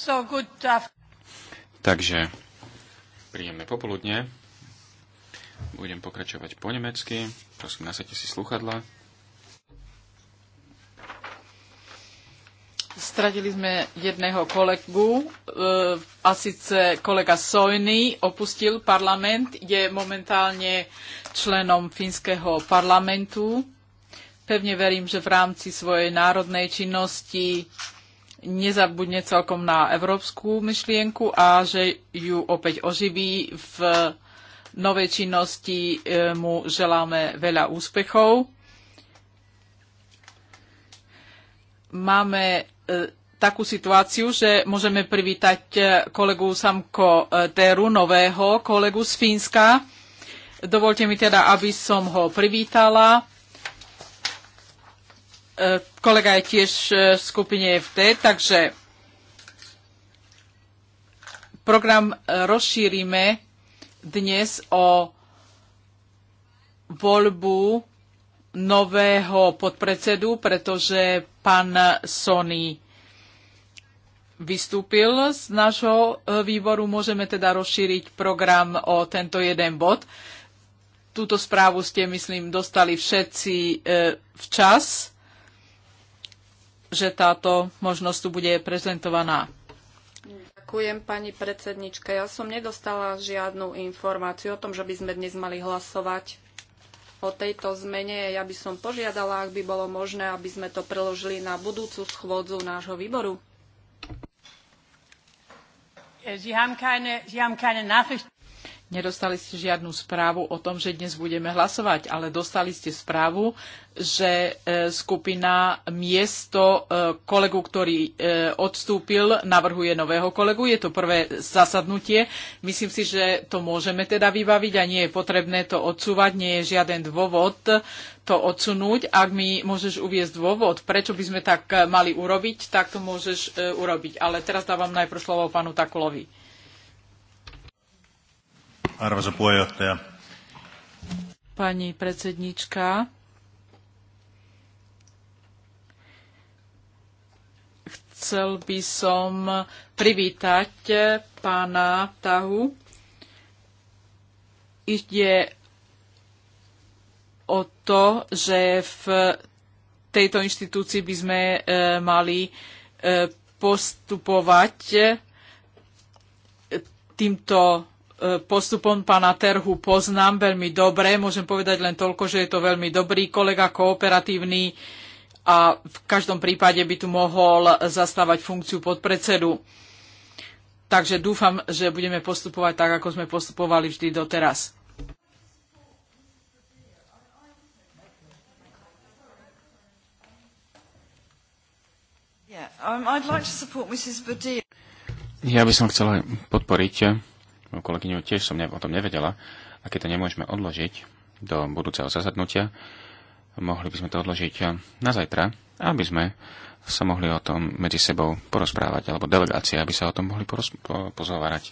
So good Takže príjemné popoludne. Budem pokračovať po nemecky. Prosím, nasadte si sluchadla. Stratili sme jedného kolegu e, a síce kolega Sojny opustil parlament, je momentálne členom fínskeho parlamentu. Pevne verím, že v rámci svojej národnej činnosti nezabudne celkom na európsku myšlienku a že ju opäť oživí. V novej činnosti e, mu želáme veľa úspechov. Máme e, takú situáciu, že môžeme privítať e, kolegu Samko Teru, nového kolegu z Fínska. Dovolte mi teda, aby som ho privítala E, kolega je tiež e, v skupine FD, takže program e, rozšírime dnes o voľbu nového podpredsedu, pretože pán Sony vystúpil z nášho výboru. Môžeme teda rozšíriť program o tento jeden bod. Túto správu ste, myslím, dostali všetci včas že táto možnosť tu bude prezentovaná. Ďakujem, pani predsednička. Ja som nedostala žiadnu informáciu o tom, že by sme dnes mali hlasovať o tejto zmene. Ja by som požiadala, ak by bolo možné, aby sme to preložili na budúcu schôdzu nášho výboru. Sie haben keine, Sie haben keine Nachricht Nedostali ste žiadnu správu o tom, že dnes budeme hlasovať, ale dostali ste správu, že e, skupina miesto e, kolegu, ktorý e, odstúpil, navrhuje nového kolegu. Je to prvé zasadnutie. Myslím si, že to môžeme teda vybaviť a nie je potrebné to odsúvať. Nie je žiaden dôvod to odsunúť. Ak mi môžeš uviezť dôvod, prečo by sme tak mali urobiť, tak to môžeš urobiť. Ale teraz dávam najprv slovo pánu Takulovi arvoisa puheenjohtaja. Pani predsedníčka, chcel by som privítať pána Tahu. Ide o to, že v tejto inštitúcii by sme e, mali e, postupovať e, týmto postupom pána Terhu poznám veľmi dobre. Môžem povedať len toľko, že je to veľmi dobrý kolega, kooperatívny a v každom prípade by tu mohol zastávať funkciu podpredsedu. Takže dúfam, že budeme postupovať tak, ako sme postupovali vždy doteraz. Um, ja by som chcela podporiť kolegyňu, tiež som o tom nevedela. A keď to nemôžeme odložiť do budúceho zasadnutia, mohli by sme to odložiť na zajtra, aby sme sa mohli o tom medzi sebou porozprávať, alebo delegácie, aby sa o tom mohli poroz- po- pozhovárať.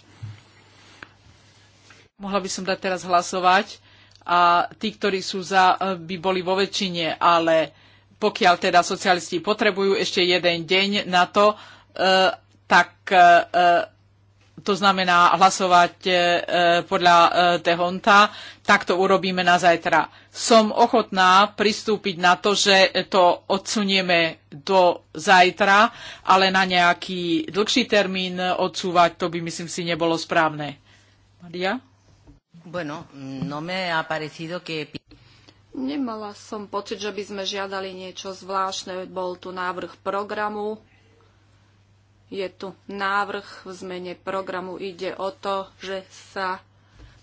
Mohla by som dať teraz hlasovať a tí, ktorí sú za, e, by boli vo väčšine, ale pokiaľ teda socialisti potrebujú ešte jeden deň na to, e, tak e, e to znamená hlasovať e, podľa Tehonta, tak to urobíme na zajtra. Som ochotná pristúpiť na to, že to odsunieme do zajtra, ale na nejaký dlhší termín odsúvať, to by myslím si nebolo správne. Maria? Bueno, no me ha parecido que... Nemala som pocit, že by sme žiadali niečo zvláštne. Bol tu návrh programu je tu návrh v zmene programu. Ide o to, že sa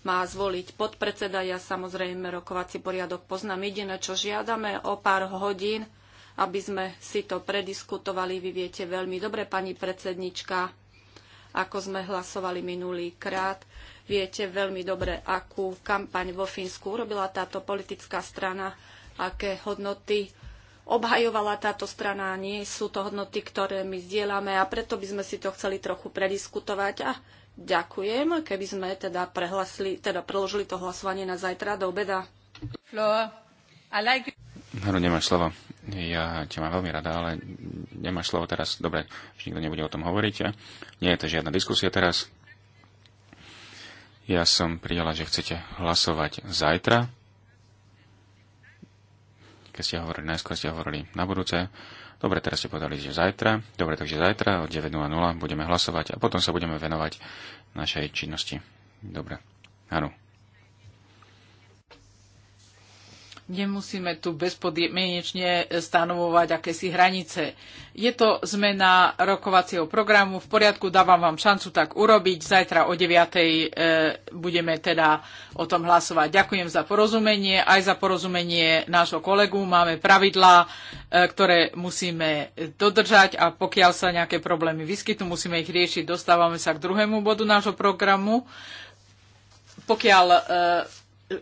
má zvoliť podpredseda. Ja samozrejme rokovací poriadok poznám. Ide na čo žiadame o pár hodín, aby sme si to prediskutovali. Vy viete veľmi dobre, pani predsednička, ako sme hlasovali minulý krát. Viete veľmi dobre, akú kampaň vo Fínsku urobila táto politická strana, aké hodnoty obhajovala táto strana. Nie sú to hodnoty, ktoré my zdieľame a preto by sme si to chceli trochu prediskutovať a ďakujem, keby sme teda, prehlasli, teda preložili to hlasovanie na zajtra do obeda. I like... Haru, nemáš slovo. Ja ťa mám veľmi rada, ale nemáš slovo teraz. Dobre, už nikto nebude o tom hovoriť. Nie je to žiadna diskusia teraz. Ja som pridala, že chcete hlasovať zajtra keď ste hovorili, najskôr ste hovorili na budúce. Dobre, teraz ste povedali, že zajtra. Dobre, takže zajtra od 9.00 budeme hlasovať a potom sa budeme venovať našej činnosti. Dobre, áno. Nemusíme tu bezpodmienečne stanovovať akési hranice. Je to zmena rokovacieho programu. V poriadku, dávam vám šancu tak urobiť. Zajtra o 9. E, budeme teda o tom hlasovať. Ďakujem za porozumenie, aj za porozumenie nášho kolegu. Máme pravidlá, e, ktoré musíme dodržať a pokiaľ sa nejaké problémy vyskytnú, musíme ich riešiť. Dostávame sa k druhému bodu nášho programu. Pokiaľ e,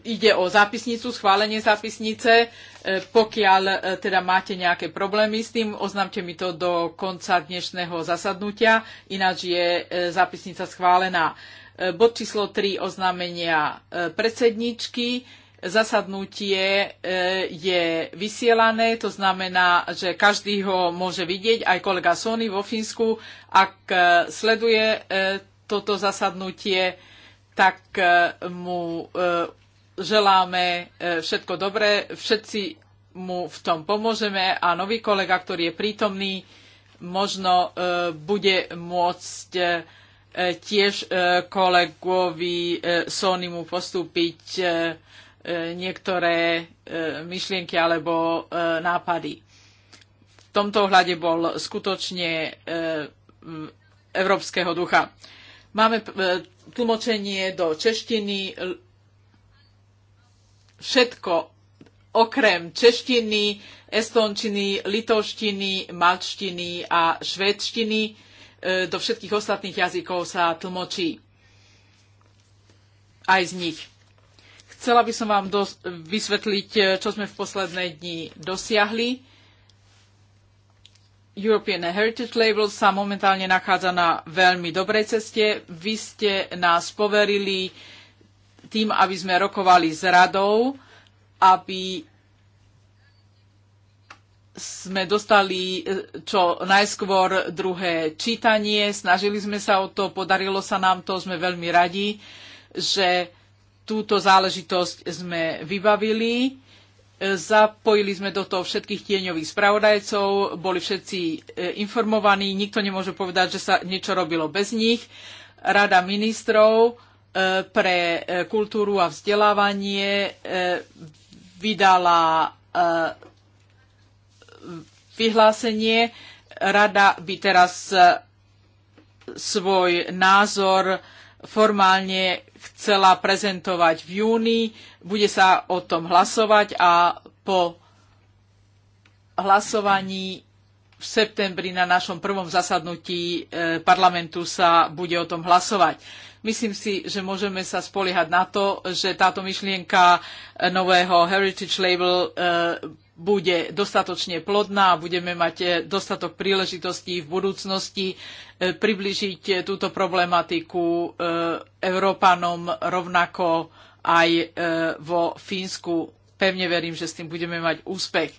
ide o zápisnicu, schválenie zápisnice. E, pokiaľ e, teda máte nejaké problémy s tým, oznámte mi to do konca dnešného zasadnutia, ináč je e, zápisnica schválená. Bod číslo 3 oznámenia predsedničky. Zasadnutie je vysielané, to znamená, že každý ho môže vidieť, aj kolega Sony vo Fínsku. Ak sleduje toto zasadnutie, tak mu želáme e, všetko dobré, všetci mu v tom pomôžeme a nový kolega, ktorý je prítomný, možno e, bude môcť e, tiež kolegovi Sonimu postúpiť niektoré myšlienky alebo nápady. V tomto ohľade bol skutočne európskeho ducha. Máme tlmočenie do češtiny, všetko okrem češtiny, estončiny, litovštiny, malčtiny a švédštiny e, do všetkých ostatných jazykov sa tlmočí. Aj z nich. Chcela by som vám vysvetliť, e, čo sme v posledné dni dosiahli. European Heritage Label sa momentálne nachádza na veľmi dobrej ceste. Vy ste nás poverili tým, aby sme rokovali s radou, aby sme dostali e, čo najskôr druhé čítanie, snažili sme sa o to, podarilo sa nám to, sme veľmi radi, že túto záležitosť sme vybavili. E, zapojili sme do toho všetkých tieňových spravodajcov, boli všetci e, informovaní, nikto nemôže povedať, že sa niečo robilo bez nich. Rada ministrov pre e, kultúru a vzdelávanie e, vydala e, vyhlásenie. Rada by teraz svoj názor formálne chcela prezentovať v júni. Bude sa o tom hlasovať a po hlasovaní v septembri na našom prvom zasadnutí parlamentu sa bude o tom hlasovať. Myslím si, že môžeme sa spoliehať na to, že táto myšlienka nového Heritage Label e, bude dostatočne plodná a budeme mať e, dostatok príležitostí v budúcnosti e, približiť túto problematiku Európanom rovnako aj vo Fínsku. Pevne verím, že s tým budeme mať úspech.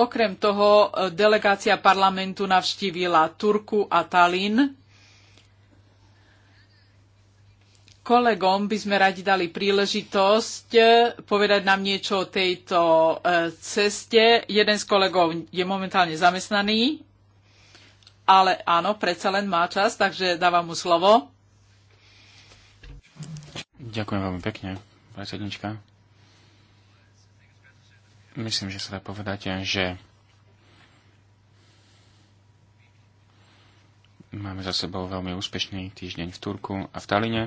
Okrem toho delegácia parlamentu navštívila Turku a Tallinn kolegom by sme radi dali príležitosť eh, povedať nám niečo o tejto eh, ceste. Jeden z kolegov je momentálne zamestnaný, ale áno, predsa len má čas, takže dávam mu slovo. Ďakujem veľmi pekne, predsednička. Myslím, že sa dá povedať, že máme za sebou veľmi úspešný týždeň v Turku a v Taline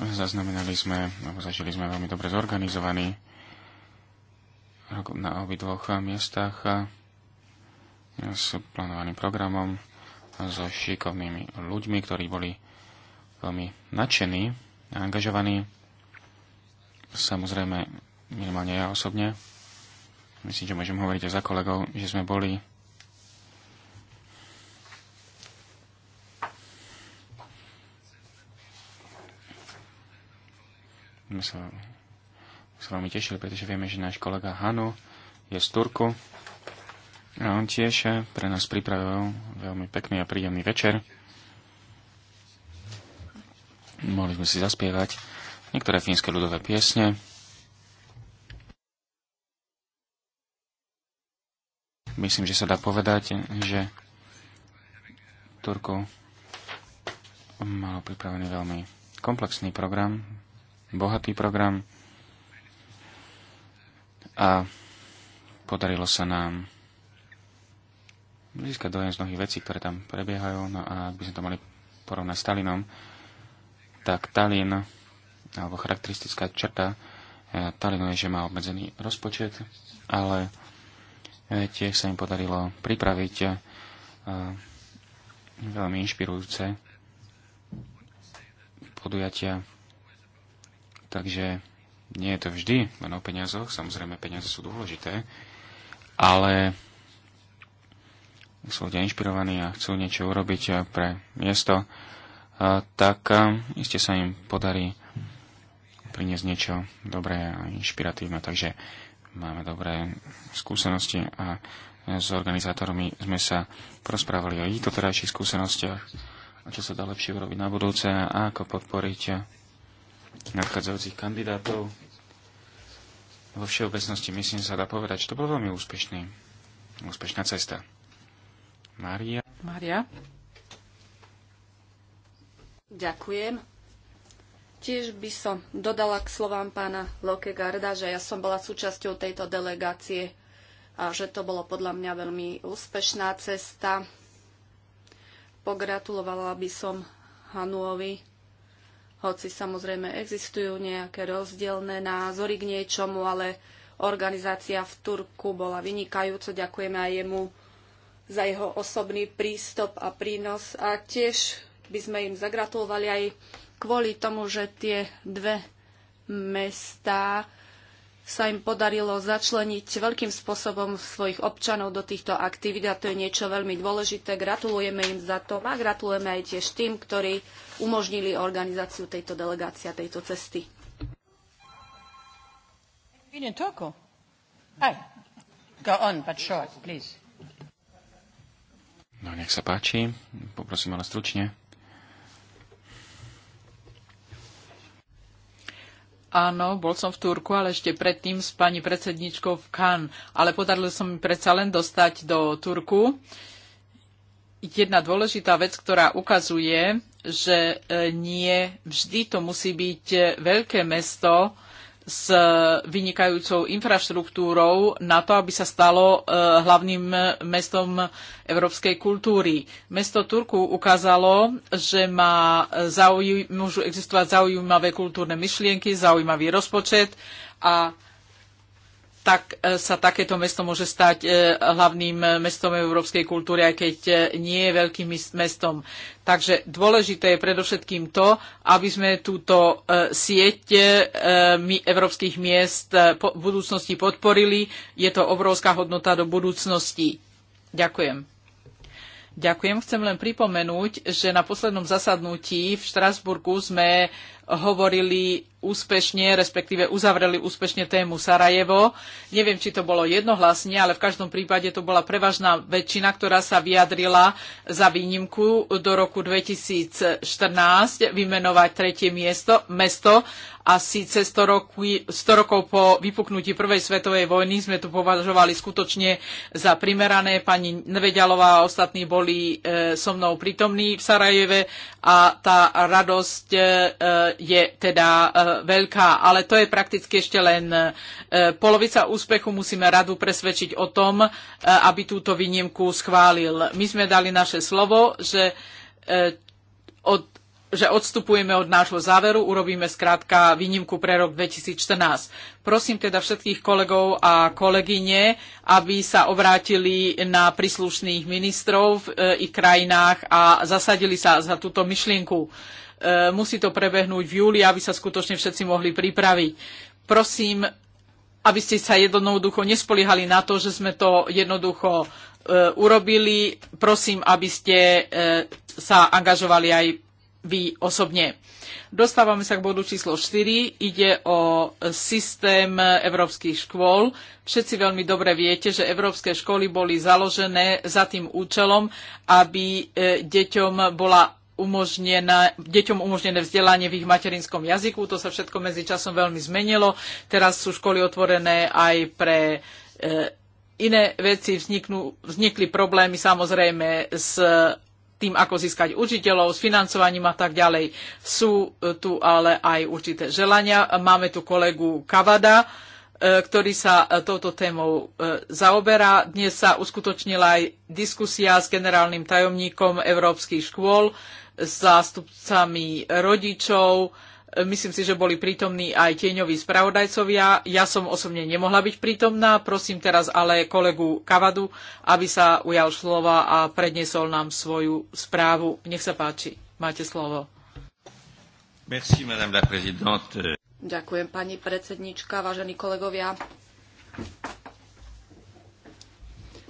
Zaznamenali sme, alebo zažili sme veľmi dobre zorganizovaný na obidvoch miestach s plánovaným programom, so šikovnými ľuďmi, ktorí boli veľmi nadšení a angažovaní. Samozrejme, minimálne ja osobne. Myslím, že môžem hovoriť aj za kolegov, že sme boli My sa, my sa veľmi tešili, pretože vieme, že náš kolega Hano je z Turku a on tiež pre nás pripravil veľmi pekný a príjemný večer. Mohli sme si zaspievať niektoré fínske ľudové piesne. Myslím, že sa dá povedať, že Turku malo pripravený veľmi komplexný program, bohatý program a podarilo sa nám získať dojem z mnohých vecí, ktoré tam prebiehajú. No a ak by sme to mali porovnať s Talinom, tak Talin, alebo charakteristická črta e, Talinu je, že má obmedzený rozpočet, ale e, tiež sa im podarilo pripraviť e, veľmi inšpirujúce podujatia Takže nie je to vždy len o peniazoch, samozrejme peniaze sú dôležité, ale sú ľudia inšpirovaní a chcú niečo urobiť pre miesto, tak iste sa im podarí priniesť niečo dobré a inšpiratívne. Takže máme dobré skúsenosti a s organizátormi sme sa prosprávali o ich doterajších skúsenostiach a čo sa dá lepšie urobiť na budúce a ako podporiť nadchádzajúcich kandidátov. Vo všeobecnosti myslím sa dá povedať, že to bol veľmi úspešný, úspešná cesta. Mária. Mária. Ďakujem. Tiež by som dodala k slovám pána Lokegarda, že ja som bola súčasťou tejto delegácie a že to bolo podľa mňa veľmi úspešná cesta. Pogratulovala by som Hanuovi hoci samozrejme existujú nejaké rozdielne názory k niečomu, ale organizácia v Turku bola vynikajúco. Ďakujeme aj jemu za jeho osobný prístup a prínos. A tiež by sme im zagratulovali aj kvôli tomu, že tie dve mestá sa im podarilo začleniť veľkým spôsobom svojich občanov do týchto aktivít a to je niečo veľmi dôležité. Gratulujeme im za to a gratulujeme aj tiež tým, ktorí umožnili organizáciu tejto delegácie a tejto cesty. No nech sa páči, poprosím ale stručne. Áno, bol som v Turku, ale ešte predtým s pani predsedničkou v Cannes. Ale podarilo som mi predsa len dostať do Turku. Jedna dôležitá vec, ktorá ukazuje, že e, nie vždy to musí byť e, veľké mesto, s vynikajúcou infraštruktúrou na to, aby sa stalo e, hlavným mestom európskej kultúry. Mesto Turku ukázalo, že má môžu existovať zaujímavé kultúrne myšlienky, zaujímavý rozpočet a tak e, sa takéto mesto môže stať e, hlavným e, mestom európskej kultúry, aj keď nie je veľkým mestom. Takže dôležité je predovšetkým to, aby sme túto sieť európskych miest v budúcnosti podporili. Je to obrovská hodnota do budúcnosti. Ďakujem. Ďakujem. Chcem len pripomenúť, že na poslednom zasadnutí v Štrasburgu sme hovorili úspešne, respektíve uzavreli úspešne tému Sarajevo. Neviem, či to bolo jednohlasne, ale v každom prípade to bola prevažná väčšina, ktorá sa vyjadrila za výnimku do roku 2014 vymenovať tretie miesto, mesto a síce 100, roku, 100 rokov po vypuknutí Prvej svetovej vojny sme to považovali skutočne za primerané. Pani Nevedalová a ostatní boli e, so mnou prítomní v Sarajeve a tá radosť e, je teda e, veľká, ale to je prakticky ešte len e, polovica úspechu. Musíme radu presvedčiť o tom, e, aby túto výnimku schválil. My sme dali naše slovo, že, od, že odstupujeme od nášho záveru, urobíme skrátka výnimku pre rok 2014. Prosím teda všetkých kolegov a kolegyne, aby sa obrátili na príslušných ministrov v ich krajinách a zasadili sa za túto myšlienku Eh, musí to prebehnúť v júli, aby sa skutočne všetci mohli pripraviť. Prosím, aby ste sa jednoducho nespoliehali na to, že sme to jednoducho eh, urobili. Prosím, aby ste eh, sa angažovali aj vy osobne. Dostávame sa k bodu číslo 4. Ide o systém európskych škôl. Všetci veľmi dobre viete, že európske školy boli založené za tým účelom, aby deťom bola umožnené, deťom umožnené vzdelanie v ich materinskom jazyku. To sa všetko medzi časom veľmi zmenilo. Teraz sú školy otvorené aj pre eh, iné veci. Vzniknú, vznikli problémy samozrejme s eh, tým, ako získať učiteľov, s financovaním a tak ďalej. Sú eh, tu ale aj určité želania. Máme tu kolegu Kavada, ktorý sa touto témou zaoberá. Dnes sa uskutočnila aj diskusia s generálnym tajomníkom európskych škôl zástupcami rodičov. Myslím si, že boli prítomní aj tieňoví spravodajcovia. Ja som osobne nemohla byť prítomná. Prosím teraz ale kolegu Kavadu, aby sa ujal slova a predniesol nám svoju správu. Nech sa páči, máte slovo. Merci, madame la présidente. Ďakujem, pani predsednička, vážení kolegovia.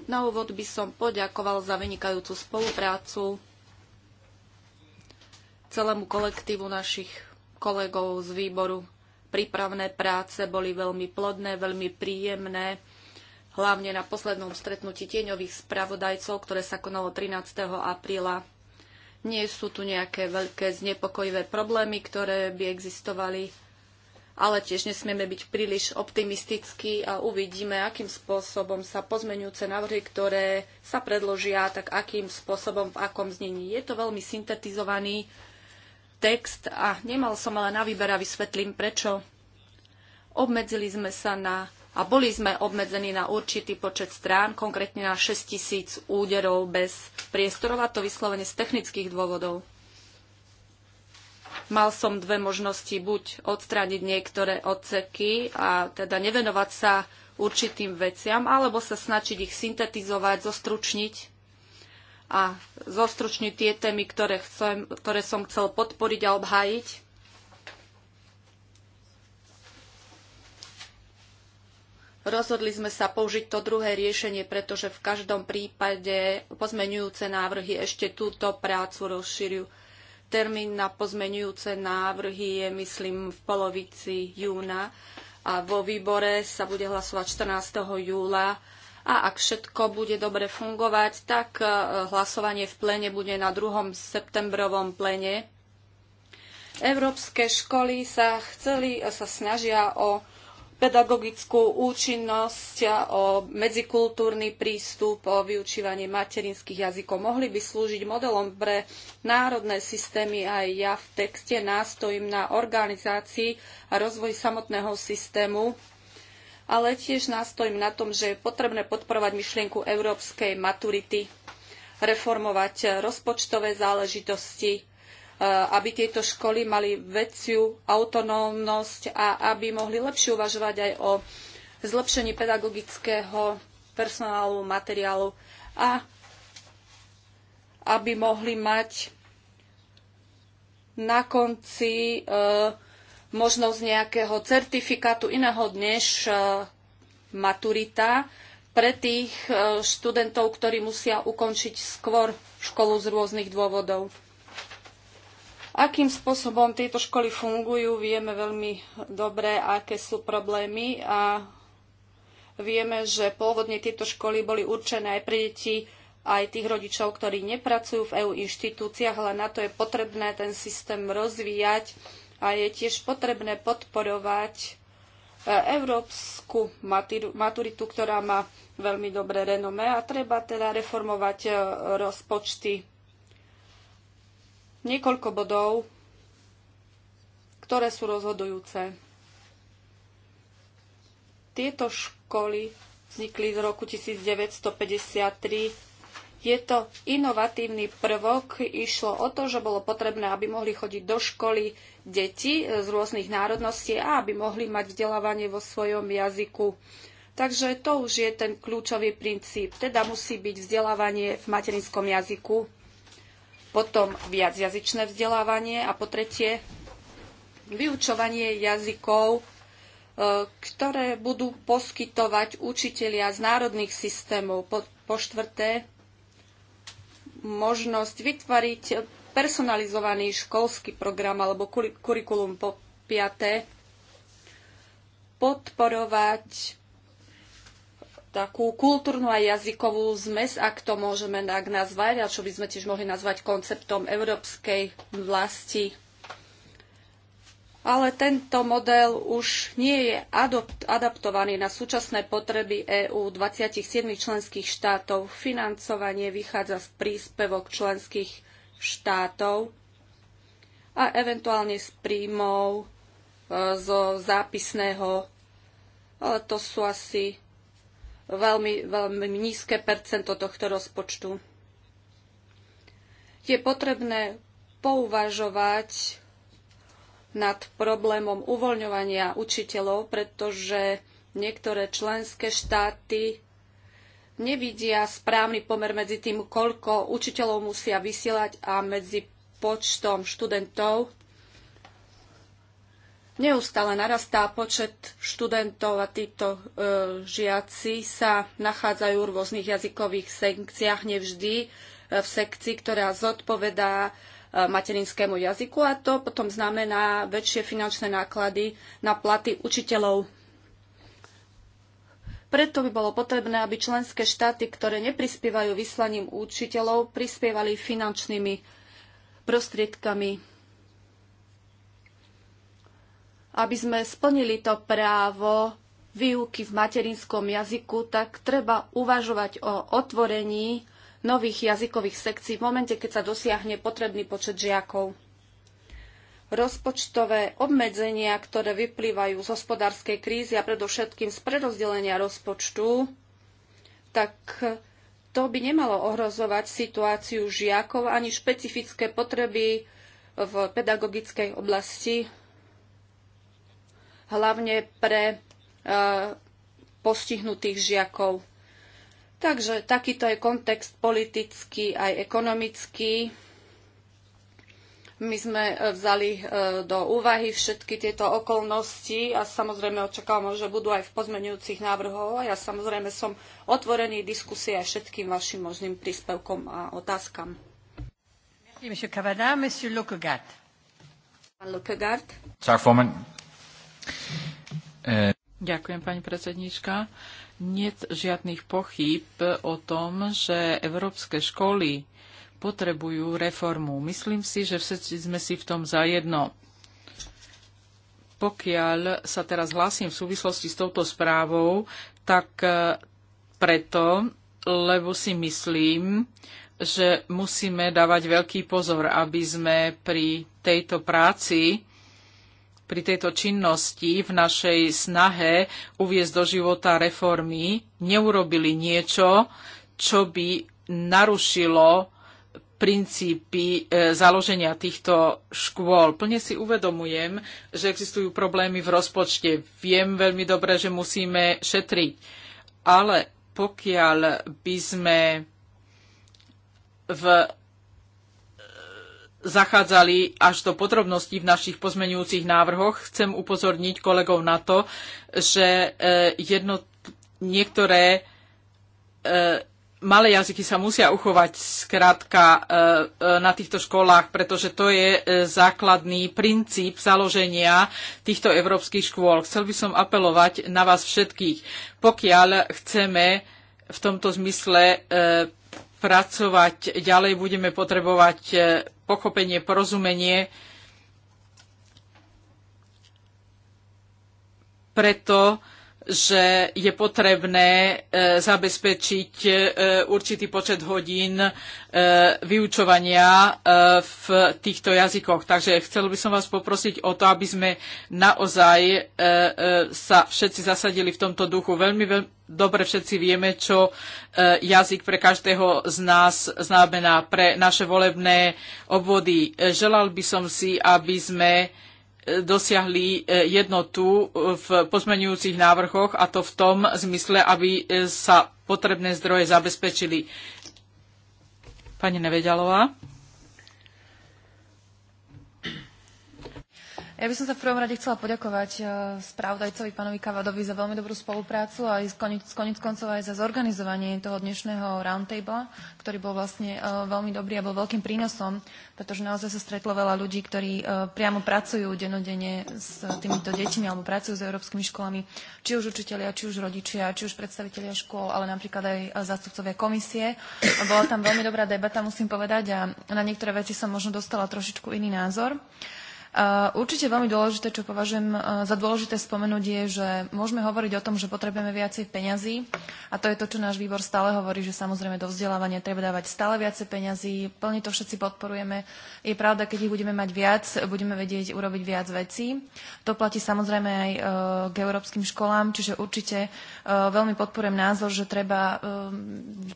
Na úvod by som poďakoval za vynikajúcu spoluprácu celému kolektívu našich kolegov z výboru. Prípravné práce boli veľmi plodné, veľmi príjemné, hlavne na poslednom stretnutí tieňových spravodajcov, ktoré sa konalo 13. apríla. Nie sú tu nejaké veľké znepokojivé problémy, ktoré by existovali ale tiež nesmieme byť príliš optimistickí a uvidíme, akým spôsobom sa pozmenujúce návrhy, ktoré sa predložia, tak akým spôsobom, v akom znení. Je to veľmi syntetizovaný text a nemal som ale na výber a vysvetlím prečo. Obmedzili sme sa na a boli sme obmedzení na určitý počet strán, konkrétne na 6000 úderov bez priestorov a to vyslovene z technických dôvodov. Mal som dve možnosti, buď odstrániť niektoré odseky a teda nevenovať sa určitým veciam, alebo sa snažiť ich syntetizovať, zostručniť a zostručniť tie témy, ktoré, chcem, ktoré som chcel podporiť a obhájiť. Rozhodli sme sa použiť to druhé riešenie, pretože v každom prípade pozmenujúce návrhy ešte túto prácu rozšíriu. Termín na pozmenujúce návrhy je, myslím, v polovici júna a vo výbore sa bude hlasovať 14. júla a ak všetko bude dobre fungovať, tak e, hlasovanie v plene bude na 2. septembrovom plene. Európske školy sa, chceli, e, sa snažia o pedagogickú účinnosť, o medzikultúrny prístup, o vyučívanie materinských jazykov. Mohli by slúžiť modelom pre národné systémy aj ja v texte nástojím na organizácii a rozvoj samotného systému ale tiež nástojím na tom, že je potrebné podporovať myšlienku európskej maturity, reformovať rozpočtové záležitosti, e, aby tieto školy mali väčšiu autonómnosť a aby mohli lepšie uvažovať aj o zlepšení pedagogického personálu, materiálu a aby mohli mať na konci e, možnosť nejakého certifikátu iného než e, maturita pre tých e, študentov, ktorí musia ukončiť skôr školu z rôznych dôvodov. Akým spôsobom tieto školy fungujú, vieme veľmi dobre, aké sú problémy a vieme, že pôvodne tieto školy boli určené aj pre deti aj tých rodičov, ktorí nepracujú v EU inštitúciách, ale na to je potrebné ten systém rozvíjať a je tiež potrebné podporovať e, európsku maturitu, ktorá má veľmi dobré renome a treba teda reformovať e, rozpočty. Niekoľko bodov, ktoré sú rozhodujúce. Tieto školy vznikli z roku 1953 je to inovatívny prvok. Išlo o to, že bolo potrebné, aby mohli chodiť do školy deti e, z rôznych národností a aby mohli mať vzdelávanie vo svojom jazyku. Takže to už je ten kľúčový princíp. Teda musí byť vzdelávanie v materinskom jazyku, potom viacjazyčné vzdelávanie a po tretie vyučovanie jazykov, e, ktoré budú poskytovať učitelia z národných systémov. Po, po štvrté, možnosť vytvoriť personalizovaný školský program alebo kurikulum po piaté, podporovať takú kultúrnu a jazykovú zmes, ak to môžeme tak nazvať, a čo by sme tiež mohli nazvať konceptom európskej vlasti ale tento model už nie je adaptovaný na súčasné potreby EÚ 27 členských štátov. Financovanie vychádza z príspevok členských štátov a eventuálne z príjmov e, zo zápisného, ale to sú asi veľmi, veľmi nízke percento tohto rozpočtu. Je potrebné pouvažovať nad problémom uvoľňovania učiteľov, pretože niektoré členské štáty nevidia správny pomer medzi tým, koľko učiteľov musia vysielať a medzi počtom študentov. Neustále narastá počet študentov a títo e, žiaci sa nachádzajú v rôznych jazykových sekciách, nevždy e, v sekcii, ktorá zodpovedá E, materinskému jazyku a to potom znamená väčšie finančné náklady na platy učiteľov. Preto by bolo potrebné, aby členské štáty, ktoré neprispievajú vyslaním učiteľov, prispievali finančnými prostriedkami aby sme splnili to právo výuky v materinskom jazyku, tak treba uvažovať o otvorení nových jazykových sekcií v momente, keď sa dosiahne potrebný počet žiakov. Rozpočtové obmedzenia, ktoré vyplývajú z hospodárskej krízy a predovšetkým z prerozdelenia rozpočtu, tak to by nemalo ohrozovať situáciu žiakov ani špecifické potreby v pedagogickej oblasti, hlavne pre e, postihnutých žiakov. Takže takýto je kontext politický aj ekonomický. My sme e, vzali e, do úvahy všetky tieto okolnosti a samozrejme očakávam, že budú aj v pozmenujúcich návrhov. Ja samozrejme som otvorený diskusie aj všetkým vašim možným príspevkom a otázkam. Eh. Ďakujem, pani predsedníčka. Nie žiadnych pochyb o tom, že európske školy potrebujú reformu. Myslím si, že všetci sme si v tom zajedno. Pokiaľ sa teraz hlásim v súvislosti s touto správou, tak eh, preto, lebo si myslím, že musíme dávať veľký pozor, aby sme pri tejto práci pri tejto činnosti v našej snahe uviezť do života reformy neurobili niečo, čo by narušilo princípy e, založenia týchto škôl. Plne si uvedomujem, že existujú problémy v rozpočte. Viem veľmi dobre, že musíme šetriť. Ale pokiaľ by sme v zachádzali až do podrobností v našich pozmenujúcich návrhoch. Chcem upozorniť kolegov na to, že eh, jedno, niektoré eh, malé jazyky sa musia uchovať skrátka eh, na týchto školách, pretože to je základný princíp založenia týchto európskych škôl. Chcel by som apelovať na vás všetkých. Pokiaľ chceme v tomto zmysle pracovať ďalej, budeme potrebovať pochopenie, porozumenie. Preto že je potrebné e, zabezpečiť e, určitý počet hodín e, vyučovania v týchto jazykoch. Takže chcel by som vás poprosiť o to, aby sme naozaj sa všetci zasadili v tomto duchu. Veľmi, veľmi dobre všetci vieme, čo jazyk pre každého z nás znamená pre naše volebné obvody. Želal by som si, aby sme dosiahli e, jednotu e, v pozmenujúcich návrhoch a to v tom zmysle, aby e, sa potrebné zdroje zabezpečili. Pani Nevedalová. Ja by som sa v prvom rade chcela poďakovať eh, spravodajcovi pánovi Kavadovi za veľmi dobrú spoluprácu a koniec koncov aj za zorganizovanie toho dnešného roundtable, ktorý bol vlastne eh, veľmi dobrý a bol veľkým prínosom, pretože naozaj sa stretlo veľa ľudí, ktorí eh, priamo pracujú denodene s týmito deťmi alebo pracujú s európskymi školami, či už učitelia, či už rodičia, či už predstavitelia škôl, ale napríklad aj zástupcovia komisie. Bola tam veľmi dobrá debata, musím povedať, a na niektoré veci som možno dostala trošičku iný názor. Eh, určite veľmi dôležité, čo považujem eh, za dôležité spomenúť, je, že môžeme hovoriť o tom, že potrebujeme viacej peňazí a to je to, čo náš výbor stále hovorí, že samozrejme do vzdelávania treba dávať stále viacej peňazí, plne to všetci podporujeme. Je pravda, keď ich budeme mať viac, budeme vedieť urobiť viac vecí. To platí samozrejme aj eh, k európskym školám, čiže určite veľmi podporujem názor, že treba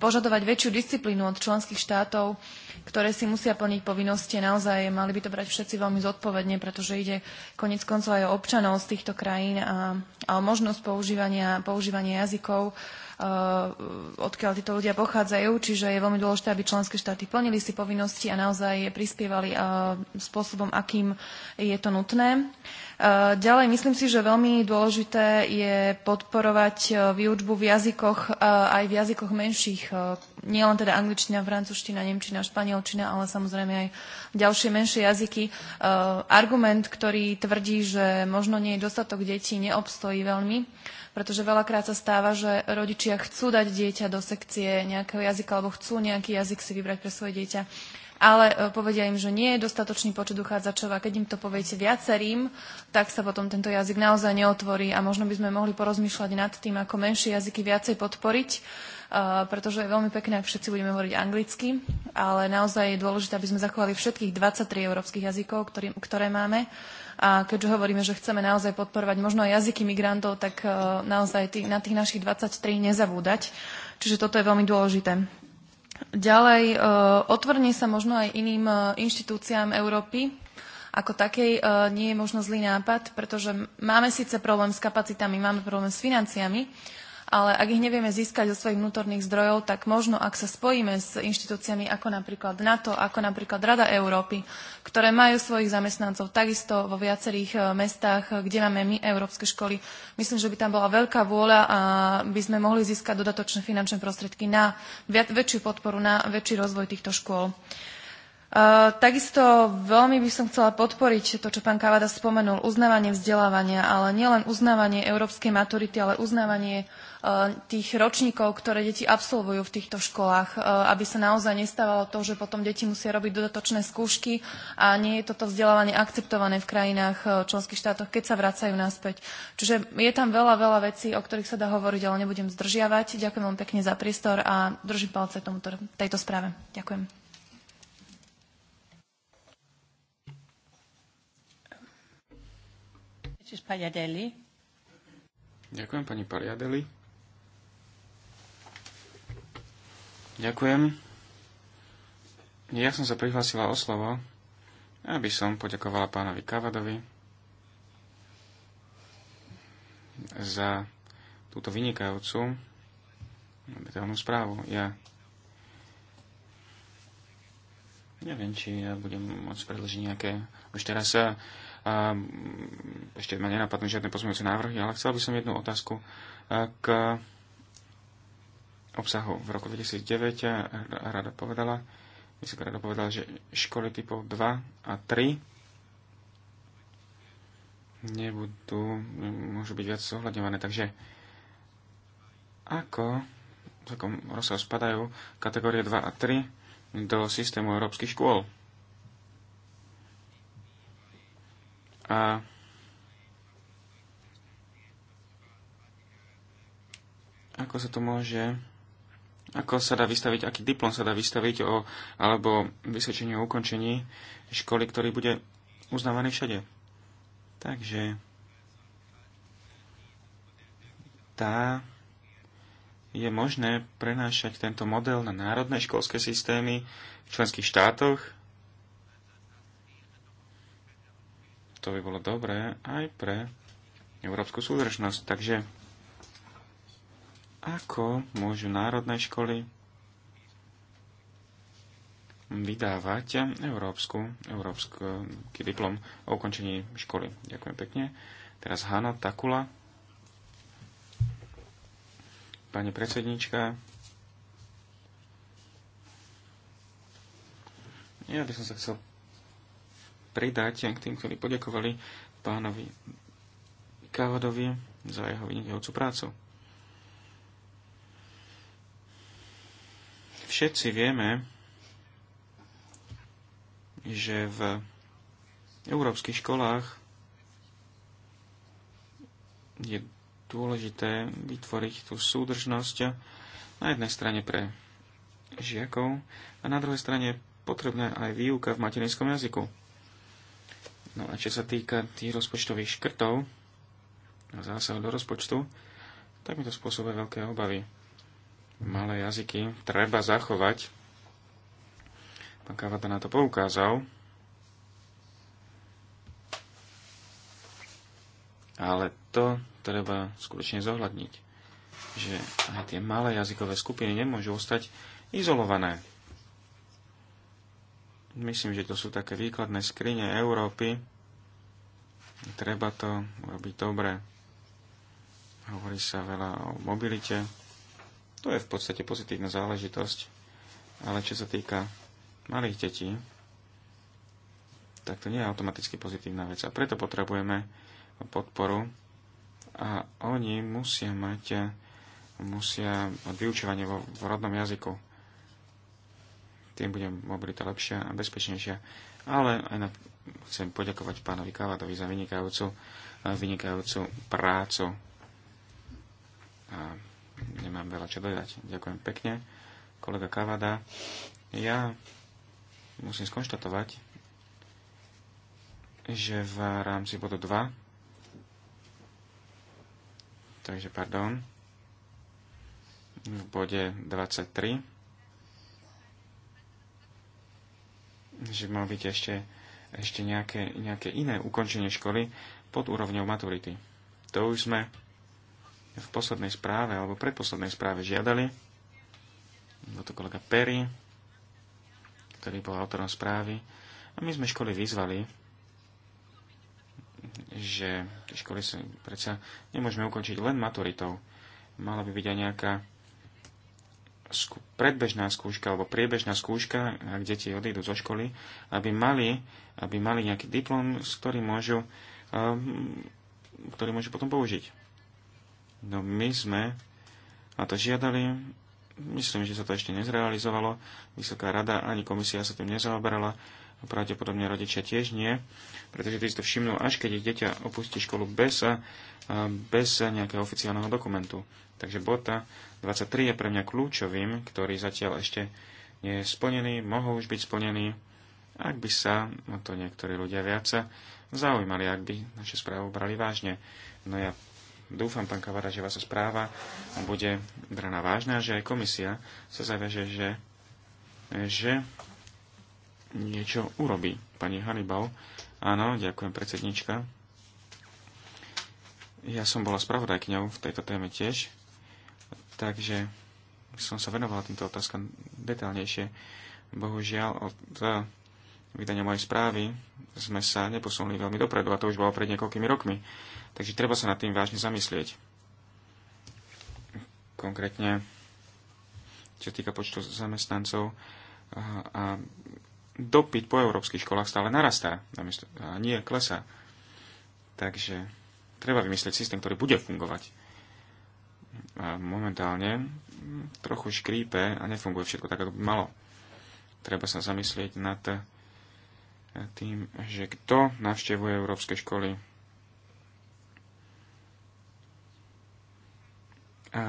požadovať väčšiu disciplínu od členských štátov, ktoré si musia plniť povinnosti. Naozaj mali by to brať všetci veľmi zodpovedne, pretože ide konec koncov aj o občanov z týchto krajín a, a o možnosť používania, používania jazykov Eh, odkiaľ títo ľudia pochádzajú, čiže je veľmi dôležité, aby členské štáty plnili si povinnosti a naozaj prispievali eh, spôsobom, akým je to nutné. Eh, ďalej myslím si, že veľmi dôležité je podporovať výučbu v jazykoch, aj v jazykoch menších, nielen teda angličtina, francúzština, nemčina, španielčina, ale samozrejme aj ďalšie menšie jazyky. Argument, ktorý tvrdí, že možno nie je dostatok detí, neobstojí veľmi pretože veľakrát sa stáva, že rodičia chcú dať dieťa do sekcie nejakého jazyka alebo chcú nejaký jazyk si vybrať pre svoje dieťa ale e, povedia im, že nie je dostatočný počet uchádzačov a keď im to poviete viacerým, tak sa potom tento jazyk naozaj neotvorí a možno by sme mohli porozmýšľať nad tým, ako menšie jazyky viacej podporiť, e, pretože je veľmi pekné, ak všetci budeme hovoriť anglicky, ale naozaj je dôležité, aby sme zachovali všetkých 23 európskych jazykov, ktoré máme a keďže hovoríme, že chceme naozaj podporovať možno aj jazyky migrantov, tak e, naozaj tý, na tých našich 23 nezabúdať. Čiže toto je veľmi dôležité. Ďalej, e, otvorenie sa možno aj iným e, inštitúciám Európy, ako takej nie je možno zlý nápad, pretože máme síce problém s kapacitami, máme problém s financiami, ale ak ich nevieme získať zo svojich vnútorných zdrojov, tak možno, ak sa spojíme s inštitúciami ako napríklad NATO, ako napríklad Rada Európy, ktoré majú svojich zamestnancov takisto vo viacerých e, mestách, e, kde máme my európske školy, myslím, že by tam bola veľká vôľa a by sme mohli získať dodatočné finančné prostriedky na väčšiu podporu, na väčší rozvoj týchto škôl. Uh, takisto veľmi by som chcela podporiť to, čo pán Kavada spomenul, uznávanie vzdelávania, ale nielen uznávanie európskej maturity, ale uznávanie Eh, tých ročníkov, ktoré deti absolvujú v týchto školách, eh, aby sa naozaj nestávalo to, že potom deti musia robiť dodatočné skúšky a nie je toto vzdelávanie akceptované v krajinách, eh, členských štátoch, keď sa vracajú naspäť. Čiže je tam veľa, veľa vecí, o ktorých sa dá hovoriť, ale nebudem zdržiavať. Ďakujem vám pekne za priestor a držím palce tomuto, tejto správe. Ďakujem. Ďakujem pani Pariadeli. Ďakujem. Ja som sa prihlásila o slovo, aby som poďakovala pánovi Kavadovi za túto vynikajúcu detailnú správu. Ja neviem, či ja budem môcť predložiť nejaké... Už teraz sa... ešte ma nenapadnú žiadne pozmeňujúce návrhy, ale chcel by som jednu otázku k obsahu. V roku 2009 rada povedala, myslím, rada povedala, že školy typov 2 a 3 nebudú, môžu byť viac zohľadňované. Takže ako v takom rozsahu spadajú kategórie 2 a 3 do systému európskych škôl? A ako sa to môže ako sa dá vystaviť, aký diplom sa dá vystaviť o, alebo vysvedčenie o ukončení školy, ktorý bude uznávaný všade. Takže tá je možné prenášať tento model na národné školské systémy v členských štátoch. To by bolo dobré aj pre európsku súdržnosť. Takže ako môžu národné školy vydávať európsku, európsky diplom o ukončení školy. Ďakujem pekne. Teraz Hanna Takula. Pani predsednička. Ja by som sa chcel pridať k tým, ktorí poďakovali pánovi Kávadovi za jeho vynikajúcu prácu. Všetci vieme, že v európskych školách je dôležité vytvoriť tú súdržnosť na jednej strane pre žiakov a na druhej strane potrebná aj výuka v materinskom jazyku. No a čo sa týka tých rozpočtových škrtov a zásahov do rozpočtu, tak mi to spôsobuje veľké obavy malé jazyky treba zachovať. Pán Kavada na to poukázal. Ale to treba skutočne zohľadniť, že aj tie malé jazykové skupiny nemôžu ostať izolované. Myslím, že to sú také výkladné skrine Európy. Treba to robiť dobre. Hovorí sa veľa o mobilite to je v podstate pozitívna záležitosť, ale čo sa týka malých detí, tak to nie je automaticky pozitívna vec. A preto potrebujeme podporu a oni musia mať musia vyučovanie vo, v rodnom jazyku. Tým bude mobilita lepšia a bezpečnejšia. Ale aj na, chcem poďakovať pánovi Kavadovi za vynikajúcu, vynikajúcu prácu. A nemám veľa čo dodať. Ďakujem pekne. Kolega Kavada, ja musím skonštatovať, že v rámci bodu 2, takže pardon, v bode 23, že mal byť ešte, ešte nejaké, nejaké iné ukončenie školy pod úrovňou maturity. To už sme v poslednej správe alebo predposlednej správe žiadali. Bol to kolega Perry, ktorý bol autorom správy. A my sme školy vyzvali, že školy sa predsa nemôžeme ukončiť len maturitou. Mala by byť aj nejaká skú, predbežná skúška alebo priebežná skúška, ak deti odídu zo školy, aby mali, aby mali nejaký diplom, s ktorým môžu, um, ktorý môžu potom použiť. No my sme a to žiadali, myslím, že sa to ešte nezrealizovalo, Vysoká rada ani komisia sa tým nezaoberala, a pravdepodobne rodičia tiež nie, pretože tí si to všimnú, až keď ich dieťa opustí školu bez, bez nejakého oficiálneho dokumentu. Takže bota 23 je pre mňa kľúčovým, ktorý zatiaľ ešte nie je splnený, mohol už byť splnený, ak by sa o to niektorí ľudia viac zaujímali, ak by naše správu brali vážne. No ja dúfam, pán Kavara, že vaša správa bude braná vážna, že aj komisia sa zaviaže, že, že niečo urobí. Pani Hannibal, áno, ďakujem predsednička. Ja som bola spravodajkňou v tejto téme tiež, takže som sa venovala týmto otázkam detálnejšie. Bohužiaľ, od vydania mojej správy sme sa neposunuli veľmi dopredu a to už bolo pred niekoľkými rokmi. Takže treba sa nad tým vážne zamyslieť. Konkrétne, čo týka počtu zamestnancov a, a dopyt po európskych školách stále narastá a nie klesá. Takže treba vymyslieť systém, ktorý bude fungovať. A momentálne trochu škrípe a nefunguje všetko tak, ako by malo. Treba sa zamyslieť nad tým, že kto navštevuje európske školy, a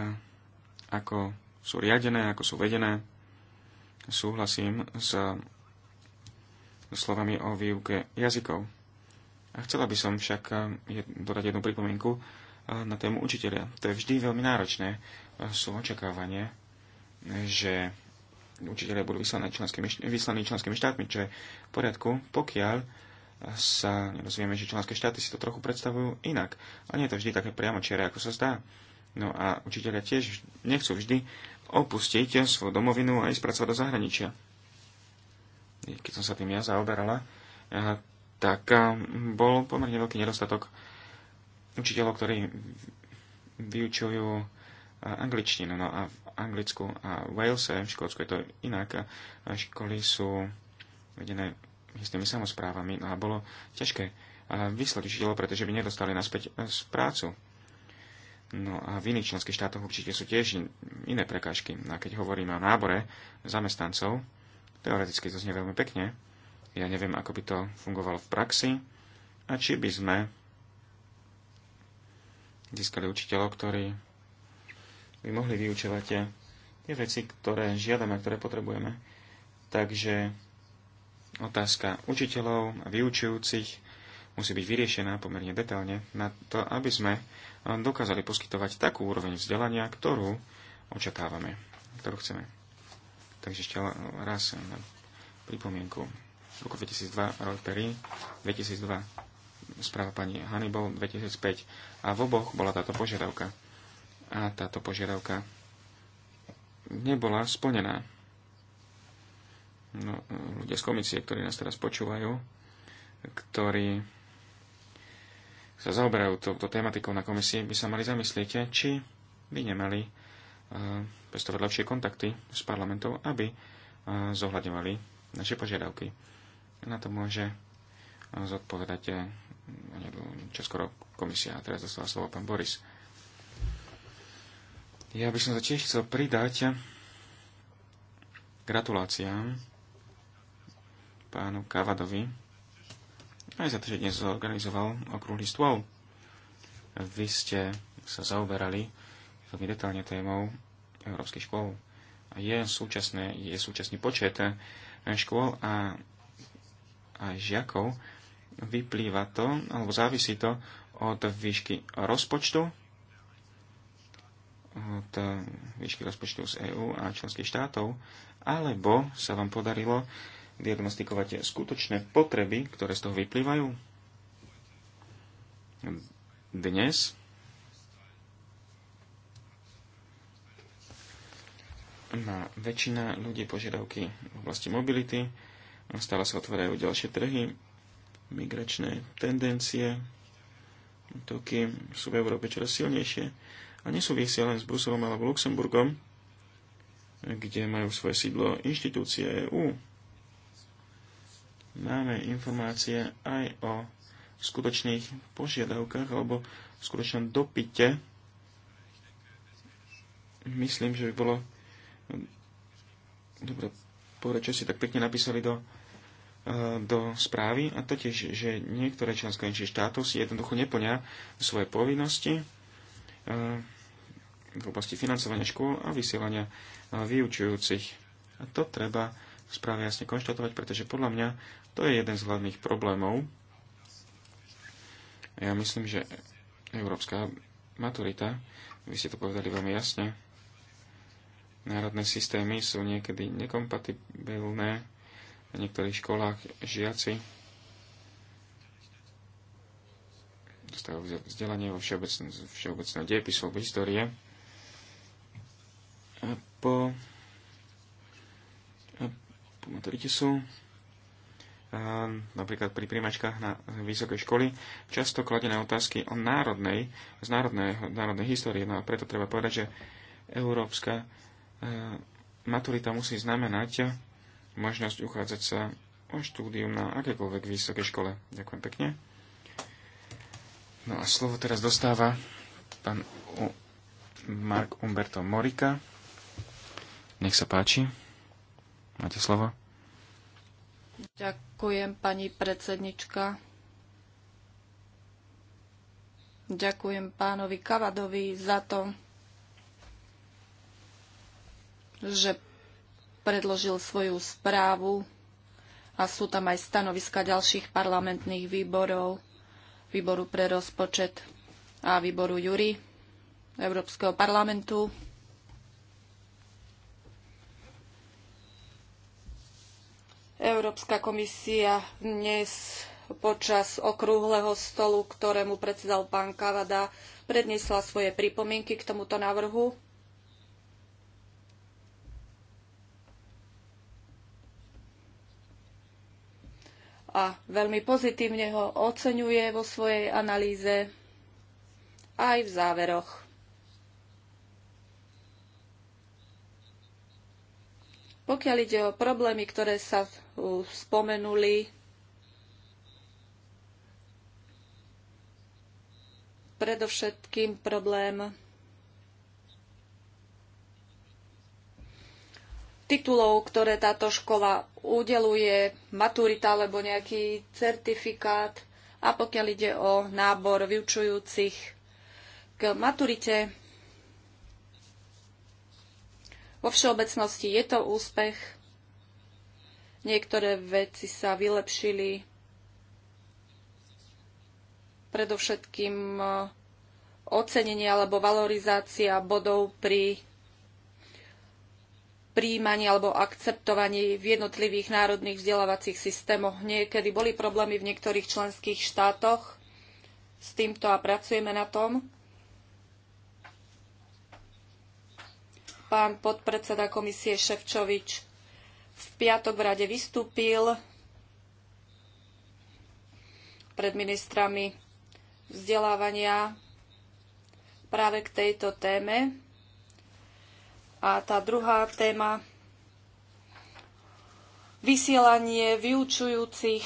ako sú riadené, ako sú vedené. Súhlasím s slovami o výuke jazykov. A chcela by som však eh, dodať jednu pripomienku eh, na tému učiteľa. To je vždy veľmi náročné. Eh, sú očakávanie, že učiteľe budú vyslaní členskými, vyslaní členskými štátmi, čo je v poriadku, pokiaľ sa nerozvieme, že členské štáty si to trochu predstavujú inak. A nie je to vždy také priamočiare, ako sa zdá. No a učiteľia tiež nechcú vždy opustiť svoju domovinu a ísť pracovať do zahraničia. Keď som sa tým ja zaoberala, tak bol pomerne veľký nedostatok učiteľov, ktorí vyučujú angličtinu. No a v Anglicku a Walese, v Škótsku je to inak. Školy sú vedené istými samozprávami no a bolo ťažké vyslať učiteľov, pretože by nedostali naspäť z e, prácu. No a v iných členských štátoch určite sú tiež iné prekážky. a keď hovoríme o nábore zamestnancov, teoreticky to znie veľmi pekne. Ja neviem, ako by to fungovalo v praxi a či by sme získali učiteľov, ktorí by mohli vyučovať tie veci, ktoré žiadame, ktoré potrebujeme. Takže otázka učiteľov a vyučujúcich musí byť vyriešená pomerne detailne na to, aby sme dokázali poskytovať takú úroveň vzdelania, ktorú očakávame, ktorú chceme. Takže ešte raz na pripomienku. V roku 2002 Roy Perry, 2002 správa pani Hannibal, 2005 a v oboch bola táto požiadavka. A táto požiadavka nebola splnená. No, ľudia z komisie, ktorí nás teraz počúvajú, ktorí sa zaoberajú touto tématikou na komisii, by sa mali zamyslieť, či by nemali e, pestovať lepšie kontakty s parlamentom, aby e, zohľadňovali naše požiadavky. Na to môže e, zodpovedať čoskoro komisia. A teraz dostáva slovo pán Boris. Ja by som sa tiež chcel pridať gratuláciám pánu Kavadovi aj za to, že dnes zorganizoval okrúhly stôl. Vy ste sa zaoberali veľmi detálne témou európskych škôl. Je, súčasné, je súčasný počet eh, škôl a, a žiakov. Vyplýva to, alebo závisí to od výšky rozpočtu, od výšky rozpočtu z EÚ a členských štátov, alebo sa vám podarilo diagnostikovať skutočné potreby, ktoré z toho vyplývajú? Dnes má väčšina ľudí požiadavky v oblasti mobility, stále sa otvárajú ďalšie trhy, migračné tendencie, toky sú v Európe čoraz silnejšie a nesúvisia len s Bruselom alebo Luxemburgom, kde majú svoje sídlo inštitúcie EÚ máme informácie aj o skutočných požiadavkách alebo v skutočnom dopite. Myslím, že by bolo dobre povedať, čo ste tak pekne napísali do, e, do správy a totiž, že niektoré členské štátov si jednoducho neplňa svoje povinnosti e, v oblasti financovania škôl a vysielania e, vyučujúcich. A to treba správne jasne konštatovať, pretože podľa mňa to je jeden z hlavných problémov. Ja myslím, že európska maturita, vy ste to povedali veľmi jasne, národné systémy sú niekedy nekompatibilné. V niektorých školách žiaci dostávajú vzdelanie vo všeobecného, všeobecného diepisu alebo histórie. A po, a po maturite sú napríklad pri príjmačkách na vysokej školy, často kladené otázky o národnej, z národnej, národnej histórie. No a preto treba povedať, že európska e, maturita musí znamenať možnosť uchádzať sa o štúdium na akékoľvek vysokej škole. Ďakujem pekne. No a slovo teraz dostáva pán Mark Umberto Morika. Nech sa páči. Máte slovo. Ďakujem, pani predsednička. Ďakujem pánovi Kavadovi za to, že predložil svoju správu a sú tam aj stanoviska ďalších parlamentných výborov, výboru pre rozpočet a výboru Jury Európskeho parlamentu. Európska komisia dnes počas okrúhleho stolu, ktorému predsedal pán Kavada, predniesla svoje pripomienky k tomuto návrhu. A veľmi pozitívne ho oceňuje vo svojej analýze aj v záveroch. Pokiaľ ide o problémy, ktoré sa spomenuli. Predovšetkým problém titulov, ktoré táto škola udeluje, maturita alebo nejaký certifikát. A pokiaľ ide o nábor vyučujúcich k maturite, vo všeobecnosti je to úspech. Niektoré veci sa vylepšili. Predovšetkým e, ocenenie alebo valorizácia bodov pri príjmaní alebo akceptovaní v jednotlivých národných vzdelávacích systémoch. Niekedy boli problémy v niektorých členských štátoch s týmto a pracujeme na tom. Pán podpredseda komisie Ševčovič v piatok v rade vystúpil pred ministrami vzdelávania práve k tejto téme. A tá druhá téma vysielanie vyučujúcich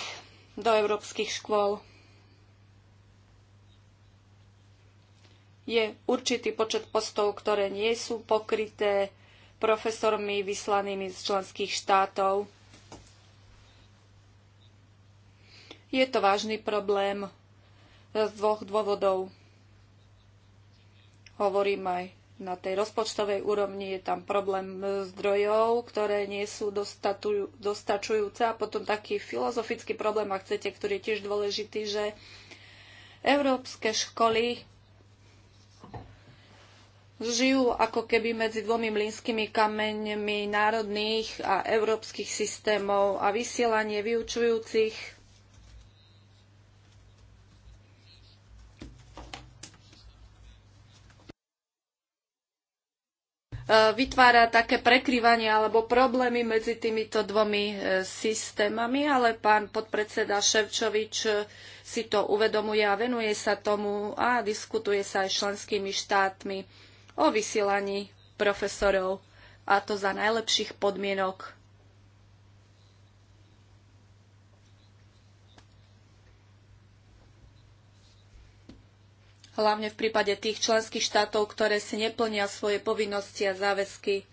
do európskych škôl. Je určitý počet postov, ktoré nie sú pokryté profesormi vyslanými z členských štátov. Je to vážny problém z dvoch dôvodov. Hovorím aj na tej rozpočtovej úrovni je tam problém zdrojov, ktoré nie sú dostačujúce a potom taký filozofický problém, ak chcete, ktorý je tiež dôležitý, že európske školy žijú ako keby medzi dvomi mlynskými kameňmi národných a európskych systémov a vysielanie vyučujúcich e, vytvára také prekryvanie alebo problémy medzi týmito dvomi e, systémami, ale pán podpredseda Ševčovič si to uvedomuje a venuje sa tomu a diskutuje sa aj s členskými štátmi o vysielaní profesorov a to za najlepších podmienok. hlavne v prípade tých členských štátov, ktoré si neplnia svoje povinnosti a záväzky.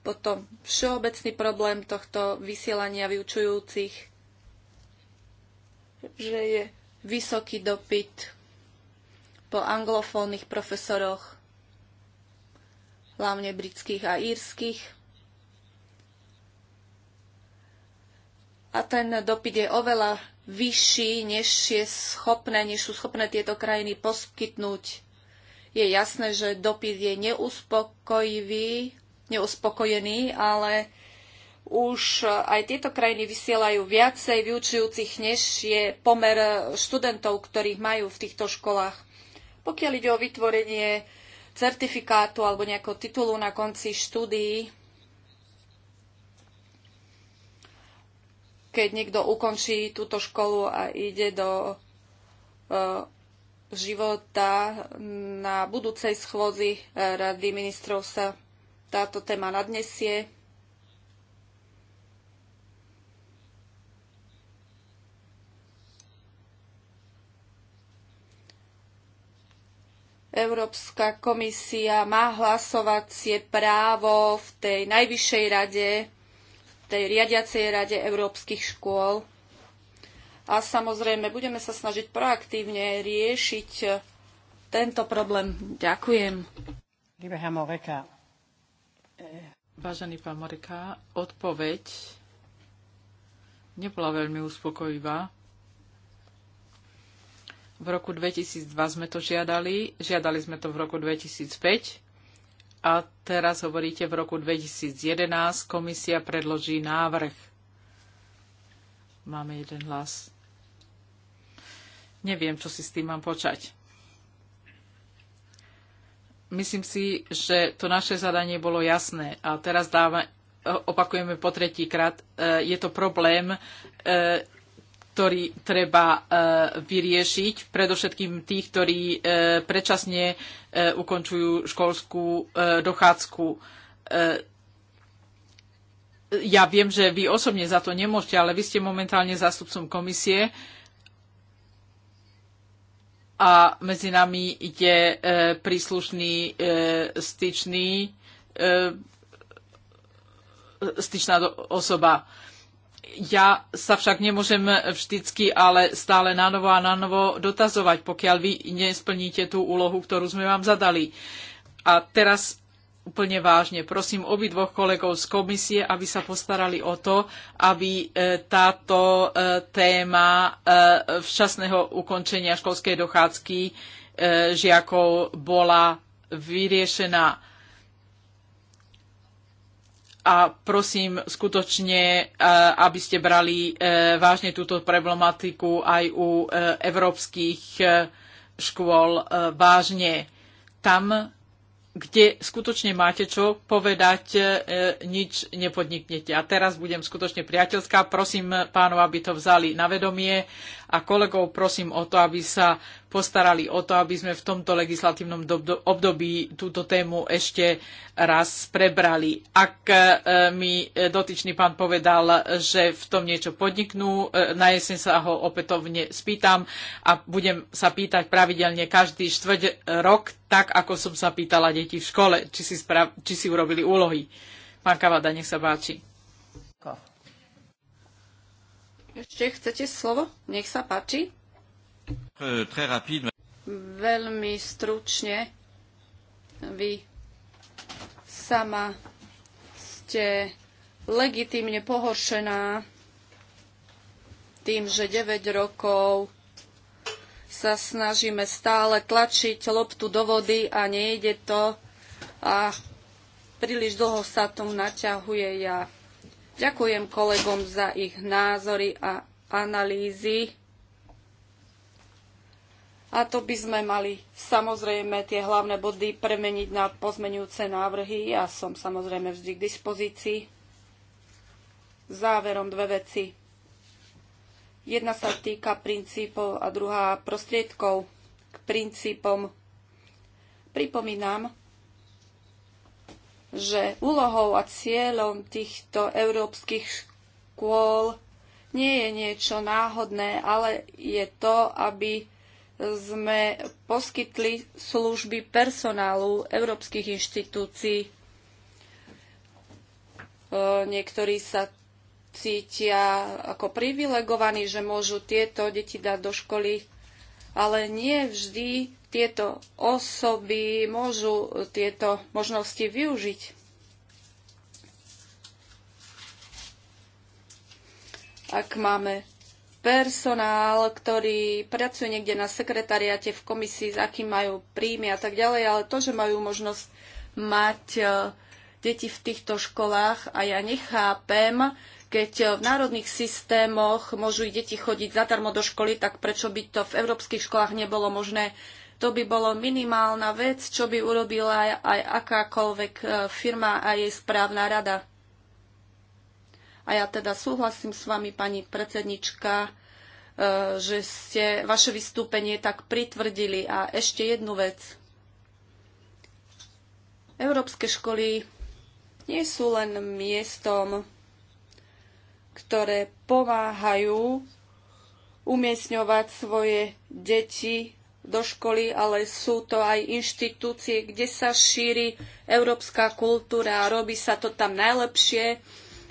Potom všeobecný problém tohto vysielania vyučujúcich, že je vysoký dopyt po anglofónnych profesoroch hlavne britských a írskych. A ten dopyt je oveľa vyšší, než, je schopné, než sú schopné tieto krajiny poskytnúť. Je jasné, že dopyt je neuspokojivý, neuspokojený, ale už aj tieto krajiny vysielajú viacej vyučujúcich, než je pomer študentov, ktorých majú v týchto školách. Pokiaľ ide o vytvorenie certifikátu alebo nejakého titulu na konci štúdií, keď niekto ukončí túto školu a ide do e, života na budúcej schôdzi e, Rady ministrov sa táto téma nadnesie. Európska komisia má hlasovacie právo v tej najvyššej rade, v tej riadiacej rade európskych škôl. A samozrejme, budeme sa snažiť proaktívne riešiť tento problém. Ďakujem. Eh. Vážený pán Morika, odpoveď nebola veľmi uspokojivá. V roku 2002 sme to žiadali, žiadali sme to v roku 2005 a teraz hovoríte v roku 2011 komisia predloží návrh. Máme jeden hlas. Neviem, čo si s tým mám počať. Myslím si, že to naše zadanie bolo jasné a teraz dáva, opakujeme po tretíkrát, e, je to problém e, ktorý treba e, vyriešiť, predovšetkým tých, ktorí e, predčasne e, ukončujú školskú dochádzku. Ja viem, že vy osobne za to nemôžete, ale vy ste momentálne zástupcom komisie a medzi nami ide príslušný styčný styčná osoba. Ja sa však nemôžem vždycky, ale stále na novo a na novo dotazovať, pokiaľ vy nesplníte tú úlohu, ktorú sme vám zadali. A teraz úplne vážne, prosím dvoch kolegov z komisie, aby sa postarali o to, aby e, táto e, téma e, včasného ukončenia školskej dochádzky žiakov bola vyriešená a prosím skutočne, e, aby ste brali e, vážne túto problematiku aj u e, európskych škôl vážne. Tam, kde skutočne máte čo povedať, nič nepodniknete. A teraz budem skutočne priateľská. Prosím pánov, aby to vzali na vedomie a kolegov prosím o to, aby sa postarali o to, aby sme v tomto legislatívnom období túto tému ešte raz prebrali. Ak e, mi dotyčný pán povedal, že v tom niečo podniknú, e, na jeseň sa ho opätovne spýtam a budem sa pýtať pravidelne každý štvrť rok, tak ako som sa pýtala deti v škole, či si, sprav- či si urobili úlohy. Pán Kavada, nech sa páči. Ešte chcete slovo? Nech sa páči. Veľmi stručne. Vy sama ste legitimne pohoršená tým, že 9 rokov sa snažíme stále tlačiť loptu do vody a nejde to a príliš dlho sa to naťahuje ja. Ďakujem kolegom za ich názory a analýzy. A to by sme mali samozrejme tie hlavné body premeniť na pozmenujúce návrhy. Ja som samozrejme vždy k dispozícii. Záverom dve veci. Jedna sa týka princípov a druhá prostriedkov. K princípom pripomínam, že úlohou a cieľom týchto európskych škôl nie je niečo náhodné, ale je to, aby sme poskytli služby personálu európskych inštitúcií. E, niektorí sa cítia ako privilegovaní, že môžu tieto deti dať do školy, ale nie vždy tieto osoby môžu tieto možnosti využiť. ak máme personál, ktorý pracuje niekde na sekretariate v komisii, s akým majú príjmy a tak ďalej, ale to, že majú možnosť mať e, deti v týchto školách a ja nechápem, keď e, v národných systémoch môžu deti chodiť zadarmo do školy, tak prečo by to v európskych školách nebolo možné? To by bolo minimálna vec, čo by urobila aj akákoľvek e, firma a jej správna rada. A ja teda súhlasím s vami, pani predsednička, e, že ste vaše vystúpenie tak pritvrdili. A ešte jednu vec. Európske školy nie sú len miestom, ktoré pomáhajú umiestňovať svoje deti do školy, ale sú to aj inštitúcie, kde sa šíri európska kultúra a robí sa to tam najlepšie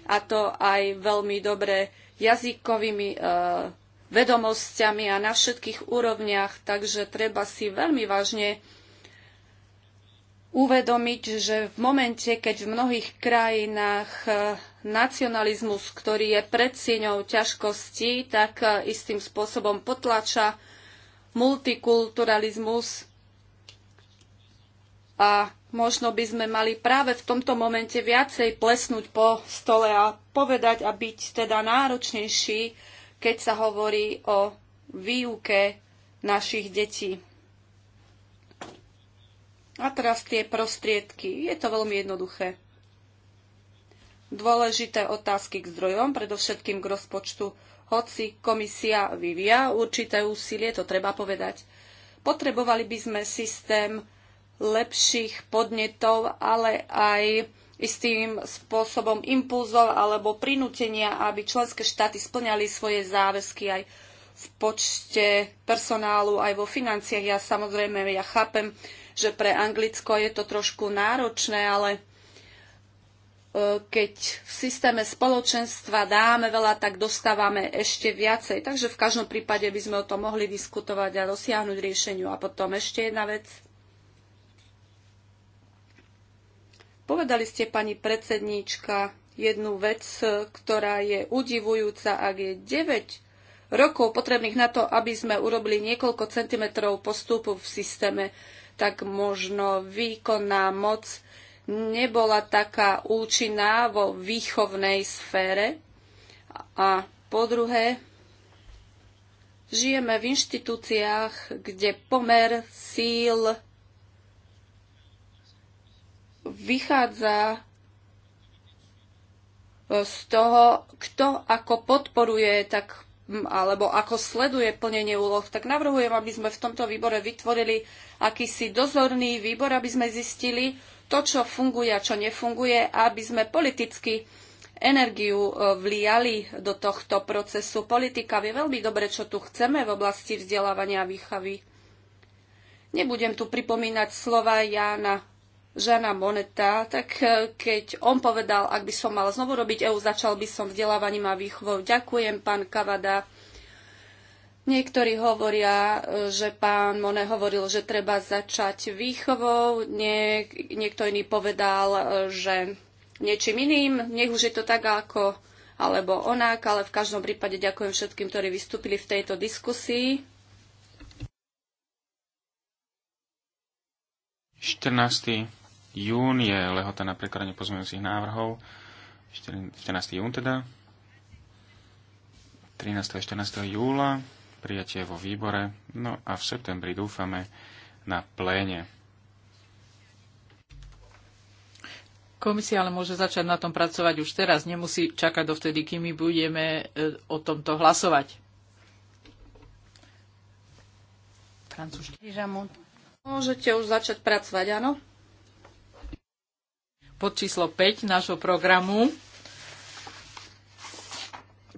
a to aj veľmi dobre jazykovými e, vedomosťami a na všetkých úrovniach, takže treba si veľmi vážne uvedomiť, že v momente, keď v mnohých krajinách e, nacionalizmus, ktorý je predsieňou ťažkostí, tak e, istým spôsobom potlača multikulturalizmus a možno by sme mali práve v tomto momente viacej plesnúť po stole a povedať a byť teda náročnejší, keď sa hovorí o výuke našich detí. A teraz tie prostriedky. Je to veľmi jednoduché. Dôležité otázky k zdrojom, predovšetkým k rozpočtu. Hoci komisia vyvia určité úsilie, to treba povedať. Potrebovali by sme systém lepších podnetov, ale aj istým spôsobom impulzov alebo prinútenia, aby členské štáty splňali svoje záväzky aj v počte personálu, aj vo financiách. Ja samozrejme, ja chápem, že pre Anglicko je to trošku náročné, ale e, keď v systéme spoločenstva dáme veľa, tak dostávame ešte viacej. Takže v každom prípade by sme o tom mohli diskutovať a dosiahnuť riešeniu. A potom ešte jedna vec – Povedali ste, pani predsedníčka, jednu vec, ktorá je udivujúca, ak je 9 rokov potrebných na to, aby sme urobili niekoľko centimetrov postupu v systéme, tak možno výkonná moc nebola taká účinná vo výchovnej sfére. A po druhé, žijeme v inštitúciách, kde pomer síl vychádza e, z toho, kto ako podporuje, tak alebo ako sleduje plnenie úloh, tak navrhujem, aby sme v tomto výbore vytvorili akýsi dozorný výbor, aby sme zistili to, čo funguje a čo nefunguje, a aby sme politicky energiu e, vliali do tohto procesu. Politika vie veľmi dobre, čo tu chceme v oblasti vzdelávania a výchavy. Nebudem tu pripomínať slova Jána Žana Moneta, tak eh, keď on povedal, ak by som mal znovu robiť EU, začal by som vzdelávaním a výchovou. Ďakujem, pán Kavada. Niektorí hovoria, eh, že pán Mone hovoril, že treba začať výchovou, Nie, niekto iný povedal, eh, že niečím iným, nech už je to tak ako alebo onak, ale v každom prípade ďakujem všetkým, ktorí vystúpili v tejto diskusii. 14 jún je lehota na prekladanie pozmeňujúcich návrhov, 14. jún teda, 13. a 14. júla, prijatie vo výbore, no a v septembri dúfame na pléne. Komisia ale môže začať na tom pracovať už teraz, nemusí čakať dovtedy, kým my budeme e, o tomto hlasovať. Francúzsky. Môžete už začať pracovať, áno? pod číslo 5 nášho programu.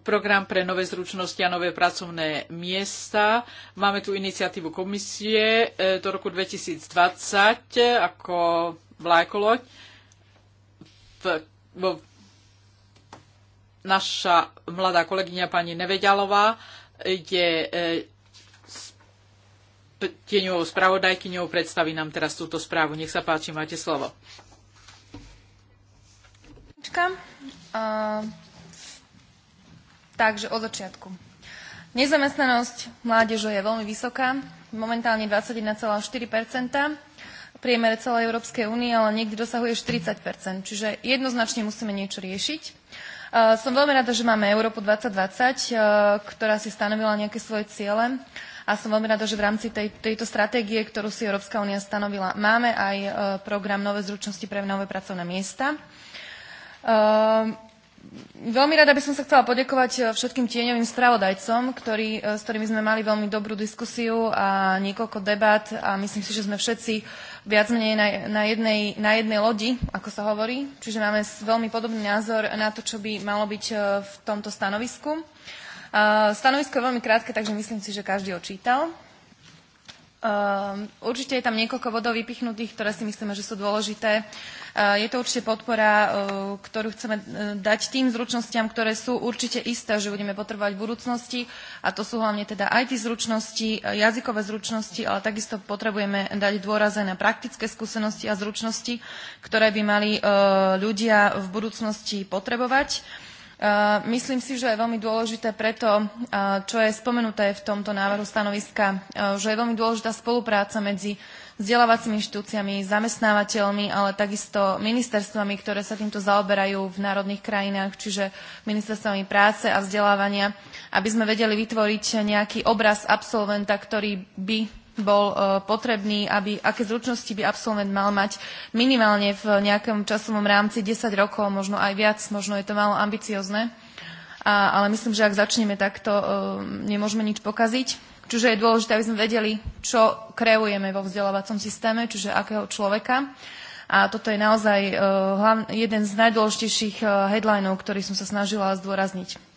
Program pre nové zručnosti a nové pracovné miesta. Máme tu iniciatívu komisie e, do roku 2020 ako vlajkoloď. V, naša mladá kolegyňa pani Nevedialová je e, tieňovou spravodajkyňou, predstaví nám teraz túto správu. Nech sa páči, máte slovo. Uh, takže od začiatku. Nezamestnanosť mládeže je veľmi vysoká, momentálne 21,4 priemere celej Európskej únie, ale niekde dosahuje 40 Čiže jednoznačne musíme niečo riešiť. Uh, som veľmi rada, že máme Európu 2020, uh, ktorá si stanovila nejaké svoje ciele a som veľmi rada, že v rámci tej, tejto stratégie, ktorú si Európska únia stanovila, máme aj uh, program Nové zručnosti pre nové pracovné miesta. Ehm, veľmi rada by som sa chcela poďakovať e, všetkým tieňovým spravodajcom, e, s ktorými sme mali veľmi dobrú diskusiu a niekoľko debat a myslím si, že sme všetci viac menej na, na, jednej, na jednej lodi, ako sa hovorí. Čiže máme veľmi podobný názor na to, čo by malo byť e, v tomto stanovisku. Stanovisko je veľmi krátke, takže myslím si, že každý ho čítal. Ehm, určite je tam niekoľko bodov vypichnutých, ktoré si myslíme, že sú dôležité. Uh, je to určite podpora, uh, ktorú chceme dať tým zručnostiam, ktoré sú určite isté, že budeme potrebovať v budúcnosti. A to sú hlavne teda IT zručnosti, jazykové zručnosti, ale takisto potrebujeme dať dôraze na praktické skúsenosti a zručnosti, ktoré by mali uh, ľudia v budúcnosti potrebovať. Eh, myslím si, že je veľmi dôležité preto, eh, čo je spomenuté v tomto návrhu stanoviska, eh, že je veľmi dôležitá spolupráca medzi vzdelávacími inštitúciami, zamestnávateľmi, ale takisto ministerstvami, ktoré sa týmto zaoberajú v národných krajinách, čiže ministerstvami práce a vzdelávania, aby sme vedeli vytvoriť nejaký obraz absolventa, ktorý by bol e, potrebný, aby, aké zručnosti by absolvent mal mať minimálne v nejakom časovom rámci 10 rokov, možno aj viac, možno je to malo ambiciozne. A, ale myslím, že ak začneme takto, e, nemôžeme nič pokaziť. Čiže je dôležité, aby sme vedeli, čo kreujeme vo vzdelávacom systéme, čiže akého človeka. A toto je naozaj e, jeden z najdôležitejších headlinov, ktorý som sa snažila zdôrazniť.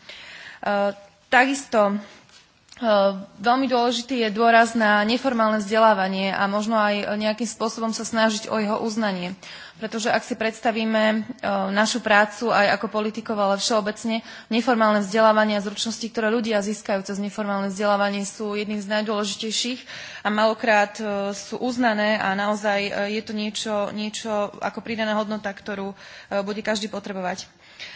Takisto Ehm, veľmi dôležitý je dôraz na neformálne vzdelávanie a možno aj e, nejakým spôsobom sa snažiť o jeho uznanie. Pretože ak si predstavíme ehm, našu prácu aj ako politikov, ale všeobecne, neformálne vzdelávanie a zručnosti, ktoré ľudia získajú cez neformálne vzdelávanie, sú jedným z najdôležitejších a malokrát e, sú uznané a naozaj e, je to niečo, niečo ako pridaná hodnota, ktorú bude každý potrebovať.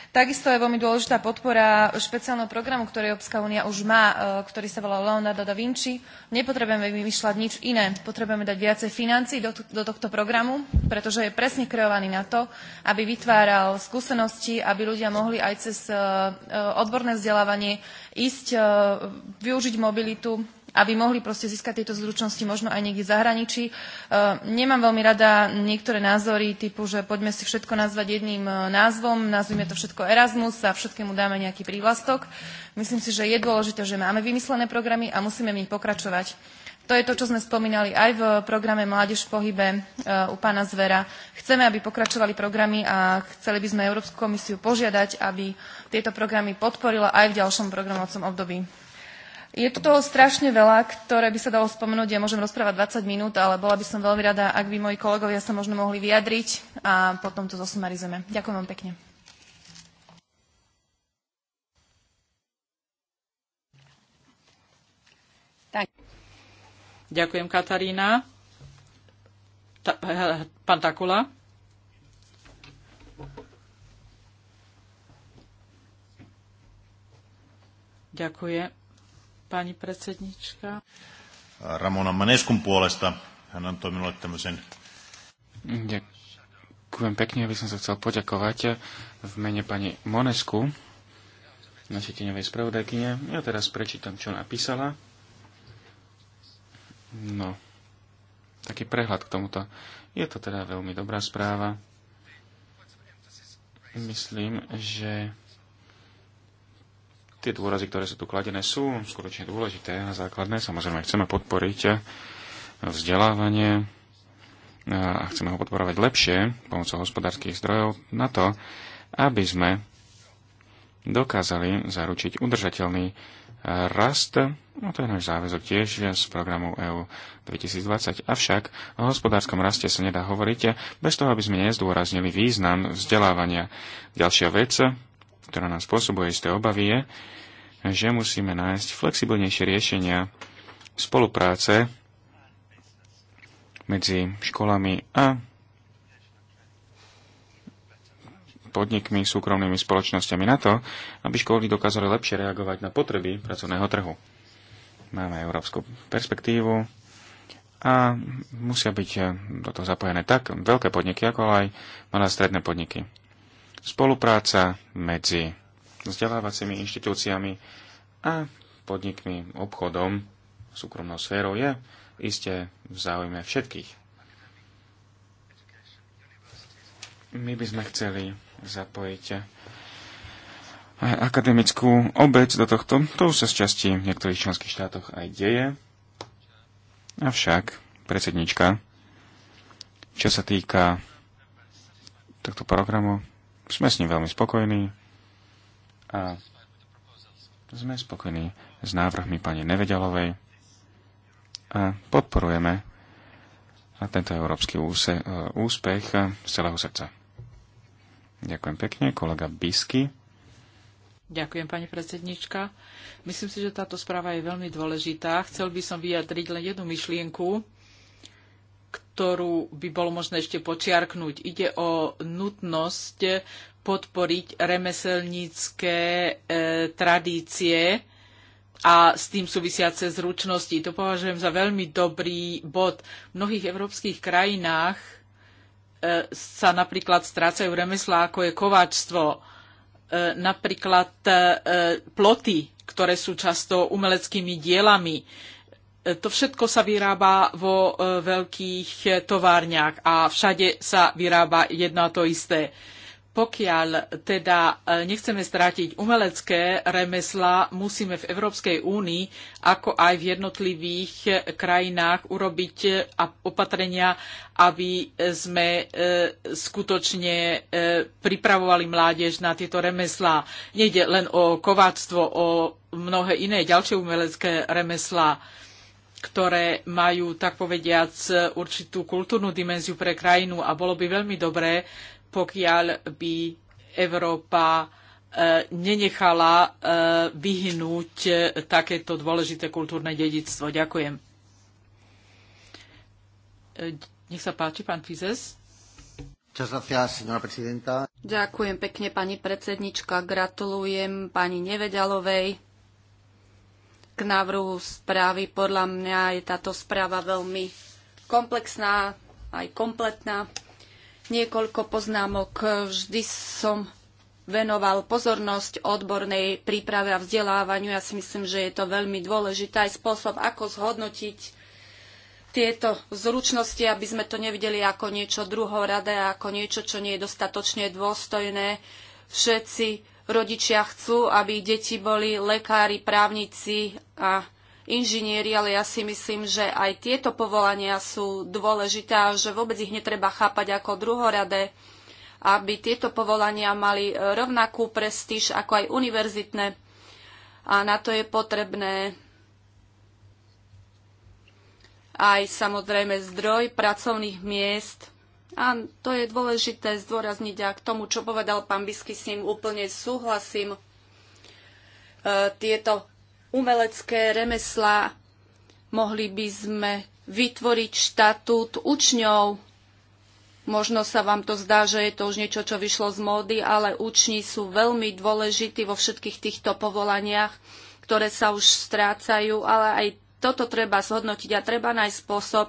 Takisto je veľmi dôležitá podpora špeciálneho programu, ktorý Európska únia už má, e, ktorý sa volá Leonardo da Vinci. Nepotrebujeme vymýšľať nič iné, potrebujeme dať viacej financí do, do tohto programu, pretože je presne kreovaný na to, aby vytváral skúsenosti, aby ľudia mohli aj cez e, e, odborné vzdelávanie ísť, využiť mobilitu aby mohli proste získať tieto zručnosti možno aj niekde v zahraničí. E, nemám veľmi rada niektoré názory typu, že poďme si všetko nazvať jedným e, názvom, nazvime to všetko Erasmus a všetkému dáme nejaký prívlastok. Myslím si, že je dôležité, že máme vymyslené programy a musíme v nich pokračovať. To je to, čo sme spomínali aj v programe Mládež v pohybe e, u pána Zvera. Chceme, aby pokračovali programy a chceli by sme Európsku komisiu požiadať, aby tieto programy podporila aj v ďalšom programovacom období je tu toho strašne veľa, ktoré by sa dalo spomenúť. Ja môžem rozprávať 20 minút, ale bola by som veľmi rada, ak by moji kolegovia sa možno mohli vyjadriť a potom to zosumarizujeme. Ďakujem vám pekne. Ďakujem, Katarína. Ta, eh, pán Takula. Ďakujem pani predsednička. Ramona Maneskun puolesta. Hän antoi minulle tämmöisen... Ďakujem pekne, aby som sa chcel poďakovať v mene pani Monesku, našej teňovej spravodajkyne. Ja teraz prečítam, čo napísala. No, taký prehľad k tomuto. Je to teda veľmi dobrá správa. Myslím, že tie dôrazy, ktoré sú tu kladené, sú skutočne dôležité a základné. Samozrejme, chceme podporiť vzdelávanie a chceme ho podporovať lepšie pomocou hospodárskych zdrojov na to, aby sme dokázali zaručiť udržateľný rast, no to je náš záväzok tiež z programu EU 2020. Avšak o hospodárskom raste sa nedá hovoriť bez toho, aby sme nezdôraznili význam vzdelávania. Ďalšia vec, ktorá nám spôsobuje isté obavy, je, že musíme nájsť flexibilnejšie riešenia spolupráce medzi školami a podnikmi, súkromnými spoločnosťami na to, aby školy dokázali lepšie reagovať na potreby pracovného trhu. Máme európsku perspektívu a musia byť do toho zapojené tak veľké podniky, ako aj malé a stredné podniky spolupráca medzi vzdelávacími inštitúciami a podnikmi, obchodom, súkromnou sférou je iste v záujme všetkých. My by sme chceli zapojiť aj akademickú obec do tohto. To už sa z časti v niektorých členských štátoch aj deje. Avšak, predsednička, čo sa týka tohto programu, sme s ním veľmi spokojní a sme spokojní s návrhmi pani Nevedalovej a podporujeme a tento európsky úse, e, úspech z celého srdca. Ďakujem pekne, kolega Bisky. Ďakujem, pani predsednička. Myslím si, že táto správa je veľmi dôležitá. Chcel by som vyjadriť len jednu myšlienku ktorú by bolo možné ešte počiarknúť. Ide o nutnosť podporiť remeselnícke e, tradície a s tým súvisiace zručnosti. To považujem za veľmi dobrý bod. V mnohých európskych krajinách e, sa napríklad strácajú remeslá, ako je kováčstvo, e, napríklad e, e, ploty, ktoré sú často umeleckými dielami to všetko sa vyrába vo e, veľkých e, továrniach a všade sa vyrába jedno a to isté. Pokiaľ teda e, nechceme strátiť umelecké remesla, musíme v Európskej únii, ako aj v jednotlivých krajinách, urobiť opatrenia, aby sme skutočne pripravovali mládež na tieto remeslá. Nejde len o kováctvo, o mnohé iné ďalšie umelecké remeslá ktoré majú, tak povediac, určitú kultúrnu dimenziu pre krajinu a bolo by veľmi dobré, pokiaľ by Európa e, nenechala e, vyhnúť e, takéto dôležité kultúrne dedictvo. Ďakujem. Nech sa páči, pán Fizes. Ďakujem pekne, pani predsednička. Gratulujem pani Nevedalovej k návrhu správy. Podľa mňa je táto správa veľmi komplexná, aj kompletná. Niekoľko poznámok. Vždy som venoval pozornosť odbornej príprave a vzdelávaniu. Ja si myslím, že je to veľmi dôležitý aj spôsob, ako zhodnotiť tieto zručnosti, aby sme to nevideli ako niečo druhoradé, ako niečo, čo nie je dostatočne dôstojné. Všetci Rodičia chcú, aby deti boli lekári, právnici a inžinieri, ale ja si myslím, že aj tieto povolania sú dôležité a že vôbec ich netreba chápať ako druhoradé, aby tieto povolania mali rovnakú prestíž ako aj univerzitné. A na to je potrebné aj samozrejme zdroj pracovných miest a to je dôležité zdôrazniť a k tomu, čo povedal pán Bisky, s ním úplne súhlasím. E, tieto umelecké remeslá mohli by sme vytvoriť štatút učňov. Možno sa vám to zdá, že je to už niečo, čo vyšlo z módy, ale učni sú veľmi dôležití vo všetkých týchto povolaniach, ktoré sa už strácajú, ale aj toto treba zhodnotiť a treba nájsť spôsob,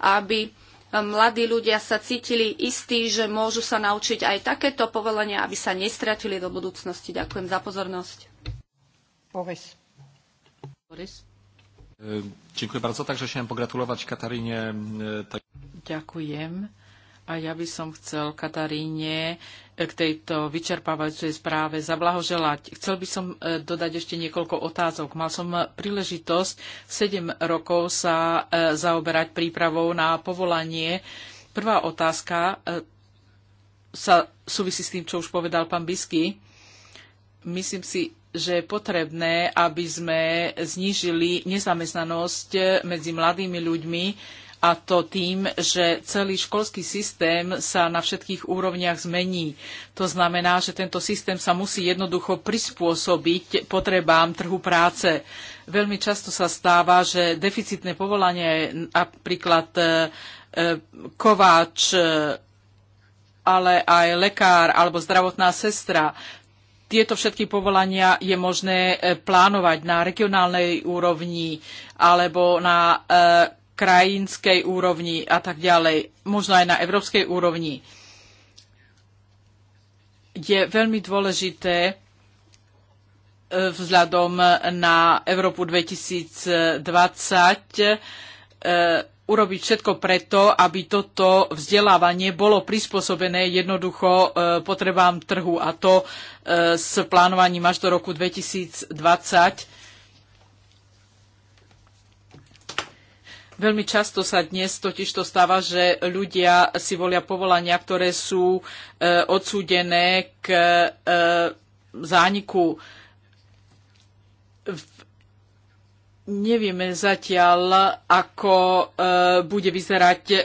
aby mladí ľudia sa cítili istí, že môžu sa naučiť aj takéto povolenia, aby sa nestratili do budúcnosti. Ďakujem za pozornosť. Boris. Boris. Ďakujem bardzo. takže chcem pogratulovať Kataríne. E, Ďakujem. A ja by som chcel Kataríne eh, k tejto vyčerpávajúcej správe zablahoželať. Chcel by som eh, dodať ešte niekoľko otázok. Mal som eh, príležitosť 7 rokov sa zaoberať prípravou na povolanie. Prvá otázka sa súvisí s tým, čo už povedal pán Bisky. Myslím si, že je potrebné, aby sme znížili nezamestnanosť medzi mladými ľuďmi a to tým, že celý školský systém sa na všetkých úrovniach zmení. To znamená, že tento systém sa musí jednoducho prispôsobiť potrebám trhu práce. Veľmi často sa stáva, že deficitné povolanie napríklad e, e, kováč, e, ale aj lekár alebo zdravotná sestra tieto všetky povolania je možné plánovať na regionálnej úrovni alebo na krajinskej úrovni a tak ďalej, možno aj na európskej úrovni, je veľmi dôležité e, vzhľadom na Európu 2020 e, urobiť všetko preto, aby toto vzdelávanie bolo prispôsobené jednoducho e, potrebám trhu a to s plánovaním až do roku 2020 Veľmi často sa dnes totiž to stáva, že ľudia si volia povolania, ktoré sú e, odsúdené k e, zániku. Nevieme zatiaľ, ako e, bude vyzerať e,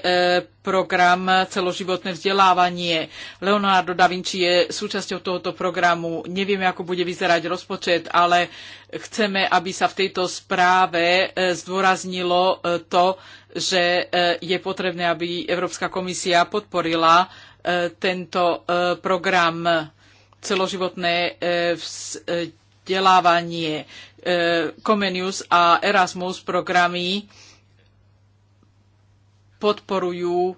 program celoživotné vzdelávanie. Leonardo da Vinci je súčasťou tohoto programu. Nevieme, ako bude vyzerať rozpočet, ale chceme, aby sa v tejto správe e, zdôraznilo to, že je potrebné, aby Európska komisia podporila tento program celoživotné vzdelávanie Comenius a Erasmus programy podporujú e,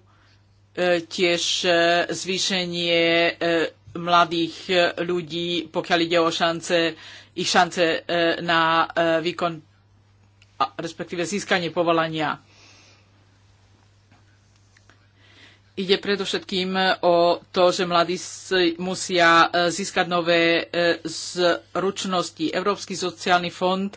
tiež e, zvýšenie e, mladých ľudí, pokiaľ ide o šance, ich šance na výkon, respektíve získanie povolania. Ide predovšetkým o to, že mladí musia e, získať nové e, zručnosti. Európsky sociálny fond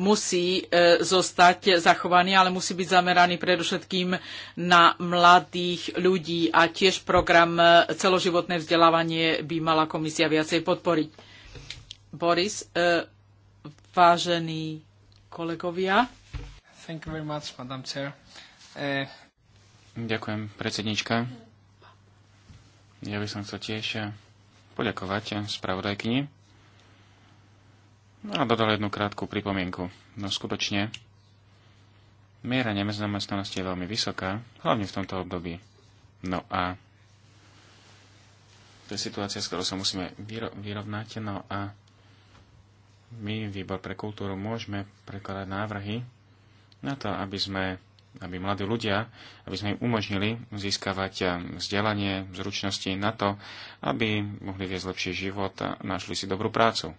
musí e, zostať zachovaný, ale musí byť zameraný predovšetkým na mladých ľudí a tiež program celoživotné vzdelávanie by mala komisia viacej podporiť. Boris, vážení kolegovia. Thank you very much, Madam Chair. Uh... Ďakujem, predsednička. Ja by som chcel tiež poďakovať spravodajkyni. No a dodal jednu krátku pripomienku. No skutočne, miera nezamestnanosti je veľmi vysoká, hlavne v tomto období. No a to je situácia, s ktorou sa musíme vyro- vyrovnať. No a my, Výbor pre kultúru, môžeme prekladať návrhy na to, aby sme aby mladí ľudia, aby sme im umožnili získavať eh, vzdelanie, zručnosti na to, aby mohli viesť lepší život a našli si dobrú prácu.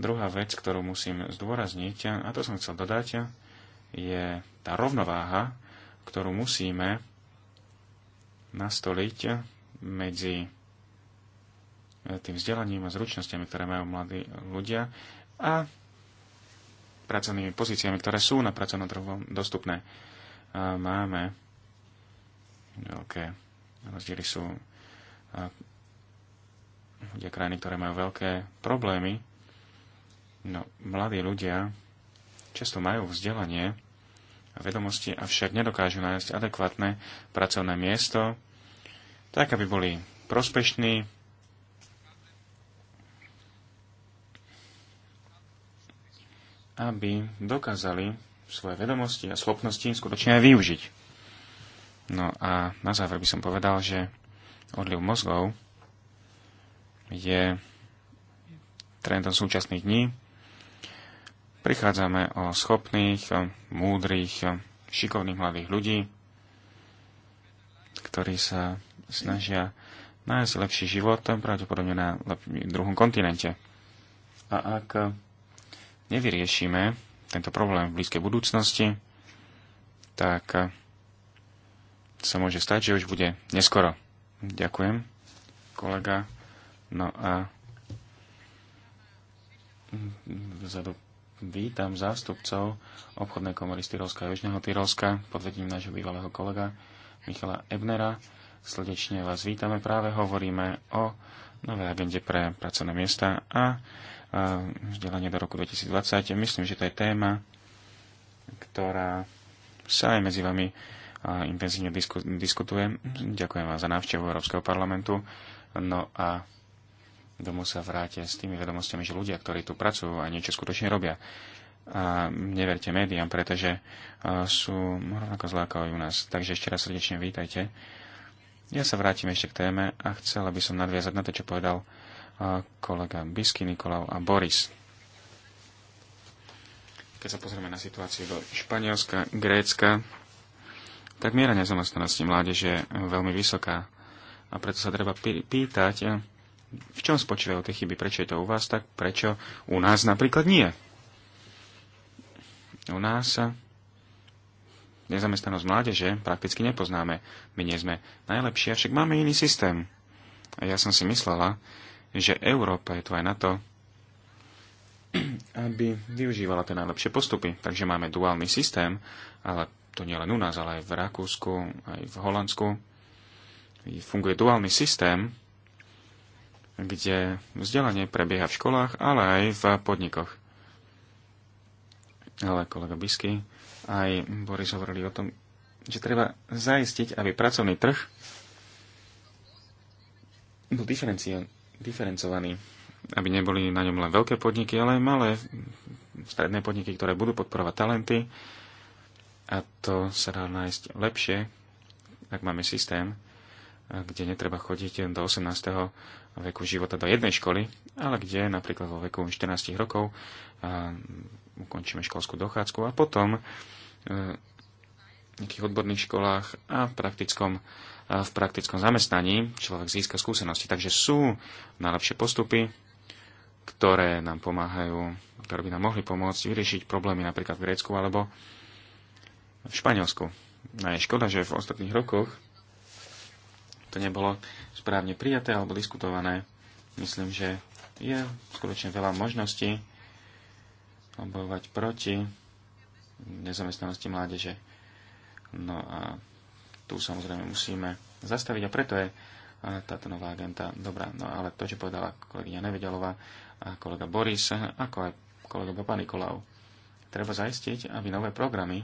Druhá vec, ktorú musím zdôrazniť, eh, a to som chcel dodať, eh, je tá rovnováha, ktorú musíme nastoliť medzi tým vzdelaním a zručnosťami, ktoré majú mladí ľudia a pracovnými pozíciami, ktoré sú na pracovnom trhu dostupné. Máme veľké rozdiely sú ľudia krajiny, ktoré majú veľké problémy. No, mladí ľudia často majú vzdelanie a vedomosti, avšak nedokážu nájsť adekvátne pracovné miesto, tak aby boli prospešní aby dokázali svoje vedomosti a schopnosti skutočne aj využiť. No a na záver by som povedal, že odliv mozgov je trendom súčasných dní. Prichádzame o schopných, múdrych, šikovných mladých ľudí, ktorí sa snažia nájsť lepší život, pravdepodobne na druhom kontinente. A ak nevyriešime tento problém v blízkej budúcnosti, tak sa môže stať, že už bude neskoro. Ďakujem, kolega. No a vzadu vítam zástupcov obchodnej komory z Tyrolska a Južného Tyrolska pod vedením nášho bývalého kolega Michala Ebnera. Srdečne vás vítame. Práve hovoríme o novej agende pre pracovné miesta a vzdelanie do roku 2020. Myslím, že to je téma, ktorá sa aj medzi vami intenzívne disku, diskutuje. Ďakujem vám za návštevu Európskeho parlamentu. No a domov sa vráte s tými vedomostiami, že ľudia, ktorí tu pracujú a niečo skutočne robia, a neverte médiám, pretože sú rovnako zlé ako u nás. Takže ešte raz srdečne vítajte. Ja sa vrátim ešte k téme a chcela by som nadviazať na to, čo povedal kolega Bisky, Nikolau a Boris. Keď sa pozrieme na situáciu do Španielska, Grécka, tak miera nezamestnanosti mládeže je veľmi vysoká. A preto sa treba pýtať, v čom spočívajú tie chyby, prečo je to u vás tak, prečo u nás napríklad nie. U nás nezamestnanosť mládeže prakticky nepoznáme. My nie sme najlepší, avšak máme iný systém. A ja som si myslela, že Európa je tu aj na to, aby využívala tie najlepšie postupy. Takže máme duálny systém, ale to nie len u nás, ale aj v Rakúsku, aj v Holandsku. Funguje duálny systém, kde vzdelanie prebieha v školách, ale aj v podnikoch. Ale kolega Bisky, aj Boris hovorili o tom, že treba zaistiť, aby pracovný trh bol diferenciálny diferencovaný, aby neboli na ňom len veľké podniky, ale aj malé stredné podniky, ktoré budú podporovať talenty. A to sa dá nájsť lepšie, ak máme systém, kde netreba chodiť do 18. veku života do jednej školy, ale kde napríklad vo veku 14 rokov ukončíme školskú dochádzku a potom e, nejakých odborných školách a v praktickom, v praktickom zamestnaní človek získa skúsenosti. Takže sú najlepšie postupy, ktoré nám pomáhajú, ktoré by nám mohli pomôcť vyriešiť problémy napríklad v Grécku alebo v Španielsku. A je škoda, že v ostatných rokoch to nebolo správne prijaté alebo diskutované. Myslím, že je skutočne veľa možností obojovať proti nezamestnanosti mládeže No a tu samozrejme musíme zastaviť a preto je táto nová agenta dobrá. No ale to, čo povedala kolegyňa Nevedelová a kolega Boris, ako aj kolega Papa Nikolau, treba zaistiť, aby nové programy,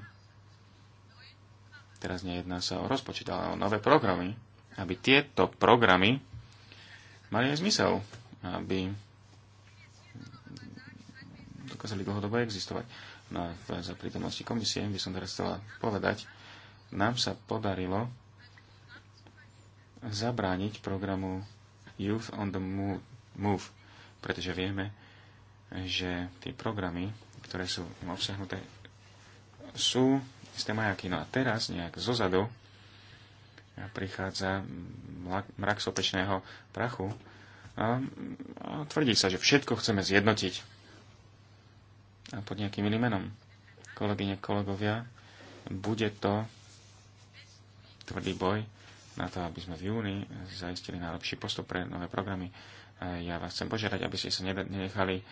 teraz nejedná sa o rozpočet, ale o nové programy, aby tieto programy mali aj zmysel, aby dokázali dlhodobo existovať. No a za prítomnosti komisie by som teraz chcela povedať, nám sa podarilo zabrániť programu Youth on the Move, pretože vieme, že tie programy, ktoré sú im obsahnuté, sú isté majaky. No a teraz nejak zozadu prichádza mrak sopečného prachu a, a tvrdí sa, že všetko chceme zjednotiť. A pod nejakým iným menom, kolegyne, kolegovia, bude to tvrdý boj na to, aby sme v júni zaistili najlepší postup pre nové programy. E, ja vás chcem požiadať, aby ste sa nenechali e,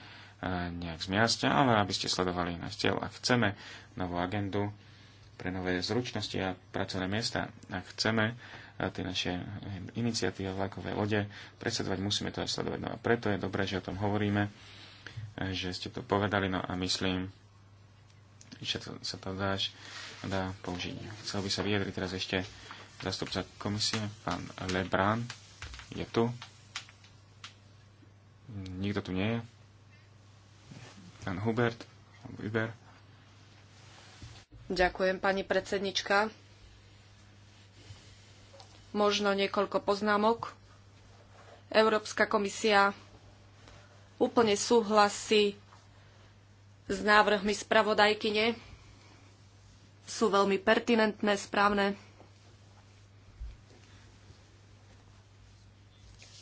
nejak zmiasť, ale aby ste sledovali náš cieľ. Ak chceme novú agendu pre nové zručnosti a pracovné miesta, ak chceme e, tie naše iniciatívy vlakové lode predsedovať, musíme to aj sledovať. No a preto je dobré, že o tom hovoríme, že ste to povedali, no a myslím, že to, sa to dáš dá použiť. Chcel by sa vyjadriť teraz ešte zastupca komisie, pán Lebrán. Je tu. Nikto tu nie je. Pán Hubert. Uber. Ďakujem, pani predsednička. Možno niekoľko poznámok. Európska komisia úplne súhlasí s návrhmi spravodajkyne sú veľmi pertinentné, správne.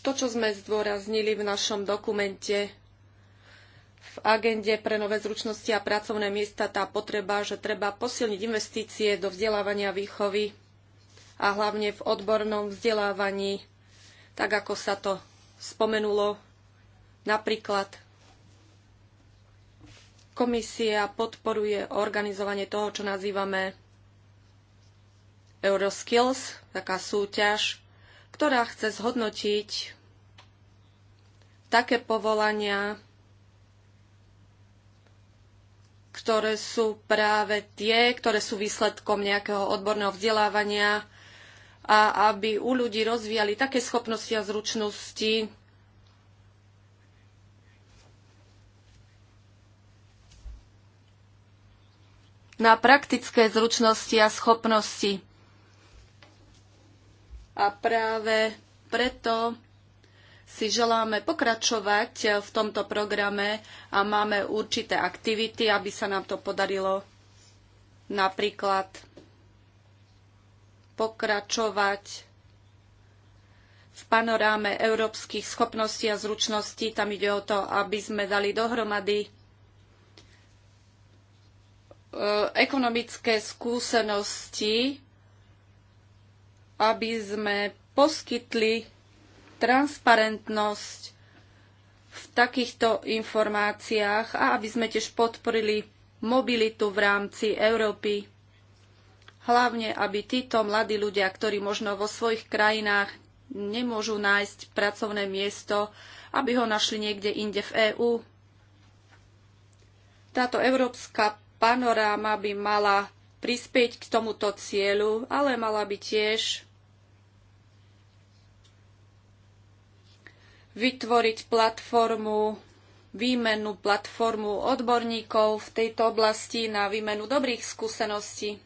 To, čo sme zdôraznili v našom dokumente v agende pre nové zručnosti a pracovné miesta, tá potreba, že treba posilniť investície do vzdelávania výchovy a hlavne v odbornom vzdelávaní, tak ako sa to spomenulo napríklad Komisia podporuje organizovanie toho, čo nazývame Euroskills, taká súťaž, ktorá chce zhodnotiť také povolania, ktoré sú práve tie, ktoré sú výsledkom nejakého odborného vzdelávania a aby u ľudí rozvíjali také schopnosti a zručnosti, na praktické zručnosti a schopnosti. A práve preto si želáme pokračovať v tomto programe a máme určité aktivity, aby sa nám to podarilo napríklad pokračovať v panoráme európskych schopností a zručností. Tam ide o to, aby sme dali dohromady Eh, ekonomické skúsenosti, aby sme poskytli transparentnosť v takýchto informáciách a aby sme tiež podporili mobilitu v rámci Európy. Hlavne, aby títo mladí ľudia, ktorí možno vo svojich krajinách nemôžu nájsť pracovné miesto, aby ho našli niekde inde v EÚ. Táto európska panoráma by mala prispieť k tomuto cieľu, ale mala by tiež vytvoriť platformu, výmenu platformu odborníkov v tejto oblasti na výmenu dobrých skúseností.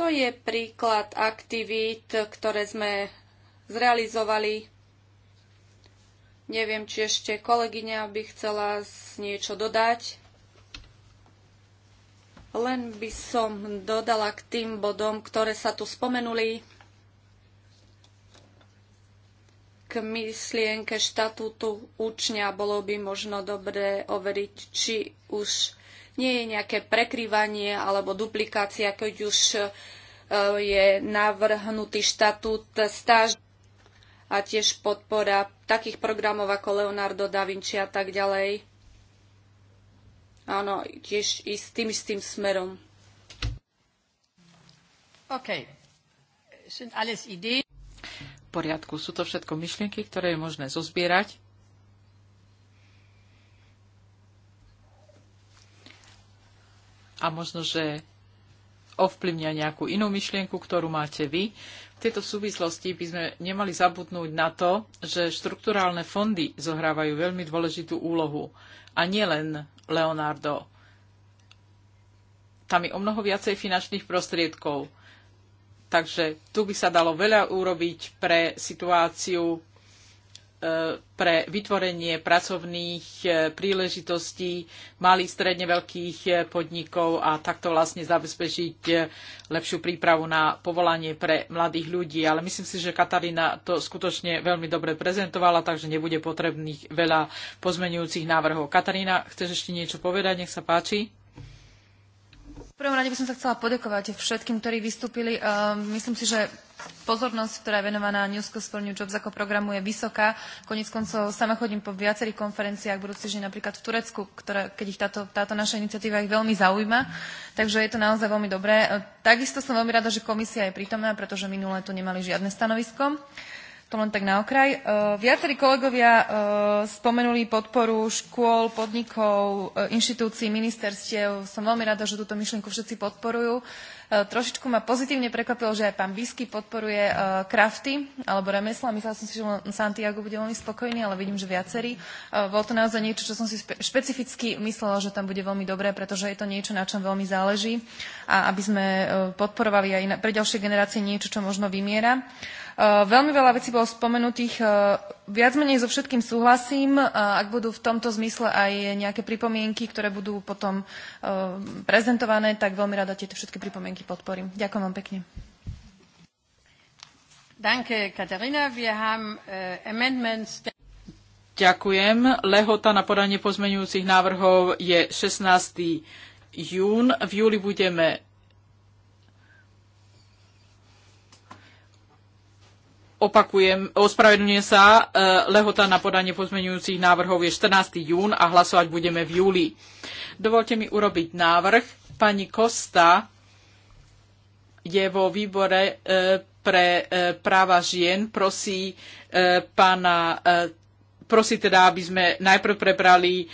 To je príklad aktivít, ktoré sme zrealizovali. Neviem, či ešte kolegyňa by chcela niečo dodať. Len by som dodala k tým bodom, ktoré sa tu spomenuli, k myslienke štatútu učňa bolo by možno dobre overiť, či už nie je nejaké prekrývanie alebo duplikácia, keď už e, je navrhnutý štatút stáž a tiež podpora takých programov ako Leonardo da Vinci a tak ďalej áno, tiež ísť tým istým smerom. OK. Sind alles V poriadku, sú to všetko myšlienky, ktoré je možné zozbierať. A možno, že ovplyvňa nejakú inú myšlienku, ktorú máte vy. V tejto súvislosti by sme nemali zabudnúť na to, že štrukturálne fondy zohrávajú veľmi dôležitú úlohu. A nielen Leonardo. Tam je o mnoho viacej finančných prostriedkov. Takže tu by sa dalo veľa urobiť pre situáciu pre vytvorenie pracovných e, príležitostí malých, stredne veľkých e, podnikov a takto vlastne zabezpečiť e, lepšiu prípravu na povolanie pre mladých ľudí. Ale myslím si, že Katarína to skutočne veľmi dobre prezentovala, takže nebude potrebných veľa pozmenujúcich návrhov. Katarína, chceš ešte niečo povedať? Nech sa páči. V prvom rade by som sa chcela poďakovať všetkým, ktorí vystúpili. Ehm, myslím si, že pozornosť, ktorá je venovaná New Skills for New Jobs ako programu je vysoká. Koniec koncov sama chodím po viacerých konferenciách, budúci týždeň napríklad v Turecku, ktoré, keď ich táto, táto naša iniciatíva ich veľmi zaujíma. Takže je to naozaj veľmi dobré. Takisto som veľmi rada, že komisia je prítomná, pretože minulé tu nemali žiadne stanovisko. To len tak na okraj. E, viacerí kolegovia e, spomenuli podporu škôl, podnikov, e, inštitúcií, ministerstiev. Som veľmi rada, že túto myšlienku všetci podporujú. Trošičku ma pozitívne prekvapilo, že aj pán Bisky podporuje krafty alebo remesla. Myslela som si, že Santiago bude veľmi spokojný, ale vidím, že viacerí. Bolo to naozaj niečo, čo som si špecificky myslela, že tam bude veľmi dobré, pretože je to niečo, na čom veľmi záleží a aby sme podporovali aj pre ďalšie generácie niečo, čo možno vymiera. Eh, veľmi veľa vecí bolo spomenutých. Eh, viac menej so všetkým súhlasím. Eh, ak budú v tomto zmysle aj nejaké pripomienky, ktoré budú potom prezentované, tak veľmi rada tieto všetky pripomienky podporím. Ďakujem vám pekne. Danke, Wir haben amendments. Ďakujem. Lehota na podanie pozmenujúcich návrhov je 16. jún. V júli budeme Opakujem, ospravedlňujem sa, e, lehota na podanie pozmeňujúcich návrhov je 14. jún a hlasovať budeme v júli. Dovolte mi urobiť návrh. Pani Kosta je vo výbore e, pre e, práva žien. Prosí pána prosí teda, aby sme najprv prebrali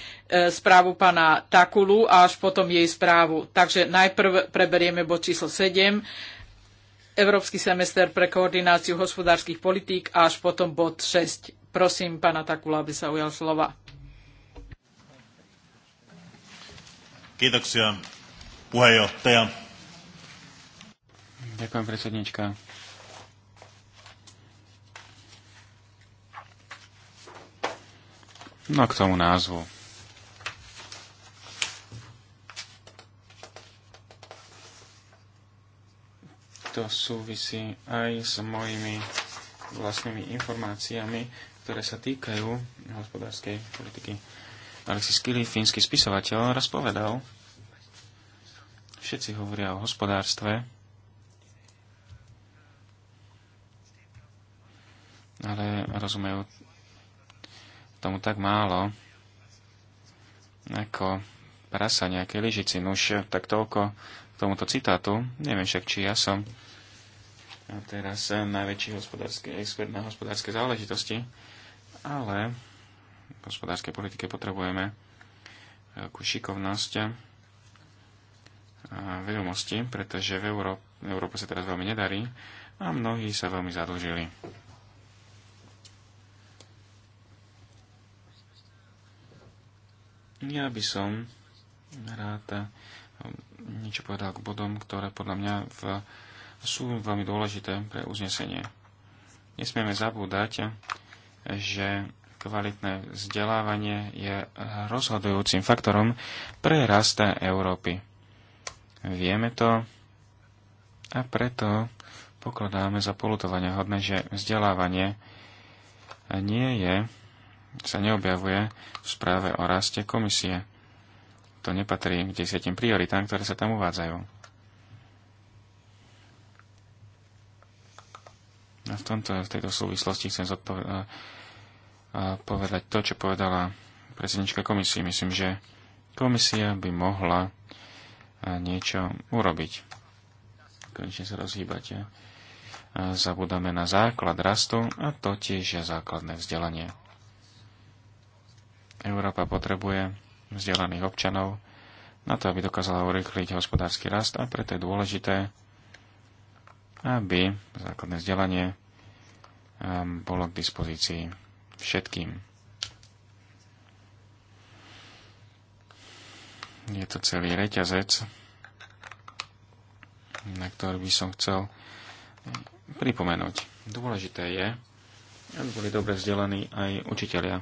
správu pána Takulu a až potom jej správu. Takže najprv preberieme bod číslo 7 Európsky semester pre koordináciu hospodárskych politík a až potom bod 6. Prosím pána Takula, aby sa ujal slova. Kiitoksia, puheenjohtaja. Ďakujem, predsednička. No k tomu názvu. to súvisí aj s mojimi vlastnými informáciami, ktoré sa týkajú hospodárskej politiky. Alexis Kili, fínsky spisovateľ, raz povedal, všetci hovoria o hospodárstve, ale rozumejú tomu tak málo, ako prasa nejaké lyžici. Nuž, tak toľko k tomuto citátu. Neviem však, či ja som teraz eh, najväčší hospodársky expert na hospodárske záležitosti, ale v hospodárskej politike potrebujeme eh, ku šikovnosť a vedomosti, pretože v Európe, Európe sa teraz veľmi nedarí a mnohí sa veľmi zadlžili. Ja by som rád eh, niečo povedal k bodom, ktoré podľa mňa v sú veľmi dôležité pre uznesenie. Nesmieme zabúdať, že kvalitné vzdelávanie je rozhodujúcim faktorom pre rast Európy. Vieme to a preto pokladáme za polutovania hodné, že vzdelávanie nie je, sa neobjavuje v správe o raste komisie. To nepatrí k desiatim prioritám, ktoré sa tam uvádzajú. V, tomto, v tejto súvislosti chcem povedať to, čo povedala predsednička komisie. Myslím, že komisia by mohla niečo urobiť. Konečne sa rozhýbate. zabudame na základ rastu a to tiež je základné vzdelanie. Európa potrebuje vzdelaných občanov na to, aby dokázala urychliť hospodársky rast a preto je dôležité, aby základné vzdelanie um, bolo k dispozícii všetkým. Je to celý reťazec, na ktorý by som chcel pripomenúť. Dôležité je, aby boli dobre vzdelaní aj učitelia.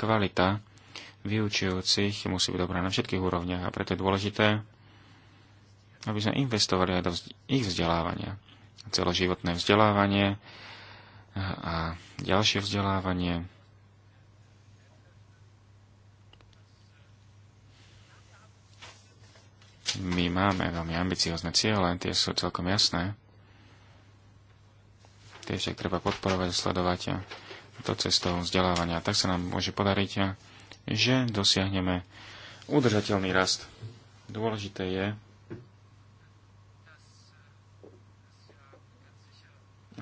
Kvalita vyučujúcich musí byť dobrá na všetkých úrovniach a preto je dôležité, aby sme investovali aj do ich vzdelávania. Celoživotné vzdelávanie a ďalšie vzdelávanie. My máme veľmi ambiciozne ciele, tie sú celkom jasné. Tie však treba podporovať a sledovať to cestou vzdelávania. Tak sa nám môže podariť, že dosiahneme udržateľný rast. Dôležité je,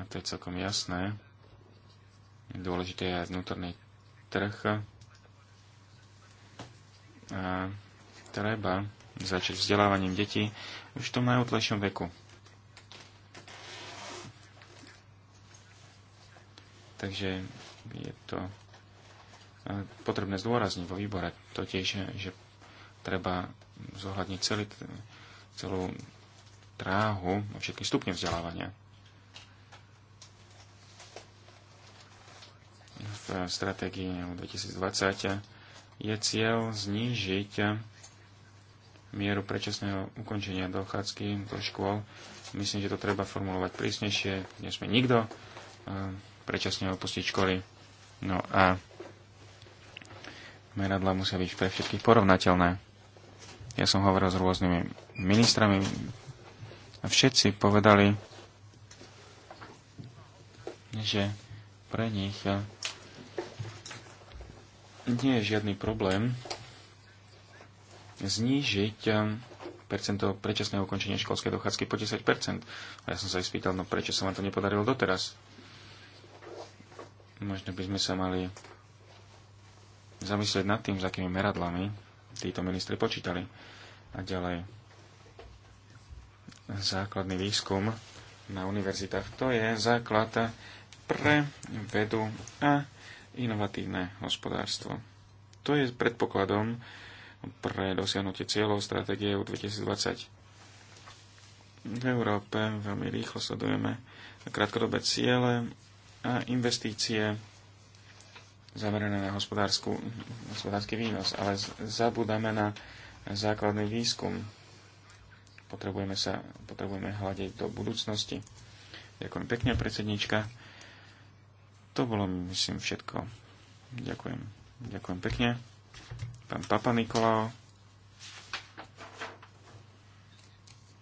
A to je celkom jasné. Dôležité je aj vnútorný trh. A treba začať vzdelávaním detí už v tom najútlejšom veku. Takže je to potrebné zdôrazniť vo výbore, totiž, že treba zohľadniť celý, celú dráhu všetky stupne vzdelávania. v stratégii 2020 je cieľ znížiť mieru predčasného ukončenia dochádzky do škôl. Myslím, že to treba formulovať prísnejšie. Nesme nikto eh, predčasne opustiť školy. No a meradla musia byť pre všetkých porovnateľné. Ja som hovoril s rôznymi ministrami a všetci povedali, že pre nich eh, nie je žiadny problém znížiť um, percento predčasného ukončenia školskej dochádzky po 10 A ja som sa aj spýtal, no prečo sa vám to nepodarilo doteraz? Možno by sme sa mali zamyslieť nad tým, s akými meradlami títo ministri počítali. A ďalej základný výskum na univerzitách. To je základ pre vedu a inovatívne hospodárstvo. To je predpokladom pre dosiahnutie cieľov stratégie EU 2020. V Európe veľmi rýchlo sledujeme krátkodobé ciele a investície zamerané na hospodársky výnos, ale zabudáme na základný výskum. Potrebujeme, sa, potrebujeme hľadiť do budúcnosti. Ďakujem pekne, predsednička. To bolo, myslím, všetko. Ďakujem. Ďakujem pekne. Pán Papa Nikolao.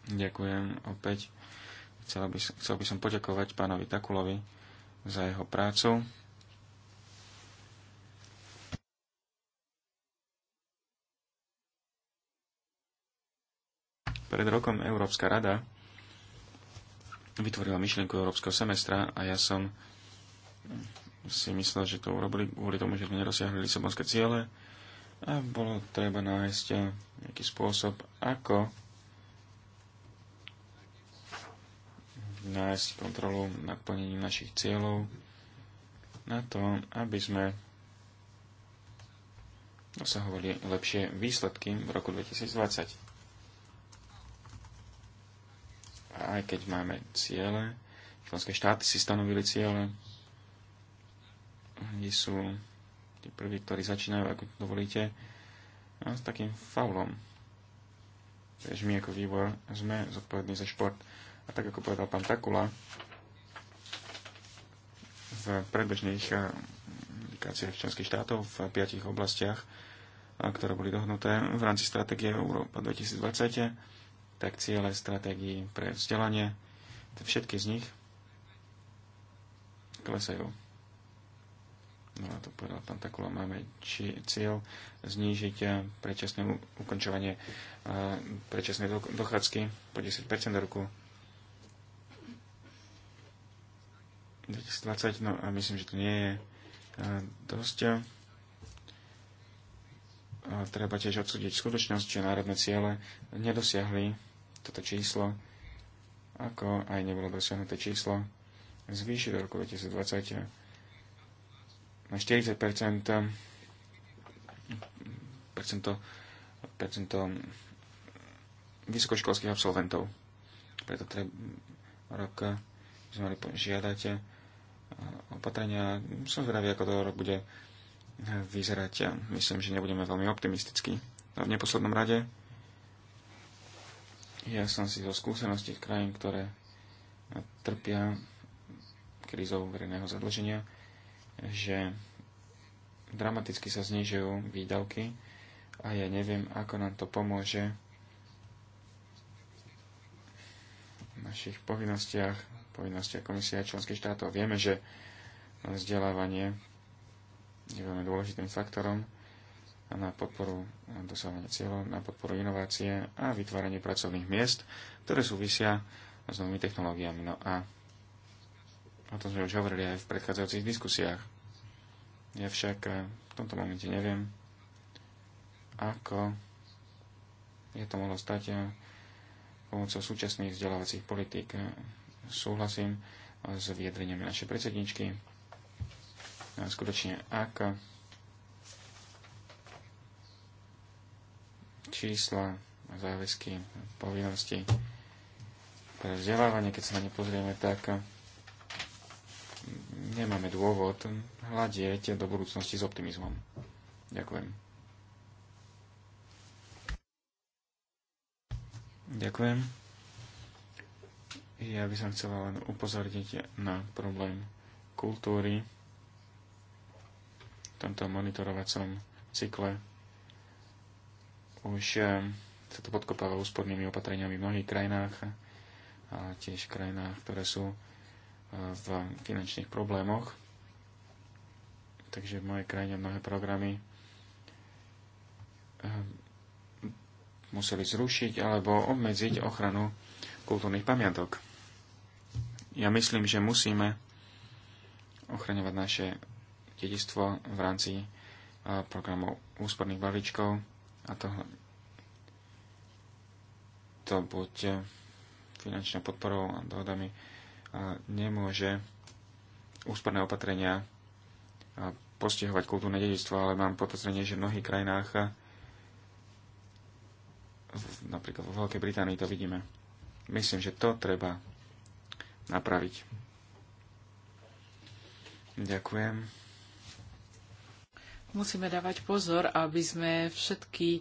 Ďakujem opäť. Chcel by, chcel by som poďakovať pánovi Takulovi za jeho prácu. Pred rokom Európska rada vytvorila myšlienku Európskeho semestra a ja som si myslel, že to urobili kvôli tomu, že sme nerozsiahli Lisabonské ciele a bolo treba nájsť nejaký spôsob, ako nájsť kontrolu nad plnením našich cieľov na to, aby sme dosahovali lepšie výsledky v roku 2020. A aj keď máme ciele, členské štáty si stanovili ciele, oni sú tí prví, ktorí začínajú, ako dovolíte, s takým faulom. Takže my ako výbor sme zodpovední za šport. A tak ako povedal pán Takula, v predbežných indikáciách členských štátov v piatich oblastiach, ktoré boli dohnuté v rámci stratégie Európa 2020, tak ciele stratégií pre vzdelanie, všetky z nich klesajú no a to povedal pán Takula, máme či, cieľ znížiť eh, predčasné ukončovanie eh, predčasnej dochádzky po 10% do roku 2020, no a myslím, že to nie je eh, dosť. Uh, treba tiež odsúdiť skutočnosť, že národné ciele nedosiahli toto číslo, ako aj nebolo dosiahnuté číslo zvýšiť do roku 2020 40 percento, percento vysokoškolských absolventov. Preto treba rok sme mali žiadať eh, opatrenia. Som zvedavý, ako to rok bude vyzerať. Myslím, že nebudeme veľmi optimistickí. A no, v neposlednom rade ja som si zo skúseností krajín, ktoré trpia krízou verejného zadlženia, že dramaticky sa znižujú výdavky a ja neviem, ako nám to pomôže v našich povinnostiach, povinnostiach komisie a členských štátov. Vieme, že vzdelávanie je veľmi dôležitým faktorom na podporu dosávania cieľov, na podporu inovácie a vytváranie pracovných miest, ktoré súvisia s novými technológiami. No a O tom sme už hovorili aj v predchádzajúcich diskusiách. Ja však eh, v tomto momente neviem, ako je to mohlo stať eh, pomocou súčasných vzdelávacích politík. Eh, súhlasím s vyjadreniami našej predsedničky. No skutočne, ak čísla, záväzky, povinnosti pre vzdelávanie, keď sa na ne pozrieme, tak nemáme dôvod hľadieť do budúcnosti s optimizmom. Ďakujem. Ďakujem. Ja by som chcela len upozorniť na problém kultúry v tomto monitorovacom cykle. Už eh, sa to podkopáva úspornými opatreniami v mnohých krajinách, ale tiež v krajinách, ktoré sú v finančných problémoch. Takže v mojej krajine mnohé programy ehm, museli zrušiť alebo obmedziť ochranu kultúrnych pamiatok. Ja myslím, že musíme ochraňovať naše dedistvo v rámci e, programov úsporných balíčkov a to, to buď finančnou podporou a dohodami nemôže úsporné opatrenia postihovať kultúrne dedičstvo, ale mám podozrenie, že v mnohých krajinách, napríklad vo Veľkej Británii to vidíme. Myslím, že to treba napraviť. Ďakujem musíme dávať pozor, aby sme všetky e,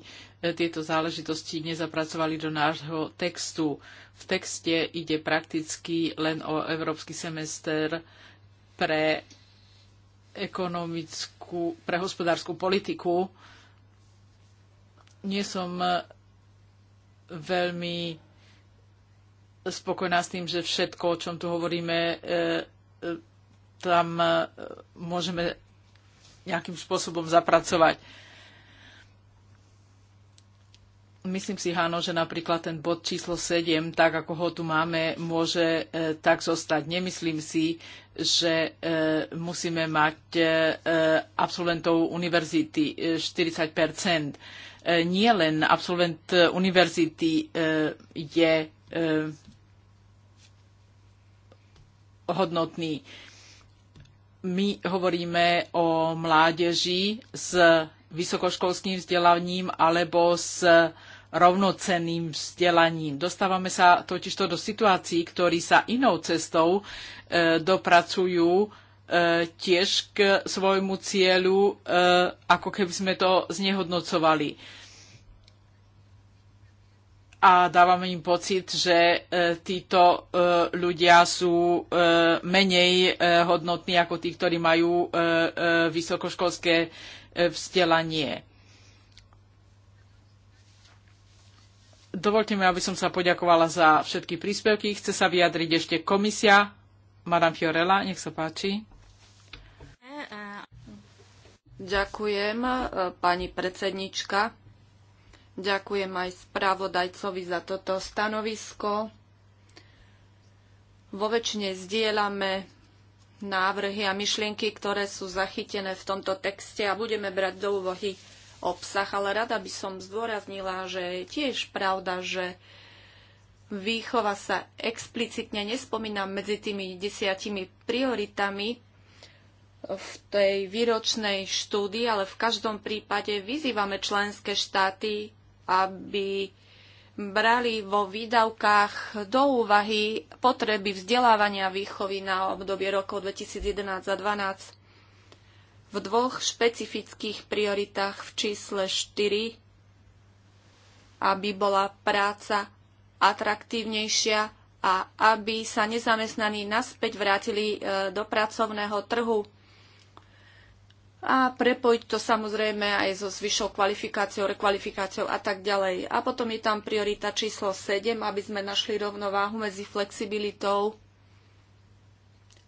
tieto záležitosti nezapracovali do nášho textu. V texte ide prakticky len o európsky semester pre ekonomickú, pre hospodárskú politiku. Nie som e, veľmi spokojná s tým, že všetko, o čom tu hovoríme, e, tam môžeme nejakým spôsobom zapracovať. Myslím si, Háno, že napríklad ten bod číslo 7, tak ako ho tu máme, môže e, tak zostať. Nemyslím si, že e, musíme mať e, e absolventov univerzity 40 e, e, Nie len absolvent e, univerzity je hodnotný. E, my hovoríme o mládeži s vysokoškolským vzdelaním alebo s rovnocenným vzdelaním. Dostávame sa totižto do situácií, ktorí sa inou cestou e, dopracujú e, tiež k svojmu cieľu, e, ako keby sme to znehodnocovali. E, a dávame im pocit, že e, títo e, ľudia sú e, menej hodnotní ako tí, ktorí majú vysokoškolské vzdelanie. Dovolte mi, aby som sa poďakovala za všetky príspevky. Chce sa vyjadriť ešte komisia. Madame Fiorella, nech sa páči. Ďakujem, pani predsednička. Ďakujem aj spravodajcovi za toto stanovisko. Vo väčšine zdieľame návrhy a myšlienky, ktoré sú zachytené v tomto texte a budeme brať do úvohy obsah, ale rada by som zdôraznila, že je tiež pravda, že výchova sa explicitne nespomína medzi tými desiatimi prioritami, v tej výročnej štúdii, ale v každom prípade vyzývame členské štáty, aby brali vo výdavkách do úvahy potreby vzdelávania výchovy na obdobie rokov 2011 a 2012. V dvoch špecifických prioritách v čísle 4, aby bola práca atraktívnejšia a aby sa nezamestnaní naspäť vrátili e, do pracovného trhu a prepojiť to samozrejme aj so zvyšou kvalifikáciou, rekvalifikáciou a tak ďalej. A potom je tam priorita číslo 7, aby sme našli rovnováhu medzi flexibilitou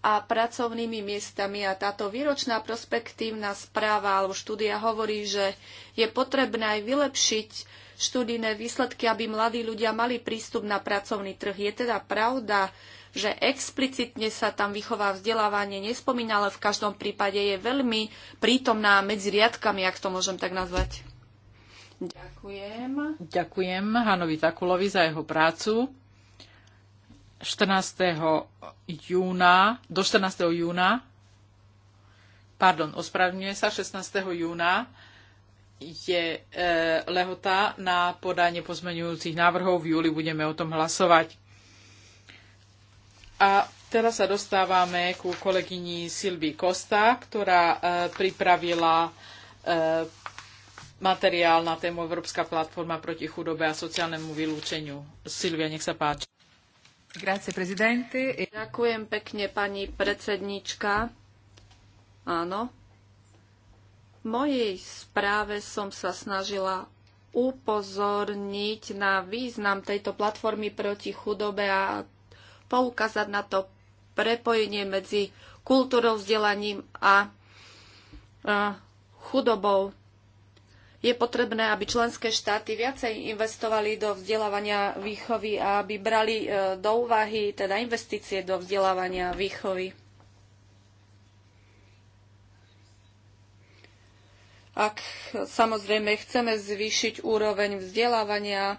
a pracovnými miestami. A táto výročná prospektívna správa alebo štúdia hovorí, že je potrebné aj vylepšiť študijné výsledky, aby mladí ľudia mali prístup na pracovný trh. Je teda pravda, že explicitne sa tam vychová vzdelávanie nespomína, ale v každom prípade je veľmi prítomná medzi riadkami, ak to môžem tak nazvať. Ďakujem. Ďakujem Hanovi Takulovi za jeho prácu. 14. júna, do 14. júna, pardon, ospravňuje sa 16. júna, je e, lehota na podanie pozmenujúcich návrhov. V júli budeme o tom hlasovať. A teraz sa dostávame ku kolegyni Silvii Kosta, ktorá e, pripravila e, materiál na tému Európska platforma proti chudobe a sociálnemu vylúčeniu. Silvia, nech sa páči. Grazie, Ďakujem pekne, pani predsednička. Áno. V mojej správe som sa snažila upozorniť na význam tejto platformy proti chudobe a poukázať na to prepojenie medzi kultúrou, vzdelaním a chudobou. Je potrebné, aby členské štáty viacej investovali do vzdelávania výchovy a aby brali e, do úvahy teda investície do vzdelávania výchovy. Ak samozrejme chceme zvýšiť úroveň vzdelávania,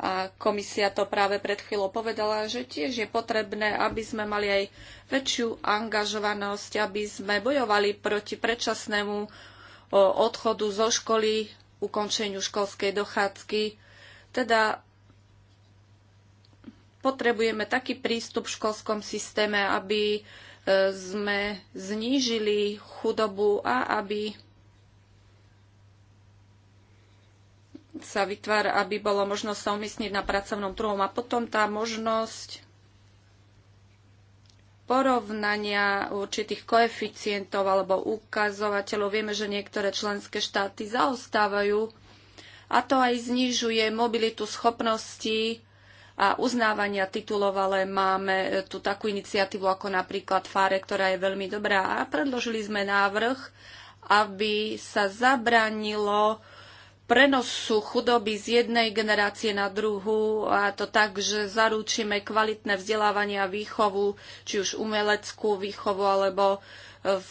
a komisia to práve pred chvíľou povedala, že tiež je potrebné, aby sme mali aj väčšiu angažovanosť, aby sme bojovali proti predčasnému odchodu zo školy, ukončeniu školskej dochádzky. Teda potrebujeme taký prístup v školskom systéme, aby e, sme znížili chudobu a aby sa vytvára, aby bolo možnosť sa umiestniť na pracovnom trhu. A potom tá možnosť porovnania určitých koeficientov alebo ukazovateľov. Vieme, že niektoré členské štáty zaostávajú a to aj znižuje mobilitu schopností a uznávania titulov, ale máme tu takú iniciatívu ako napríklad FARE, ktorá je veľmi dobrá a predložili sme návrh, aby sa zabranilo prenosu chudoby z jednej generácie na druhú a to tak, že zaručíme kvalitné vzdelávanie a výchovu, či už umeleckú výchovu alebo e, v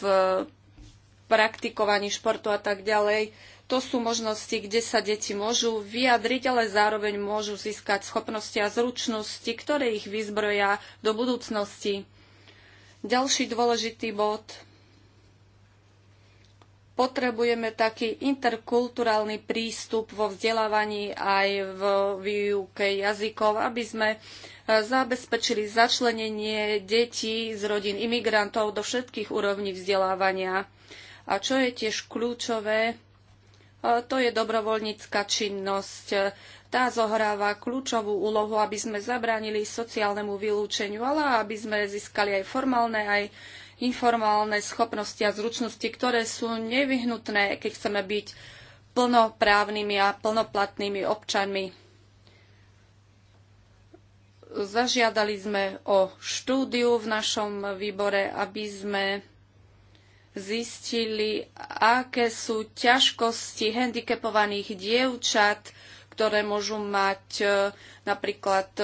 praktikovaní športu a tak ďalej. To sú možnosti, kde sa deti môžu vyjadriť, ale zároveň môžu získať schopnosti a zručnosti, ktoré ich vyzbroja do budúcnosti. Ďalší dôležitý bod potrebujeme taký interkulturálny prístup vo vzdelávaní aj v výuke jazykov, aby sme e, zabezpečili začlenenie detí z rodín imigrantov do všetkých úrovní vzdelávania. A čo je tiež kľúčové, e, to je dobrovoľnícka činnosť. Tá zohráva kľúčovú úlohu, aby sme zabránili sociálnemu vylúčeniu, ale aby sme získali aj formálne, aj informálne schopnosti a zručnosti, ktoré sú nevyhnutné, keď chceme byť plnoprávnymi a plnoplatnými občanmi. Zažiadali sme o štúdiu v našom výbore, aby sme zistili, aké sú ťažkosti handicapovaných dievčat, ktoré môžu mať e, napríklad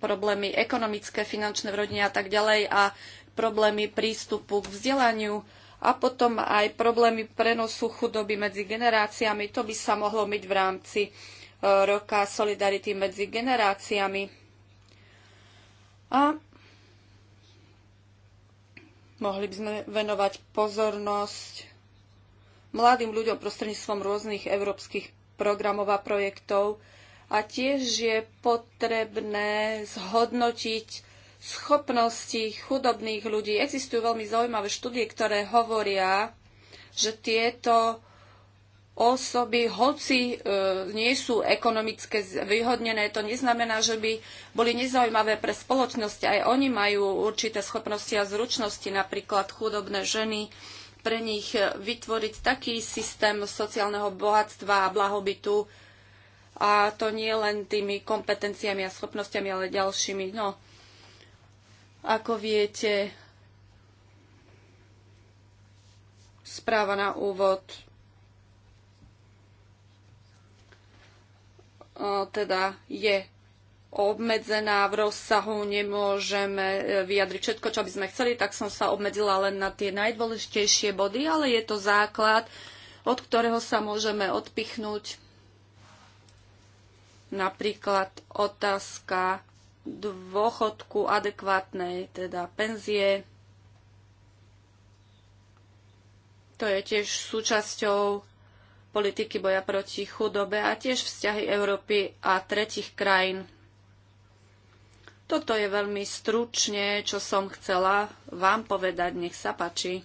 problémy ekonomické, finančné v rodine a tak ďalej. A problémy prístupu k vzdelaniu a potom aj problémy prenosu chudoby medzi generáciami. To by sa mohlo myť v rámci e, roka Solidarity medzi generáciami. A mohli by sme venovať pozornosť mladým ľuďom prostredníctvom rôznych európskych programov a projektov. A tiež je potrebné zhodnotiť schopnosti chudobných ľudí. Existujú veľmi zaujímavé štúdie, ktoré hovoria, že tieto osoby, hoci e, nie sú ekonomické vyhodnené, to neznamená, že by boli nezaujímavé pre spoločnosť. Aj oni majú určité schopnosti a zručnosti, napríklad chudobné ženy, pre nich vytvoriť taký systém sociálneho bohatstva a blahobytu, a to nie len tými kompetenciami a schopnosťami, ale ďalšími. No, ako viete, správa na úvod teda je obmedzená v rozsahu, nemôžeme e, vyjadriť všetko, čo by sme chceli, tak som sa obmedzila len na tie najdôležitejšie body, ale je to základ, od ktorého sa môžeme odpichnúť. Napríklad otázka dôchodku adekvátnej, teda penzie. To je tiež súčasťou politiky boja proti chudobe a tiež vzťahy Európy a tretich krajín. Toto je veľmi stručne, čo som chcela vám povedať. Nech sa páči.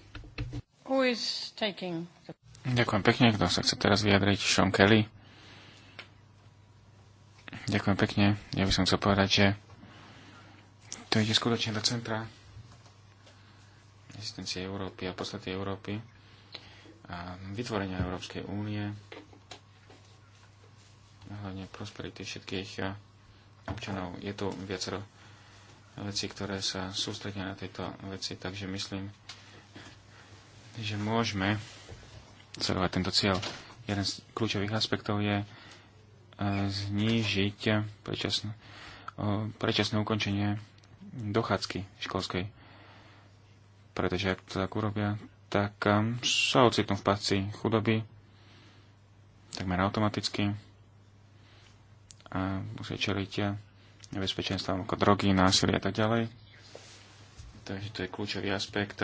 Ďakujem pekne. Kto sa chce teraz vyjadriť? Sean Kelly. Ďakujem pekne. Ja by som chcel povedať, že to ide skutočne do centra existencie Európy a podstaty Európy a vytvorenia Európskej únie a hlavne prosperity všetkých občanov. Je tu viacero vecí, ktoré sa sústredia na tejto veci, takže myslím, že môžeme sledovať tento cieľ. Jeden z kľúčových aspektov je e, znížiť predčasné, predčasné ukončenie dochádzky školskej. Pretože ak to tak urobia, tak um, sa ocitnú v pasci chudoby takmer automaticky a musia čeliť uh, nebezpečenstvom ako drogy, násilie a tak ďalej. Takže to je kľúčový aspekt.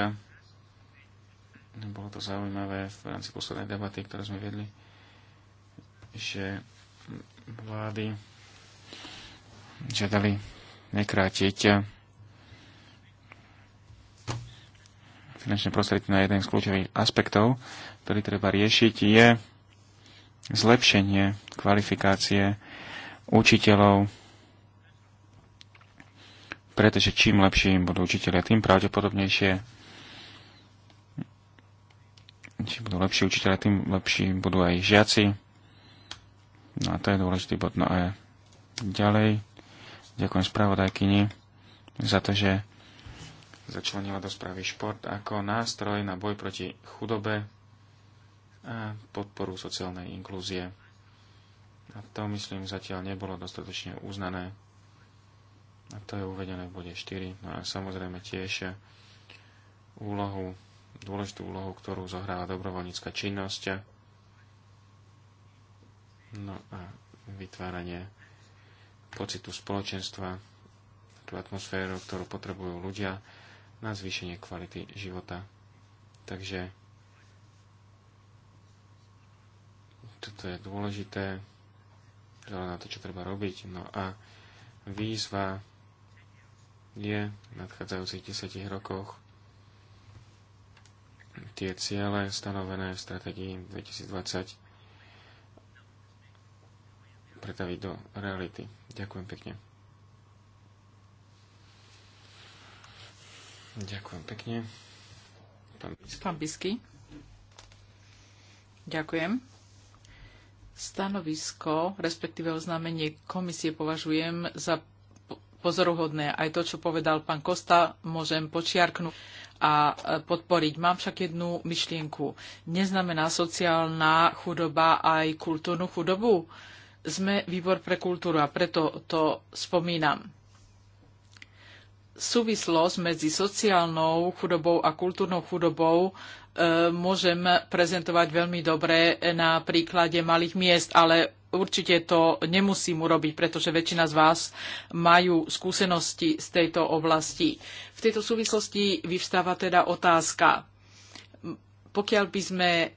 Bolo to zaujímavé v rámci poslednej debaty, ktoré sme vedli, že vlády žiadali nekrátiť finančné prostriedky na jeden z kľúčových aspektov, ktorý treba riešiť, je zlepšenie kvalifikácie učiteľov, pretože čím lepší budú učiteľia, tým pravdepodobnejšie či budú lepší učiteľia, tým lepší budú aj žiaci. No a to je dôležitý bod. No a ďalej ďakujem spravodajkyni za to, že začlenila do správy šport ako nástroj na boj proti chudobe a podporu sociálnej inklúzie. A to, myslím, zatiaľ nebolo dostatočne uznané. A to je uvedené v bode 4. No a samozrejme tiež úlohu, dôležitú úlohu, ktorú zohráva dobrovoľnícka činnosť. No a vytváranie pocitu spoločenstva, tú atmosféru, ktorú potrebujú ľudia, na zvýšenie kvality života. Takže toto je dôležité, na to, čo treba robiť. No a výzva je v nadchádzajúcich 10 rokoch tie ciele stanovené v stratégii 2020 pretaviť do reality. Ďakujem pekne. Ďakujem pekne. Pán, Pán Bisky. Ďakujem. Stanovisko, respektíve oznámenie komisie považujem za pozoruhodné. Aj to, čo povedal pán Kosta, môžem počiarknúť a e, podporiť. Mám však jednu myšlienku. Neznamená sociálna chudoba aj kultúrnu chudobu? Sme výbor pre kultúru a preto to spomínam súvislosť medzi sociálnou chudobou a kultúrnou chudobou e, môžem prezentovať veľmi dobre na príklade malých miest, ale určite to nemusím urobiť, pretože väčšina z vás majú skúsenosti z tejto oblasti. V tejto súvislosti vyvstáva teda otázka, pokiaľ by sme e,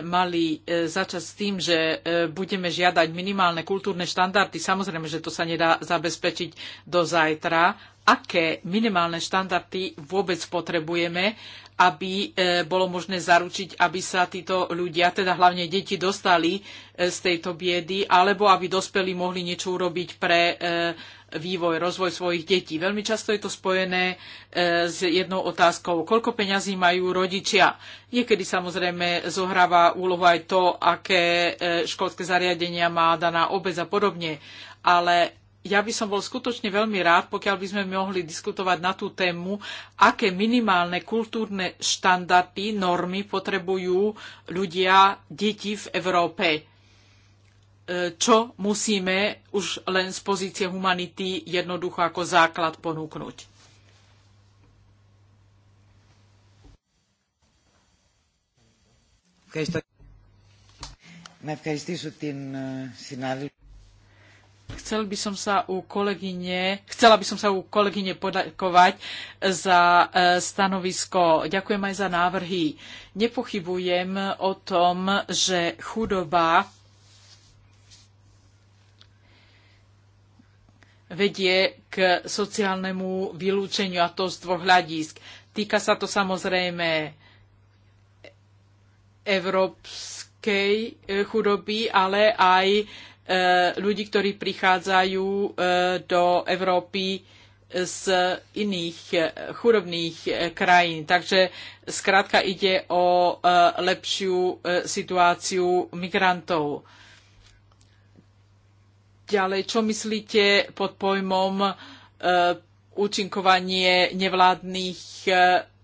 mali e, začať s tým, že e, budeme žiadať minimálne kultúrne štandardy, samozrejme, že to sa nedá zabezpečiť do zajtra, aké minimálne štandardy vôbec potrebujeme, aby bolo možné zaručiť, aby sa títo ľudia, teda hlavne deti, dostali z tejto biedy, alebo aby dospelí mohli niečo urobiť pre vývoj, rozvoj svojich detí. Veľmi často je to spojené e, s jednou otázkou, koľko peňazí majú rodičia. Niekedy samozrejme zohráva úlohu aj to, aké e, školské zariadenia má daná obec a podobne. Ale ja by som bol skutočne veľmi rád, pokiaľ by sme mohli diskutovať na tú tému, aké minimálne kultúrne štandardy, normy potrebujú ľudia, deti v Európe čo musíme už len z pozície humanity jednoducho ako základ ponúknuť. Chcel by som sa u kolegyne, chcela by som sa u kolegyne podakovať za e, stanovisko. Ďakujem aj za návrhy. Nepochybujem o tom, že chudoba vedie k sociálnemu vylúčeniu a to z dvoch hľadísk. Týka sa to samozrejme európskej e, chudoby, ale aj e, ľudí, ktorí prichádzajú e, do Európy z iných chudobných krajín. Takže skrátka ide o lepšiu situáciu migrantov Ďalej, čo myslíte pod pojmom e, účinkovanie nevládnych e,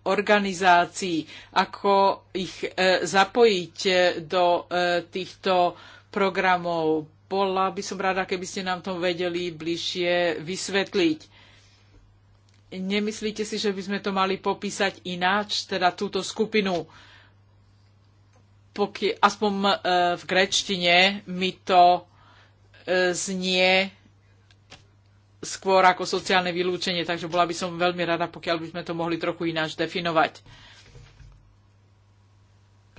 organizácií? Ako ich e, zapojiť e, do e, týchto programov? Bola by som rada, keby ste nám to vedeli bližšie vysvetliť. Nemyslíte si, že by sme to mali popísať ináč, teda túto skupinu? Poky, aspoň e, v grečtine mi to E, znie skôr ako sociálne vylúčenie, takže bola by som veľmi rada, pokiaľ by sme to mohli trochu ináč definovať.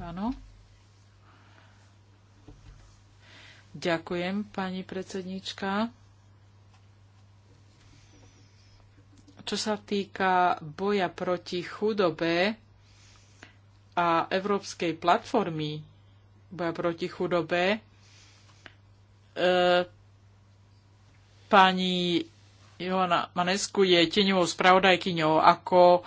Áno. Ďakujem, pani predsednička. Čo sa týka boja proti chudobe a Európskej platformy boja proti chudobe, E, pani Johana Manesku je tieňovou spravodajkyňou. Ako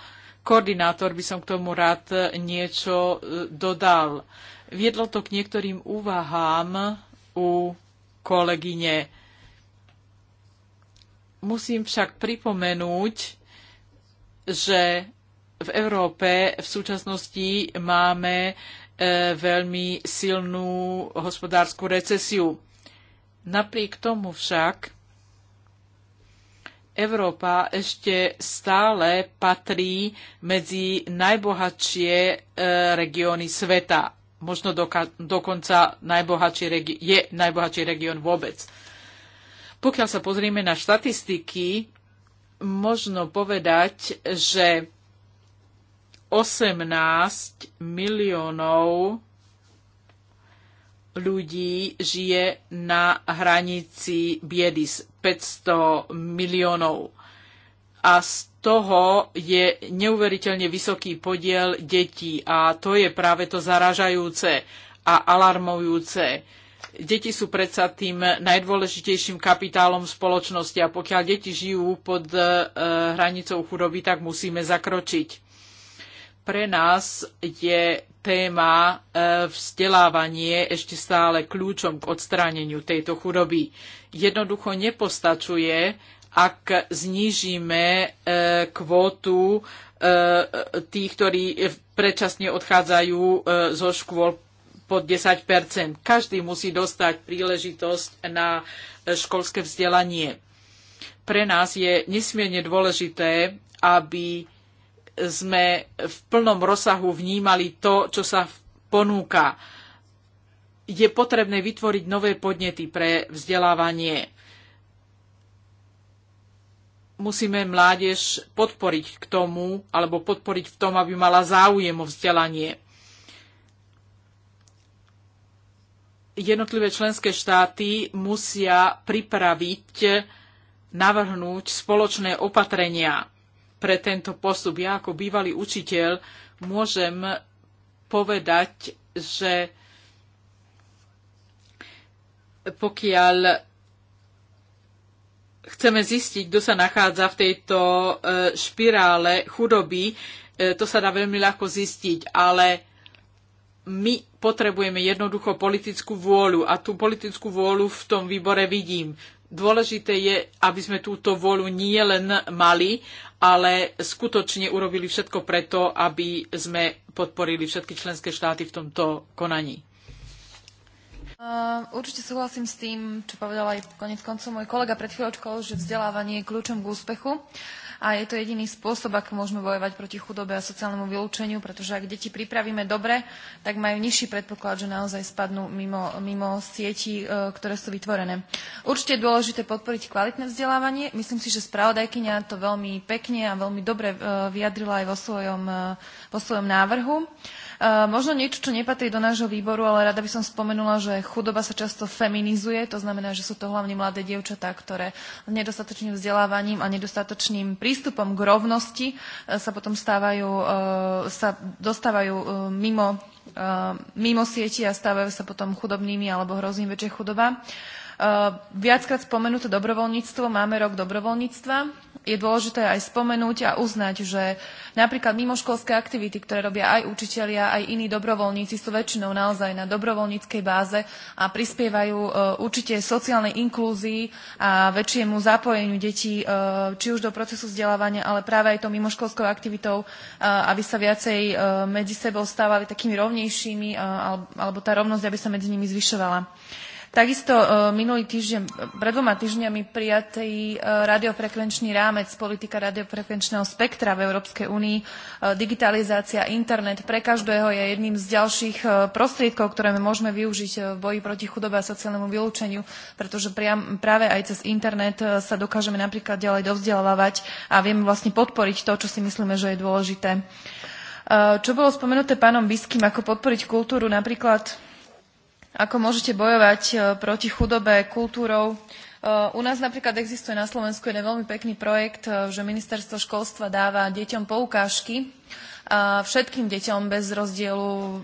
koordinátor by som k tomu rád niečo e, dodal. Viedlo to k niektorým úvahám u kolegyne. Musím však pripomenúť, že v Európe v súčasnosti máme e, veľmi silnú hospodárskú recesiu Napriek tomu však Európa ešte stále patrí medzi najbohatšie e, regióny sveta. Možno doka- dokonca najbohatší regi- je najbohatší región vôbec. Pokiaľ sa pozrieme na štatistiky, možno povedať, že 18 miliónov ľudí žije na hranici biedy z 500 miliónov. A z toho je neuveriteľne vysoký podiel detí a to je práve to zaražajúce a alarmujúce. Deti sú predsa tým najdôležitejším kapitálom spoločnosti a pokiaľ deti žijú pod eh, hranicou chudoby, tak musíme zakročiť pre nás je téma e, vzdelávanie ešte stále kľúčom k odstráneniu tejto chudoby. Jednoducho nepostačuje, ak znížime e, kvótu e, tých, ktorí predčasne odchádzajú zo škôl pod 10 Každý musí dostať príležitosť na školské vzdelanie. Pre nás je nesmierne dôležité, aby sme v plnom rozsahu vnímali to, čo sa ponúka. Je potrebné vytvoriť nové podnety pre vzdelávanie. Musíme mládež podporiť k tomu, alebo podporiť v tom, aby mala záujem o vzdelanie. Jednotlivé členské štáty musia pripraviť, navrhnúť spoločné opatrenia pre tento postup. Ja ako bývalý učiteľ môžem povedať, že pokiaľ chceme zistiť, kto sa nachádza v tejto e, špirále chudoby, e, to sa dá veľmi ľahko zistiť, ale my potrebujeme jednoducho politickú vôľu a tú politickú vôľu v tom výbore vidím. Dôležité je, aby sme túto vôľu nie len mali, ale skutočne urobili všetko preto, aby sme podporili všetky členské štáty v tomto konaní. Uh, určite súhlasím s tým, čo povedal aj konec koncov môj kolega pred chvíľočkou, že vzdelávanie je kľúčom k úspechu. Uh, a je to jediný spôsob, ako môžeme bojovať proti chudobe a sociálnemu vylúčeniu, pretože ak deti pripravíme dobre, tak majú nižší predpoklad, že naozaj spadnú mimo, mimo sieti, e, ktoré sú vytvorené. Určite je dôležité podporiť kvalitné vzdelávanie. Myslím si, že spravodajkyňa to veľmi pekne a veľmi dobre e, vyjadrila aj vo svojom, e, vo svojom návrhu. Eh, možno niečo, čo nepatrí do nášho výboru, ale rada by som spomenula, že chudoba sa často feminizuje, to znamená, že sú to hlavne mladé dievčatá, ktoré nedostatočným vzdelávaním a nedostatočným prístupom k rovnosti eh, sa potom stávajú, eh, sa dostávajú mimo mimo sieti a stávajú sa potom chudobnými alebo hrozí im väčšia chudoba. Eh, viackrát spomenuté dobrovoľníctvo, máme rok dobrovoľníctva. Je dôležité aj spomenúť a uznať, že napríklad mimoškolské aktivity, ktoré robia aj učitelia, aj iní dobrovoľníci, sú väčšinou naozaj na dobrovoľníckej báze a prispievajú eh, určite sociálnej inklúzii a väčšiemu zapojeniu detí, eh, či už do procesu vzdelávania, ale práve aj tou mimoškolskou aktivitou, aby sa viacej medzi sebou stávali takými rovnejšími, alebo tá rovnosť, aby sa medzi nimi zvyšovala. Takisto e, minulý týždeň, pred dvoma týždňami prijatý e, radiofrekvenčný rámec politika radiofrekvenčného spektra v Európskej únii, e, digitalizácia, internet pre každého je jedným z ďalších prostriedkov, ktoré môžeme využiť v boji proti chudobe a sociálnemu vylúčeniu, pretože priam, práve aj cez internet sa dokážeme napríklad ďalej dovzdelávať a vieme vlastne podporiť to, čo si myslíme, že je dôležité. Čo bolo spomenuté pánom Biským, ako podporiť kultúru napríklad ako môžete bojovať e, proti chudobe kultúrou. E, u nás napríklad existuje na Slovensku jeden veľmi pekný projekt, e, že ministerstvo školstva dáva deťom poukážky, všetkým deťom bez rozdielu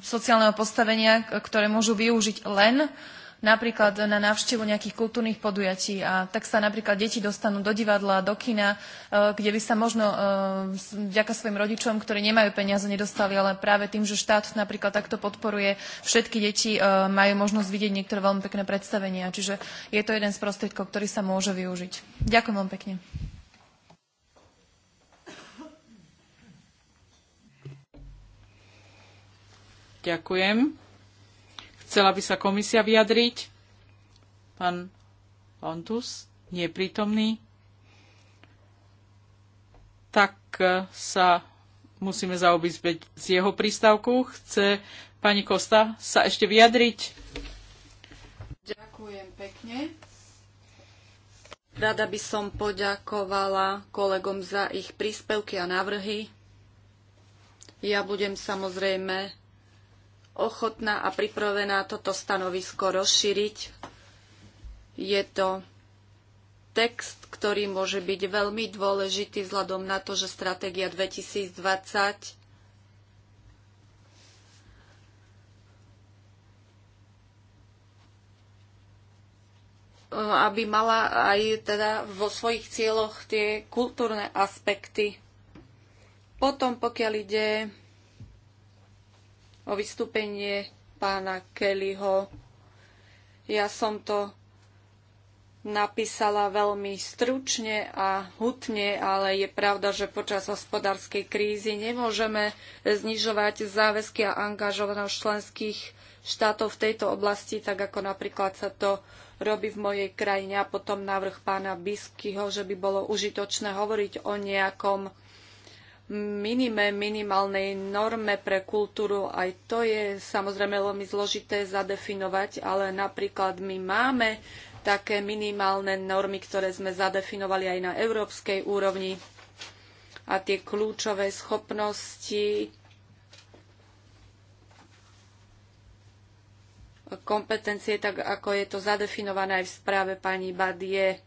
sociálneho postavenia, ktoré môžu využiť len napríklad na návštevu nejakých kultúrnych podujatí a tak sa napríklad deti dostanú do divadla, do kina, e, kde by sa možno e, vďaka svojim rodičom, ktorí nemajú peniaze, nedostali, ale práve tým, že štát napríklad takto podporuje všetky deti, e, majú možnosť vidieť niektoré veľmi pekné predstavenia. Čiže je to jeden z prostriedkov, ktorý sa môže využiť. Ďakujem vám pekne. Ďakujem. Chcela by sa komisia vyjadriť? Pán Pontus, nie prítomný. Tak e, sa musíme zaobísť z jeho prístavku. Chce pani Kosta sa ešte vyjadriť? Ďakujem pekne. Rada by som poďakovala kolegom za ich príspevky a návrhy. Ja budem samozrejme ochotná a pripravená toto stanovisko rozšíriť. Je to text, ktorý môže byť veľmi dôležitý vzhľadom na to, že stratégia 2020 eh, aby mala aj teda vo svojich cieľoch tie kultúrne aspekty. Potom, pokiaľ ide o vystúpenie pána Kellyho. Ja som to napísala veľmi stručne a hutne, ale je pravda, že počas hospodárskej krízy nemôžeme znižovať záväzky a angažovanosť členských štátov v tejto oblasti, tak ako napríklad sa to robí v mojej krajine a potom návrh pána Biskyho, že by bolo užitočné hovoriť o nejakom minime, minimálnej norme pre kultúru. Aj to je samozrejme veľmi zložité zadefinovať, ale napríklad my máme také minimálne normy, ktoré sme zadefinovali aj na európskej úrovni. A tie kľúčové schopnosti kompetencie, tak ako je to zadefinované aj v správe pani Badie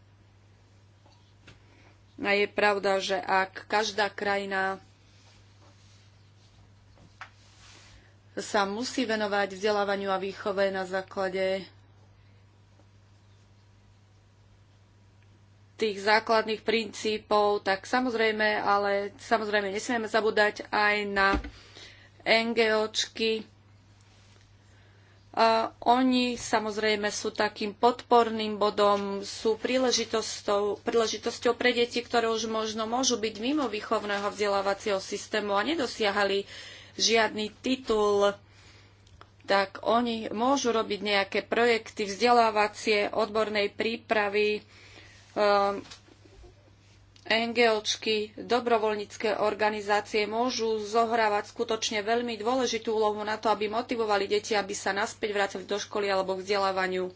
a je pravda, že ak každá krajina sa musí venovať vzdelávaniu a výchove na základe tých základných princípov, tak samozrejme, ale samozrejme nesmieme zabúdať aj na NGOčky, a oni samozrejme sú takým podporným bodom, sú príležitosťou, príležitosťou pre deti, ktoré už možno môžu byť mimo výchovného vzdelávacieho systému a nedosiahali žiadny titul, tak oni môžu robiť nejaké projekty vzdelávacie, odbornej prípravy, ehm, NGOčky, dobrovoľnícke organizácie môžu zohrávať skutočne veľmi dôležitú úlohu na to, aby motivovali deti, aby sa naspäť vrátili do školy alebo k vzdelávaniu.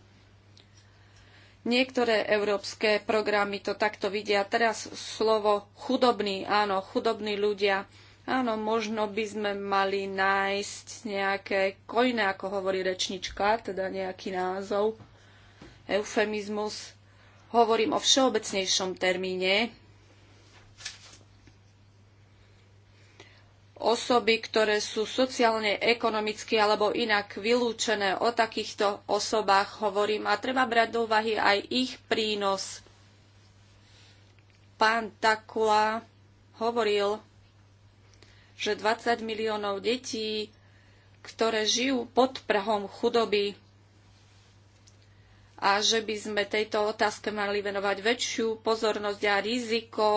Niektoré európske programy to takto vidia. Teraz slovo chudobní, áno, chudobní ľudia. Áno, možno by sme mali nájsť nejaké kojné, ako hovorí rečnička, teda nejaký názov, eufemizmus. Hovorím o všeobecnejšom termíne, osoby, ktoré sú sociálne, ekonomicky alebo inak vylúčené. O takýchto osobách hovorím a treba brať do úvahy aj ich prínos. Pán Takula hovoril, že 20 miliónov detí, ktoré žijú pod prahom chudoby a že by sme tejto otázke mali venovať väčšiu pozornosť a riziko,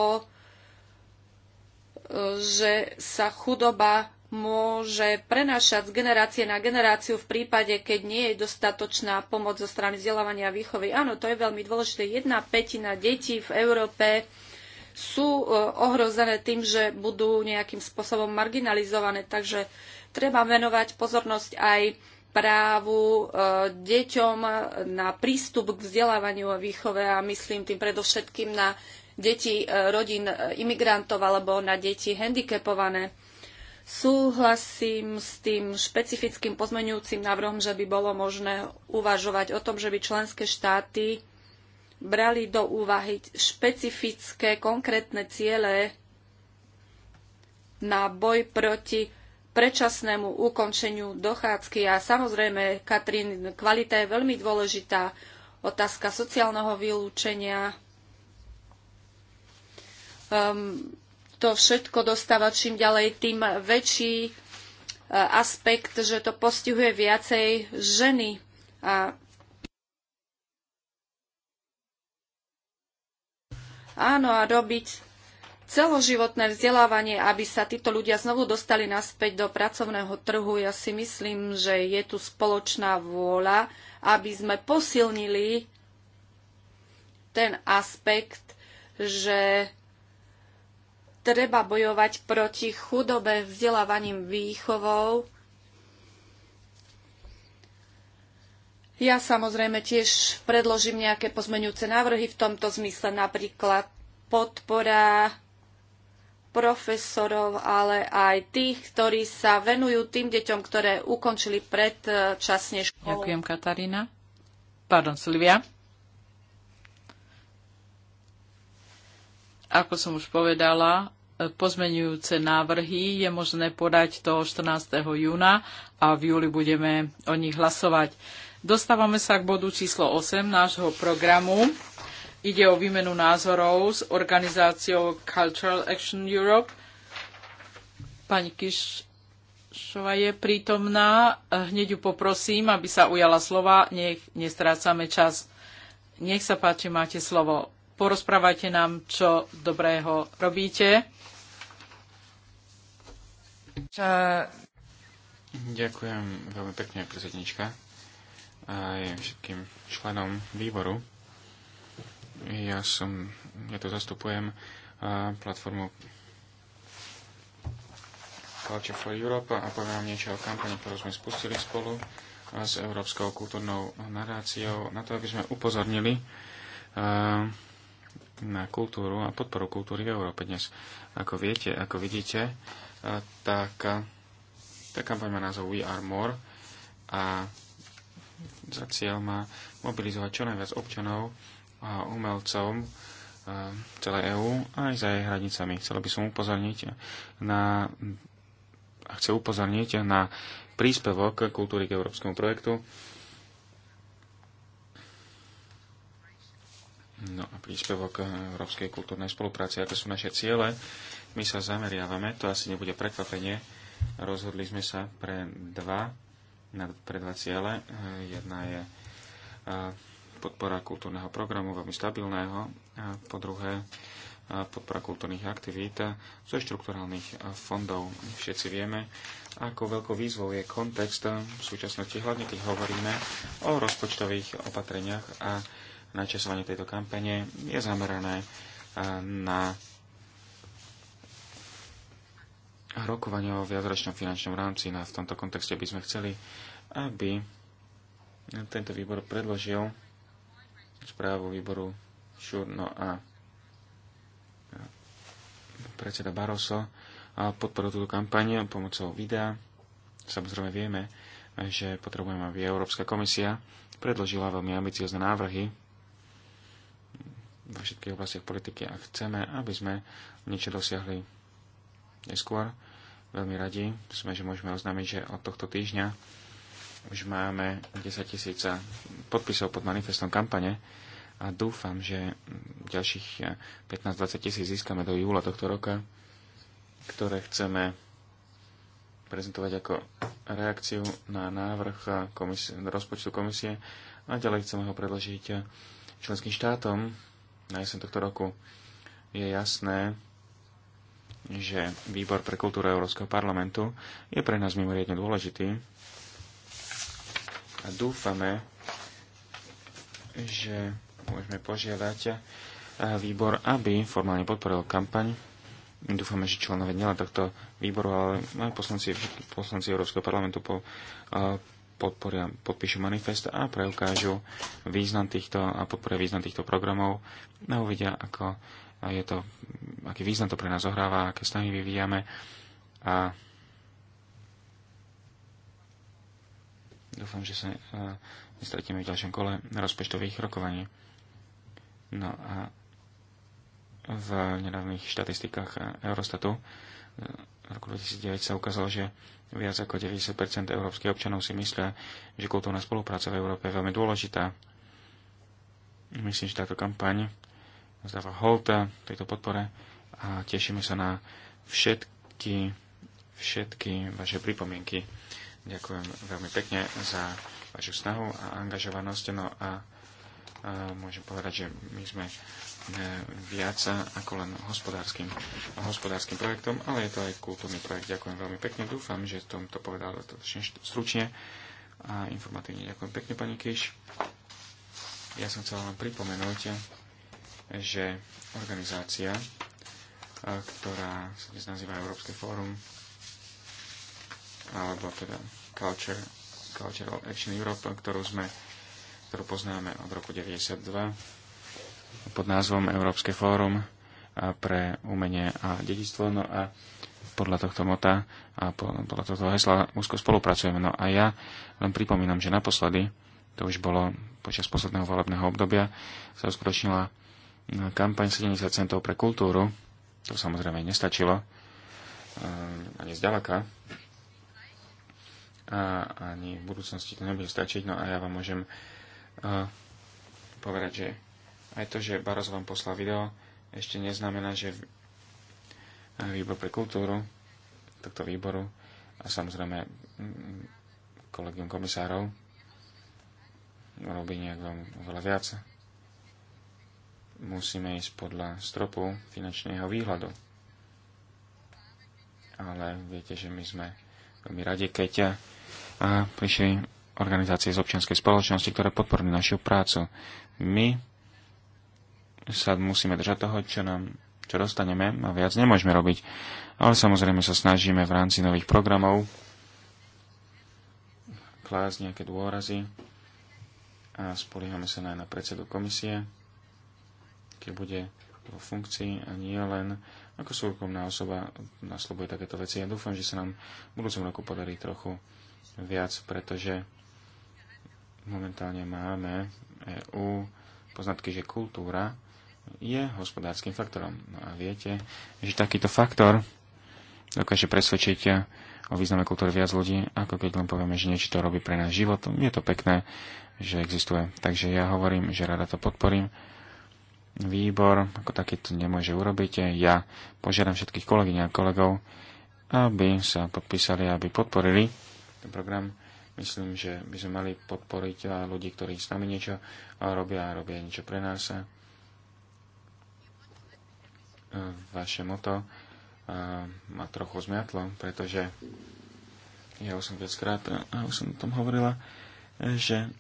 že sa chudoba môže prenášať z generácie na generáciu v prípade, keď nie je dostatočná pomoc zo strany vzdelávania a výchovy. Áno, to je veľmi dôležité. Jedna petina detí v Európe sú e, ohrozené tým, že budú nejakým spôsobom marginalizované, takže treba venovať pozornosť aj právu e, deťom na prístup k vzdelávaniu a výchove a myslím tým predovšetkým na deti e, rodín e, imigrantov alebo na deti handicapované. Súhlasím s tým špecifickým pozmeňujúcim návrhom, že by bolo možné uvažovať o tom, že by členské štáty brali do úvahy špecifické konkrétne ciele na boj proti predčasnému ukončeniu dochádzky. A samozrejme, Katrin, kvalita je veľmi dôležitá. Otázka sociálneho vylúčenia, um, to všetko dostáva čím ďalej tým väčší e, aspekt, že to postihuje viacej ženy. A Áno, a robiť celoživotné vzdelávanie, aby sa títo ľudia znovu dostali naspäť do pracovného trhu. Ja si myslím, že je tu spoločná vôľa, aby sme posilnili ten aspekt, že treba bojovať proti chudobe vzdelávaním výchovou. Ja samozrejme tiež predložím nejaké pozmeňujúce návrhy v tomto zmysle, napríklad podpora profesorov, ale aj tých, ktorí sa venujú tým deťom, ktoré ukončili predčasne školu. Ďakujem, Katarína. Pardon, Silvia. Ako som už povedala, pozmenujúce návrhy je možné podať do 14. júna a v júli budeme o nich hlasovať. Dostávame sa k bodu číslo 8 nášho programu. Ide o výmenu názorov s organizáciou Cultural Action Europe. Pani Kišova je prítomná. Hneď ju poprosím, aby sa ujala slova. Nech nestrácame čas. Nech sa páči, máte slovo. Porozprávajte nám, čo dobrého robíte. Čo... Ďakujem veľmi pekne, predsednička, aj všetkým členom výboru. Ja som, ja tu zastupujem platformu Culture for Europe a poviem vám niečo o kampani, ktorú sme spustili spolu s Európskou kultúrnou naráciou na to, aby sme upozornili na kultúru a podporu kultúry v Európe dnes. Ako viete, ako vidíte, tak tá kampaň má názov We Are More a za cieľ má mobilizovať čo najviac občanov a umelcov e, celej EÚ aj za jej hranicami. Chcel by som upozorniť na a chce upozorniť na príspevok kultúry k európskemu projektu. No a príspevok európskej kultúrnej spolupráce, aké sú naše ciele my sa zameriavame, to asi nebude prekvapenie, rozhodli sme sa pre dva, na, pre dva ciele. Eh, jedna je eh, podpora kultúrneho programu, veľmi stabilného, a po druhé eh, podpora kultúrnych aktivít zo štrukturálnych fondov. Všetci vieme, ako veľkou výzvou je kontext v súčasnosti, hlavne keď hovoríme o rozpočtových opatreniach a načasovanie tejto kampane je zamerané na rokovania o viacročnom finančnom rámci. No a v tomto kontexte by sme chceli, aby tento výbor predložil správu výboru šurno a predseda Barroso podporil túto kampaň pomocou videa. Samozrejme vieme, že potrebujeme, aby Európska komisia predložila veľmi ambiciozne návrhy vo všetkých oblastiach politiky a chceme, aby sme niečo dosiahli neskôr. Veľmi radi sme, že môžeme oznámiť, že od tohto týždňa už máme 10 tisíc podpisov pod manifestom kampane a dúfam, že ďalších 15-20 eh, tisíc získame do júla tohto roka, ktoré chceme prezentovať ako reakciu na návrh komisie, rozpočtu komisie a ďalej chceme ho predložiť členským štátom na jeseň tohto roku. Je jasné, že Výbor pre kultúru Európskeho parlamentu je pre nás mimoriadne dôležitý a dúfame, že môžeme požiadať eh, výbor, aby formálne podporil kampaň. Dúfame, že členové nielen tohto výboru, ale aj poslanci, poslanci Európskeho parlamentu po, eh, podporia, podpíšu manifest a preukážu význam týchto a podporia význam týchto programov a uvidia, ako a je to, aký význam to pre nás zohráva, aké snahy vyvíjame a dúfam, že sa e, nestretíme v ďalšom kole rozpočtových rokovaní. No a v nedávnych štatistikách e, Eurostatu e, v roku 2009 sa ukázalo, že viac ako 90% európskych občanov si myslia, že kultúrna spolupráca v Európe je veľmi dôležitá. Myslím, že táto kampaň zdáva holta eh, tejto podpore a tešíme sa na všetky, všetky vaše pripomienky. Ďakujem veľmi pekne za vašu snahu a angažovanosť. No a, a môžem povedať, že my sme eh, viac ako len hospodárskym, hospodárskym projektom, ale je to aj kultúrny projekt. Ďakujem veľmi pekne. Dúfam, že som to povedal stručne a informatívne. Ďakujem pekne, pani Kiš. Ja som chcel vám pripomenúť, že organizácia, ktorá sa dnes nazýva Európske fórum, alebo teda Culture, Cultural Action Europe, ktorú sme, ktorú poznáme od roku 1992 pod názvom Európske fórum pre umenie a dedictvo. No a podľa tohto mota a podľa tohto hesla úzko spolupracujeme. No a ja len pripomínam, že naposledy, to už bolo počas posledného volebného obdobia, sa uskutočnila kampaň 70 centov pre kultúru, to samozrejme nestačilo, eh, ani zďaleka. A ani v budúcnosti to nebude stačiť. No a ja vám môžem eh, povedať, že aj to, že Baros vám poslal video, ešte neznamená, že výbor pre kultúru tohto výboru a samozrejme mm, kolegium komisárov robí nejak veľmi veľa viac musíme ísť podľa stropu finančného výhľadu. Ale viete, že my sme veľmi radi, keď a prišli organizácie z občianskej spoločnosti, ktoré podporujú našu prácu. My sa musíme držať toho, čo nám čo dostaneme a viac nemôžeme robiť. Ale samozrejme sa snažíme v rámci nových programov klásť nejaké dôrazy a spoliehame sa aj na predsedu komisie keď bude vo funkcii a nie len ako súkromná osoba nasľubuje takéto veci. Ja dúfam, že sa nám v budúcom roku podarí trochu viac, pretože momentálne máme EU poznatky, že kultúra je hospodárskym faktorom. No a viete, že takýto faktor dokáže presvedčiť o význame kultúry viac ľudí, ako keď len povieme, že niečo to robí pre náš život. Je to pekné, že existuje. Takže ja hovorím, že rada to podporím výbor ako taký to nemôže urobiť. Ja požiadam všetkých kolegyň a kolegov, aby sa podpísali, aby podporili ten program. Myslím, že by sme mali podporiť ľudí, ktorí s nami niečo robia a robia niečo pre nás. Vaše moto ma trochu zmiatlo, pretože ja už som viackrát a už som o tom hovorila, že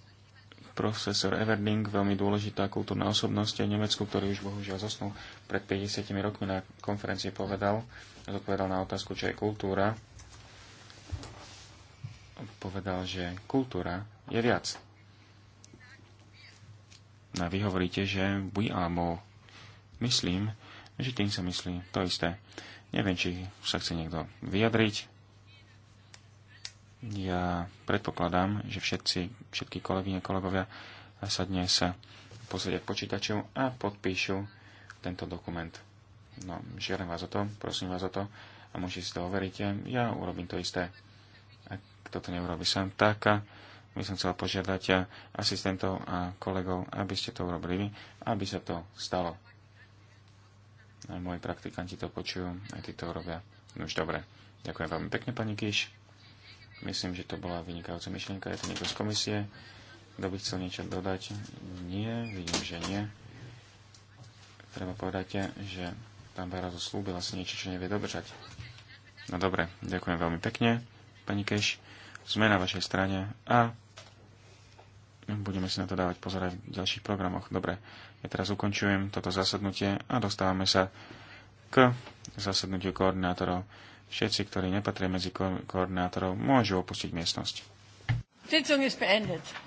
profesor Everding, veľmi dôležitá kultúrna osobnosť v Nemecku, ktorý už bohužiaľ zosnul pred 50 rokmi na konferencii povedal, zodpovedal na otázku, čo je kultúra. Povedal, že kultúra je viac. No a vy hovoríte, že we are more. Myslím, že tým sa myslí to isté. Neviem, či sa chce niekto vyjadriť. Ja predpokladám, že všetci, všetky kolegyne, kolegovia sa dnes posedia k počítaču a podpíšu tento dokument. No, žiadam vás o to, prosím vás o to a môžete si to overiť. Ja urobím to isté. Ak kto to neurobi sám, tak by som chcel požiadať asistentov a kolegov, aby ste to urobili vy, aby sa to stalo. A moji praktikanti to počujú, aj tí to robia. No už dobre. Ďakujem veľmi pekne, pani Kíš. Myslím, že to bola vynikajúca myšlienka. Je to niekto z komisie? Kto by chcel niečo dodať? Nie, vidím, že nie. Treba povedať, že tam Vera slúbila si niečo, čo nevie dobržať. No dobre, ďakujem veľmi pekne, pani Keš. Sme na vašej strane a budeme si na to dávať pozor aj v ďalších programoch. Dobre, ja teraz ukončujem toto zasadnutie a dostávame sa k zasadnutiu koordinátorov. Všetci, ktorí nepatria medzi ko- koordinátorov, môžu opustiť miestnosť. Sitzung ist beendet.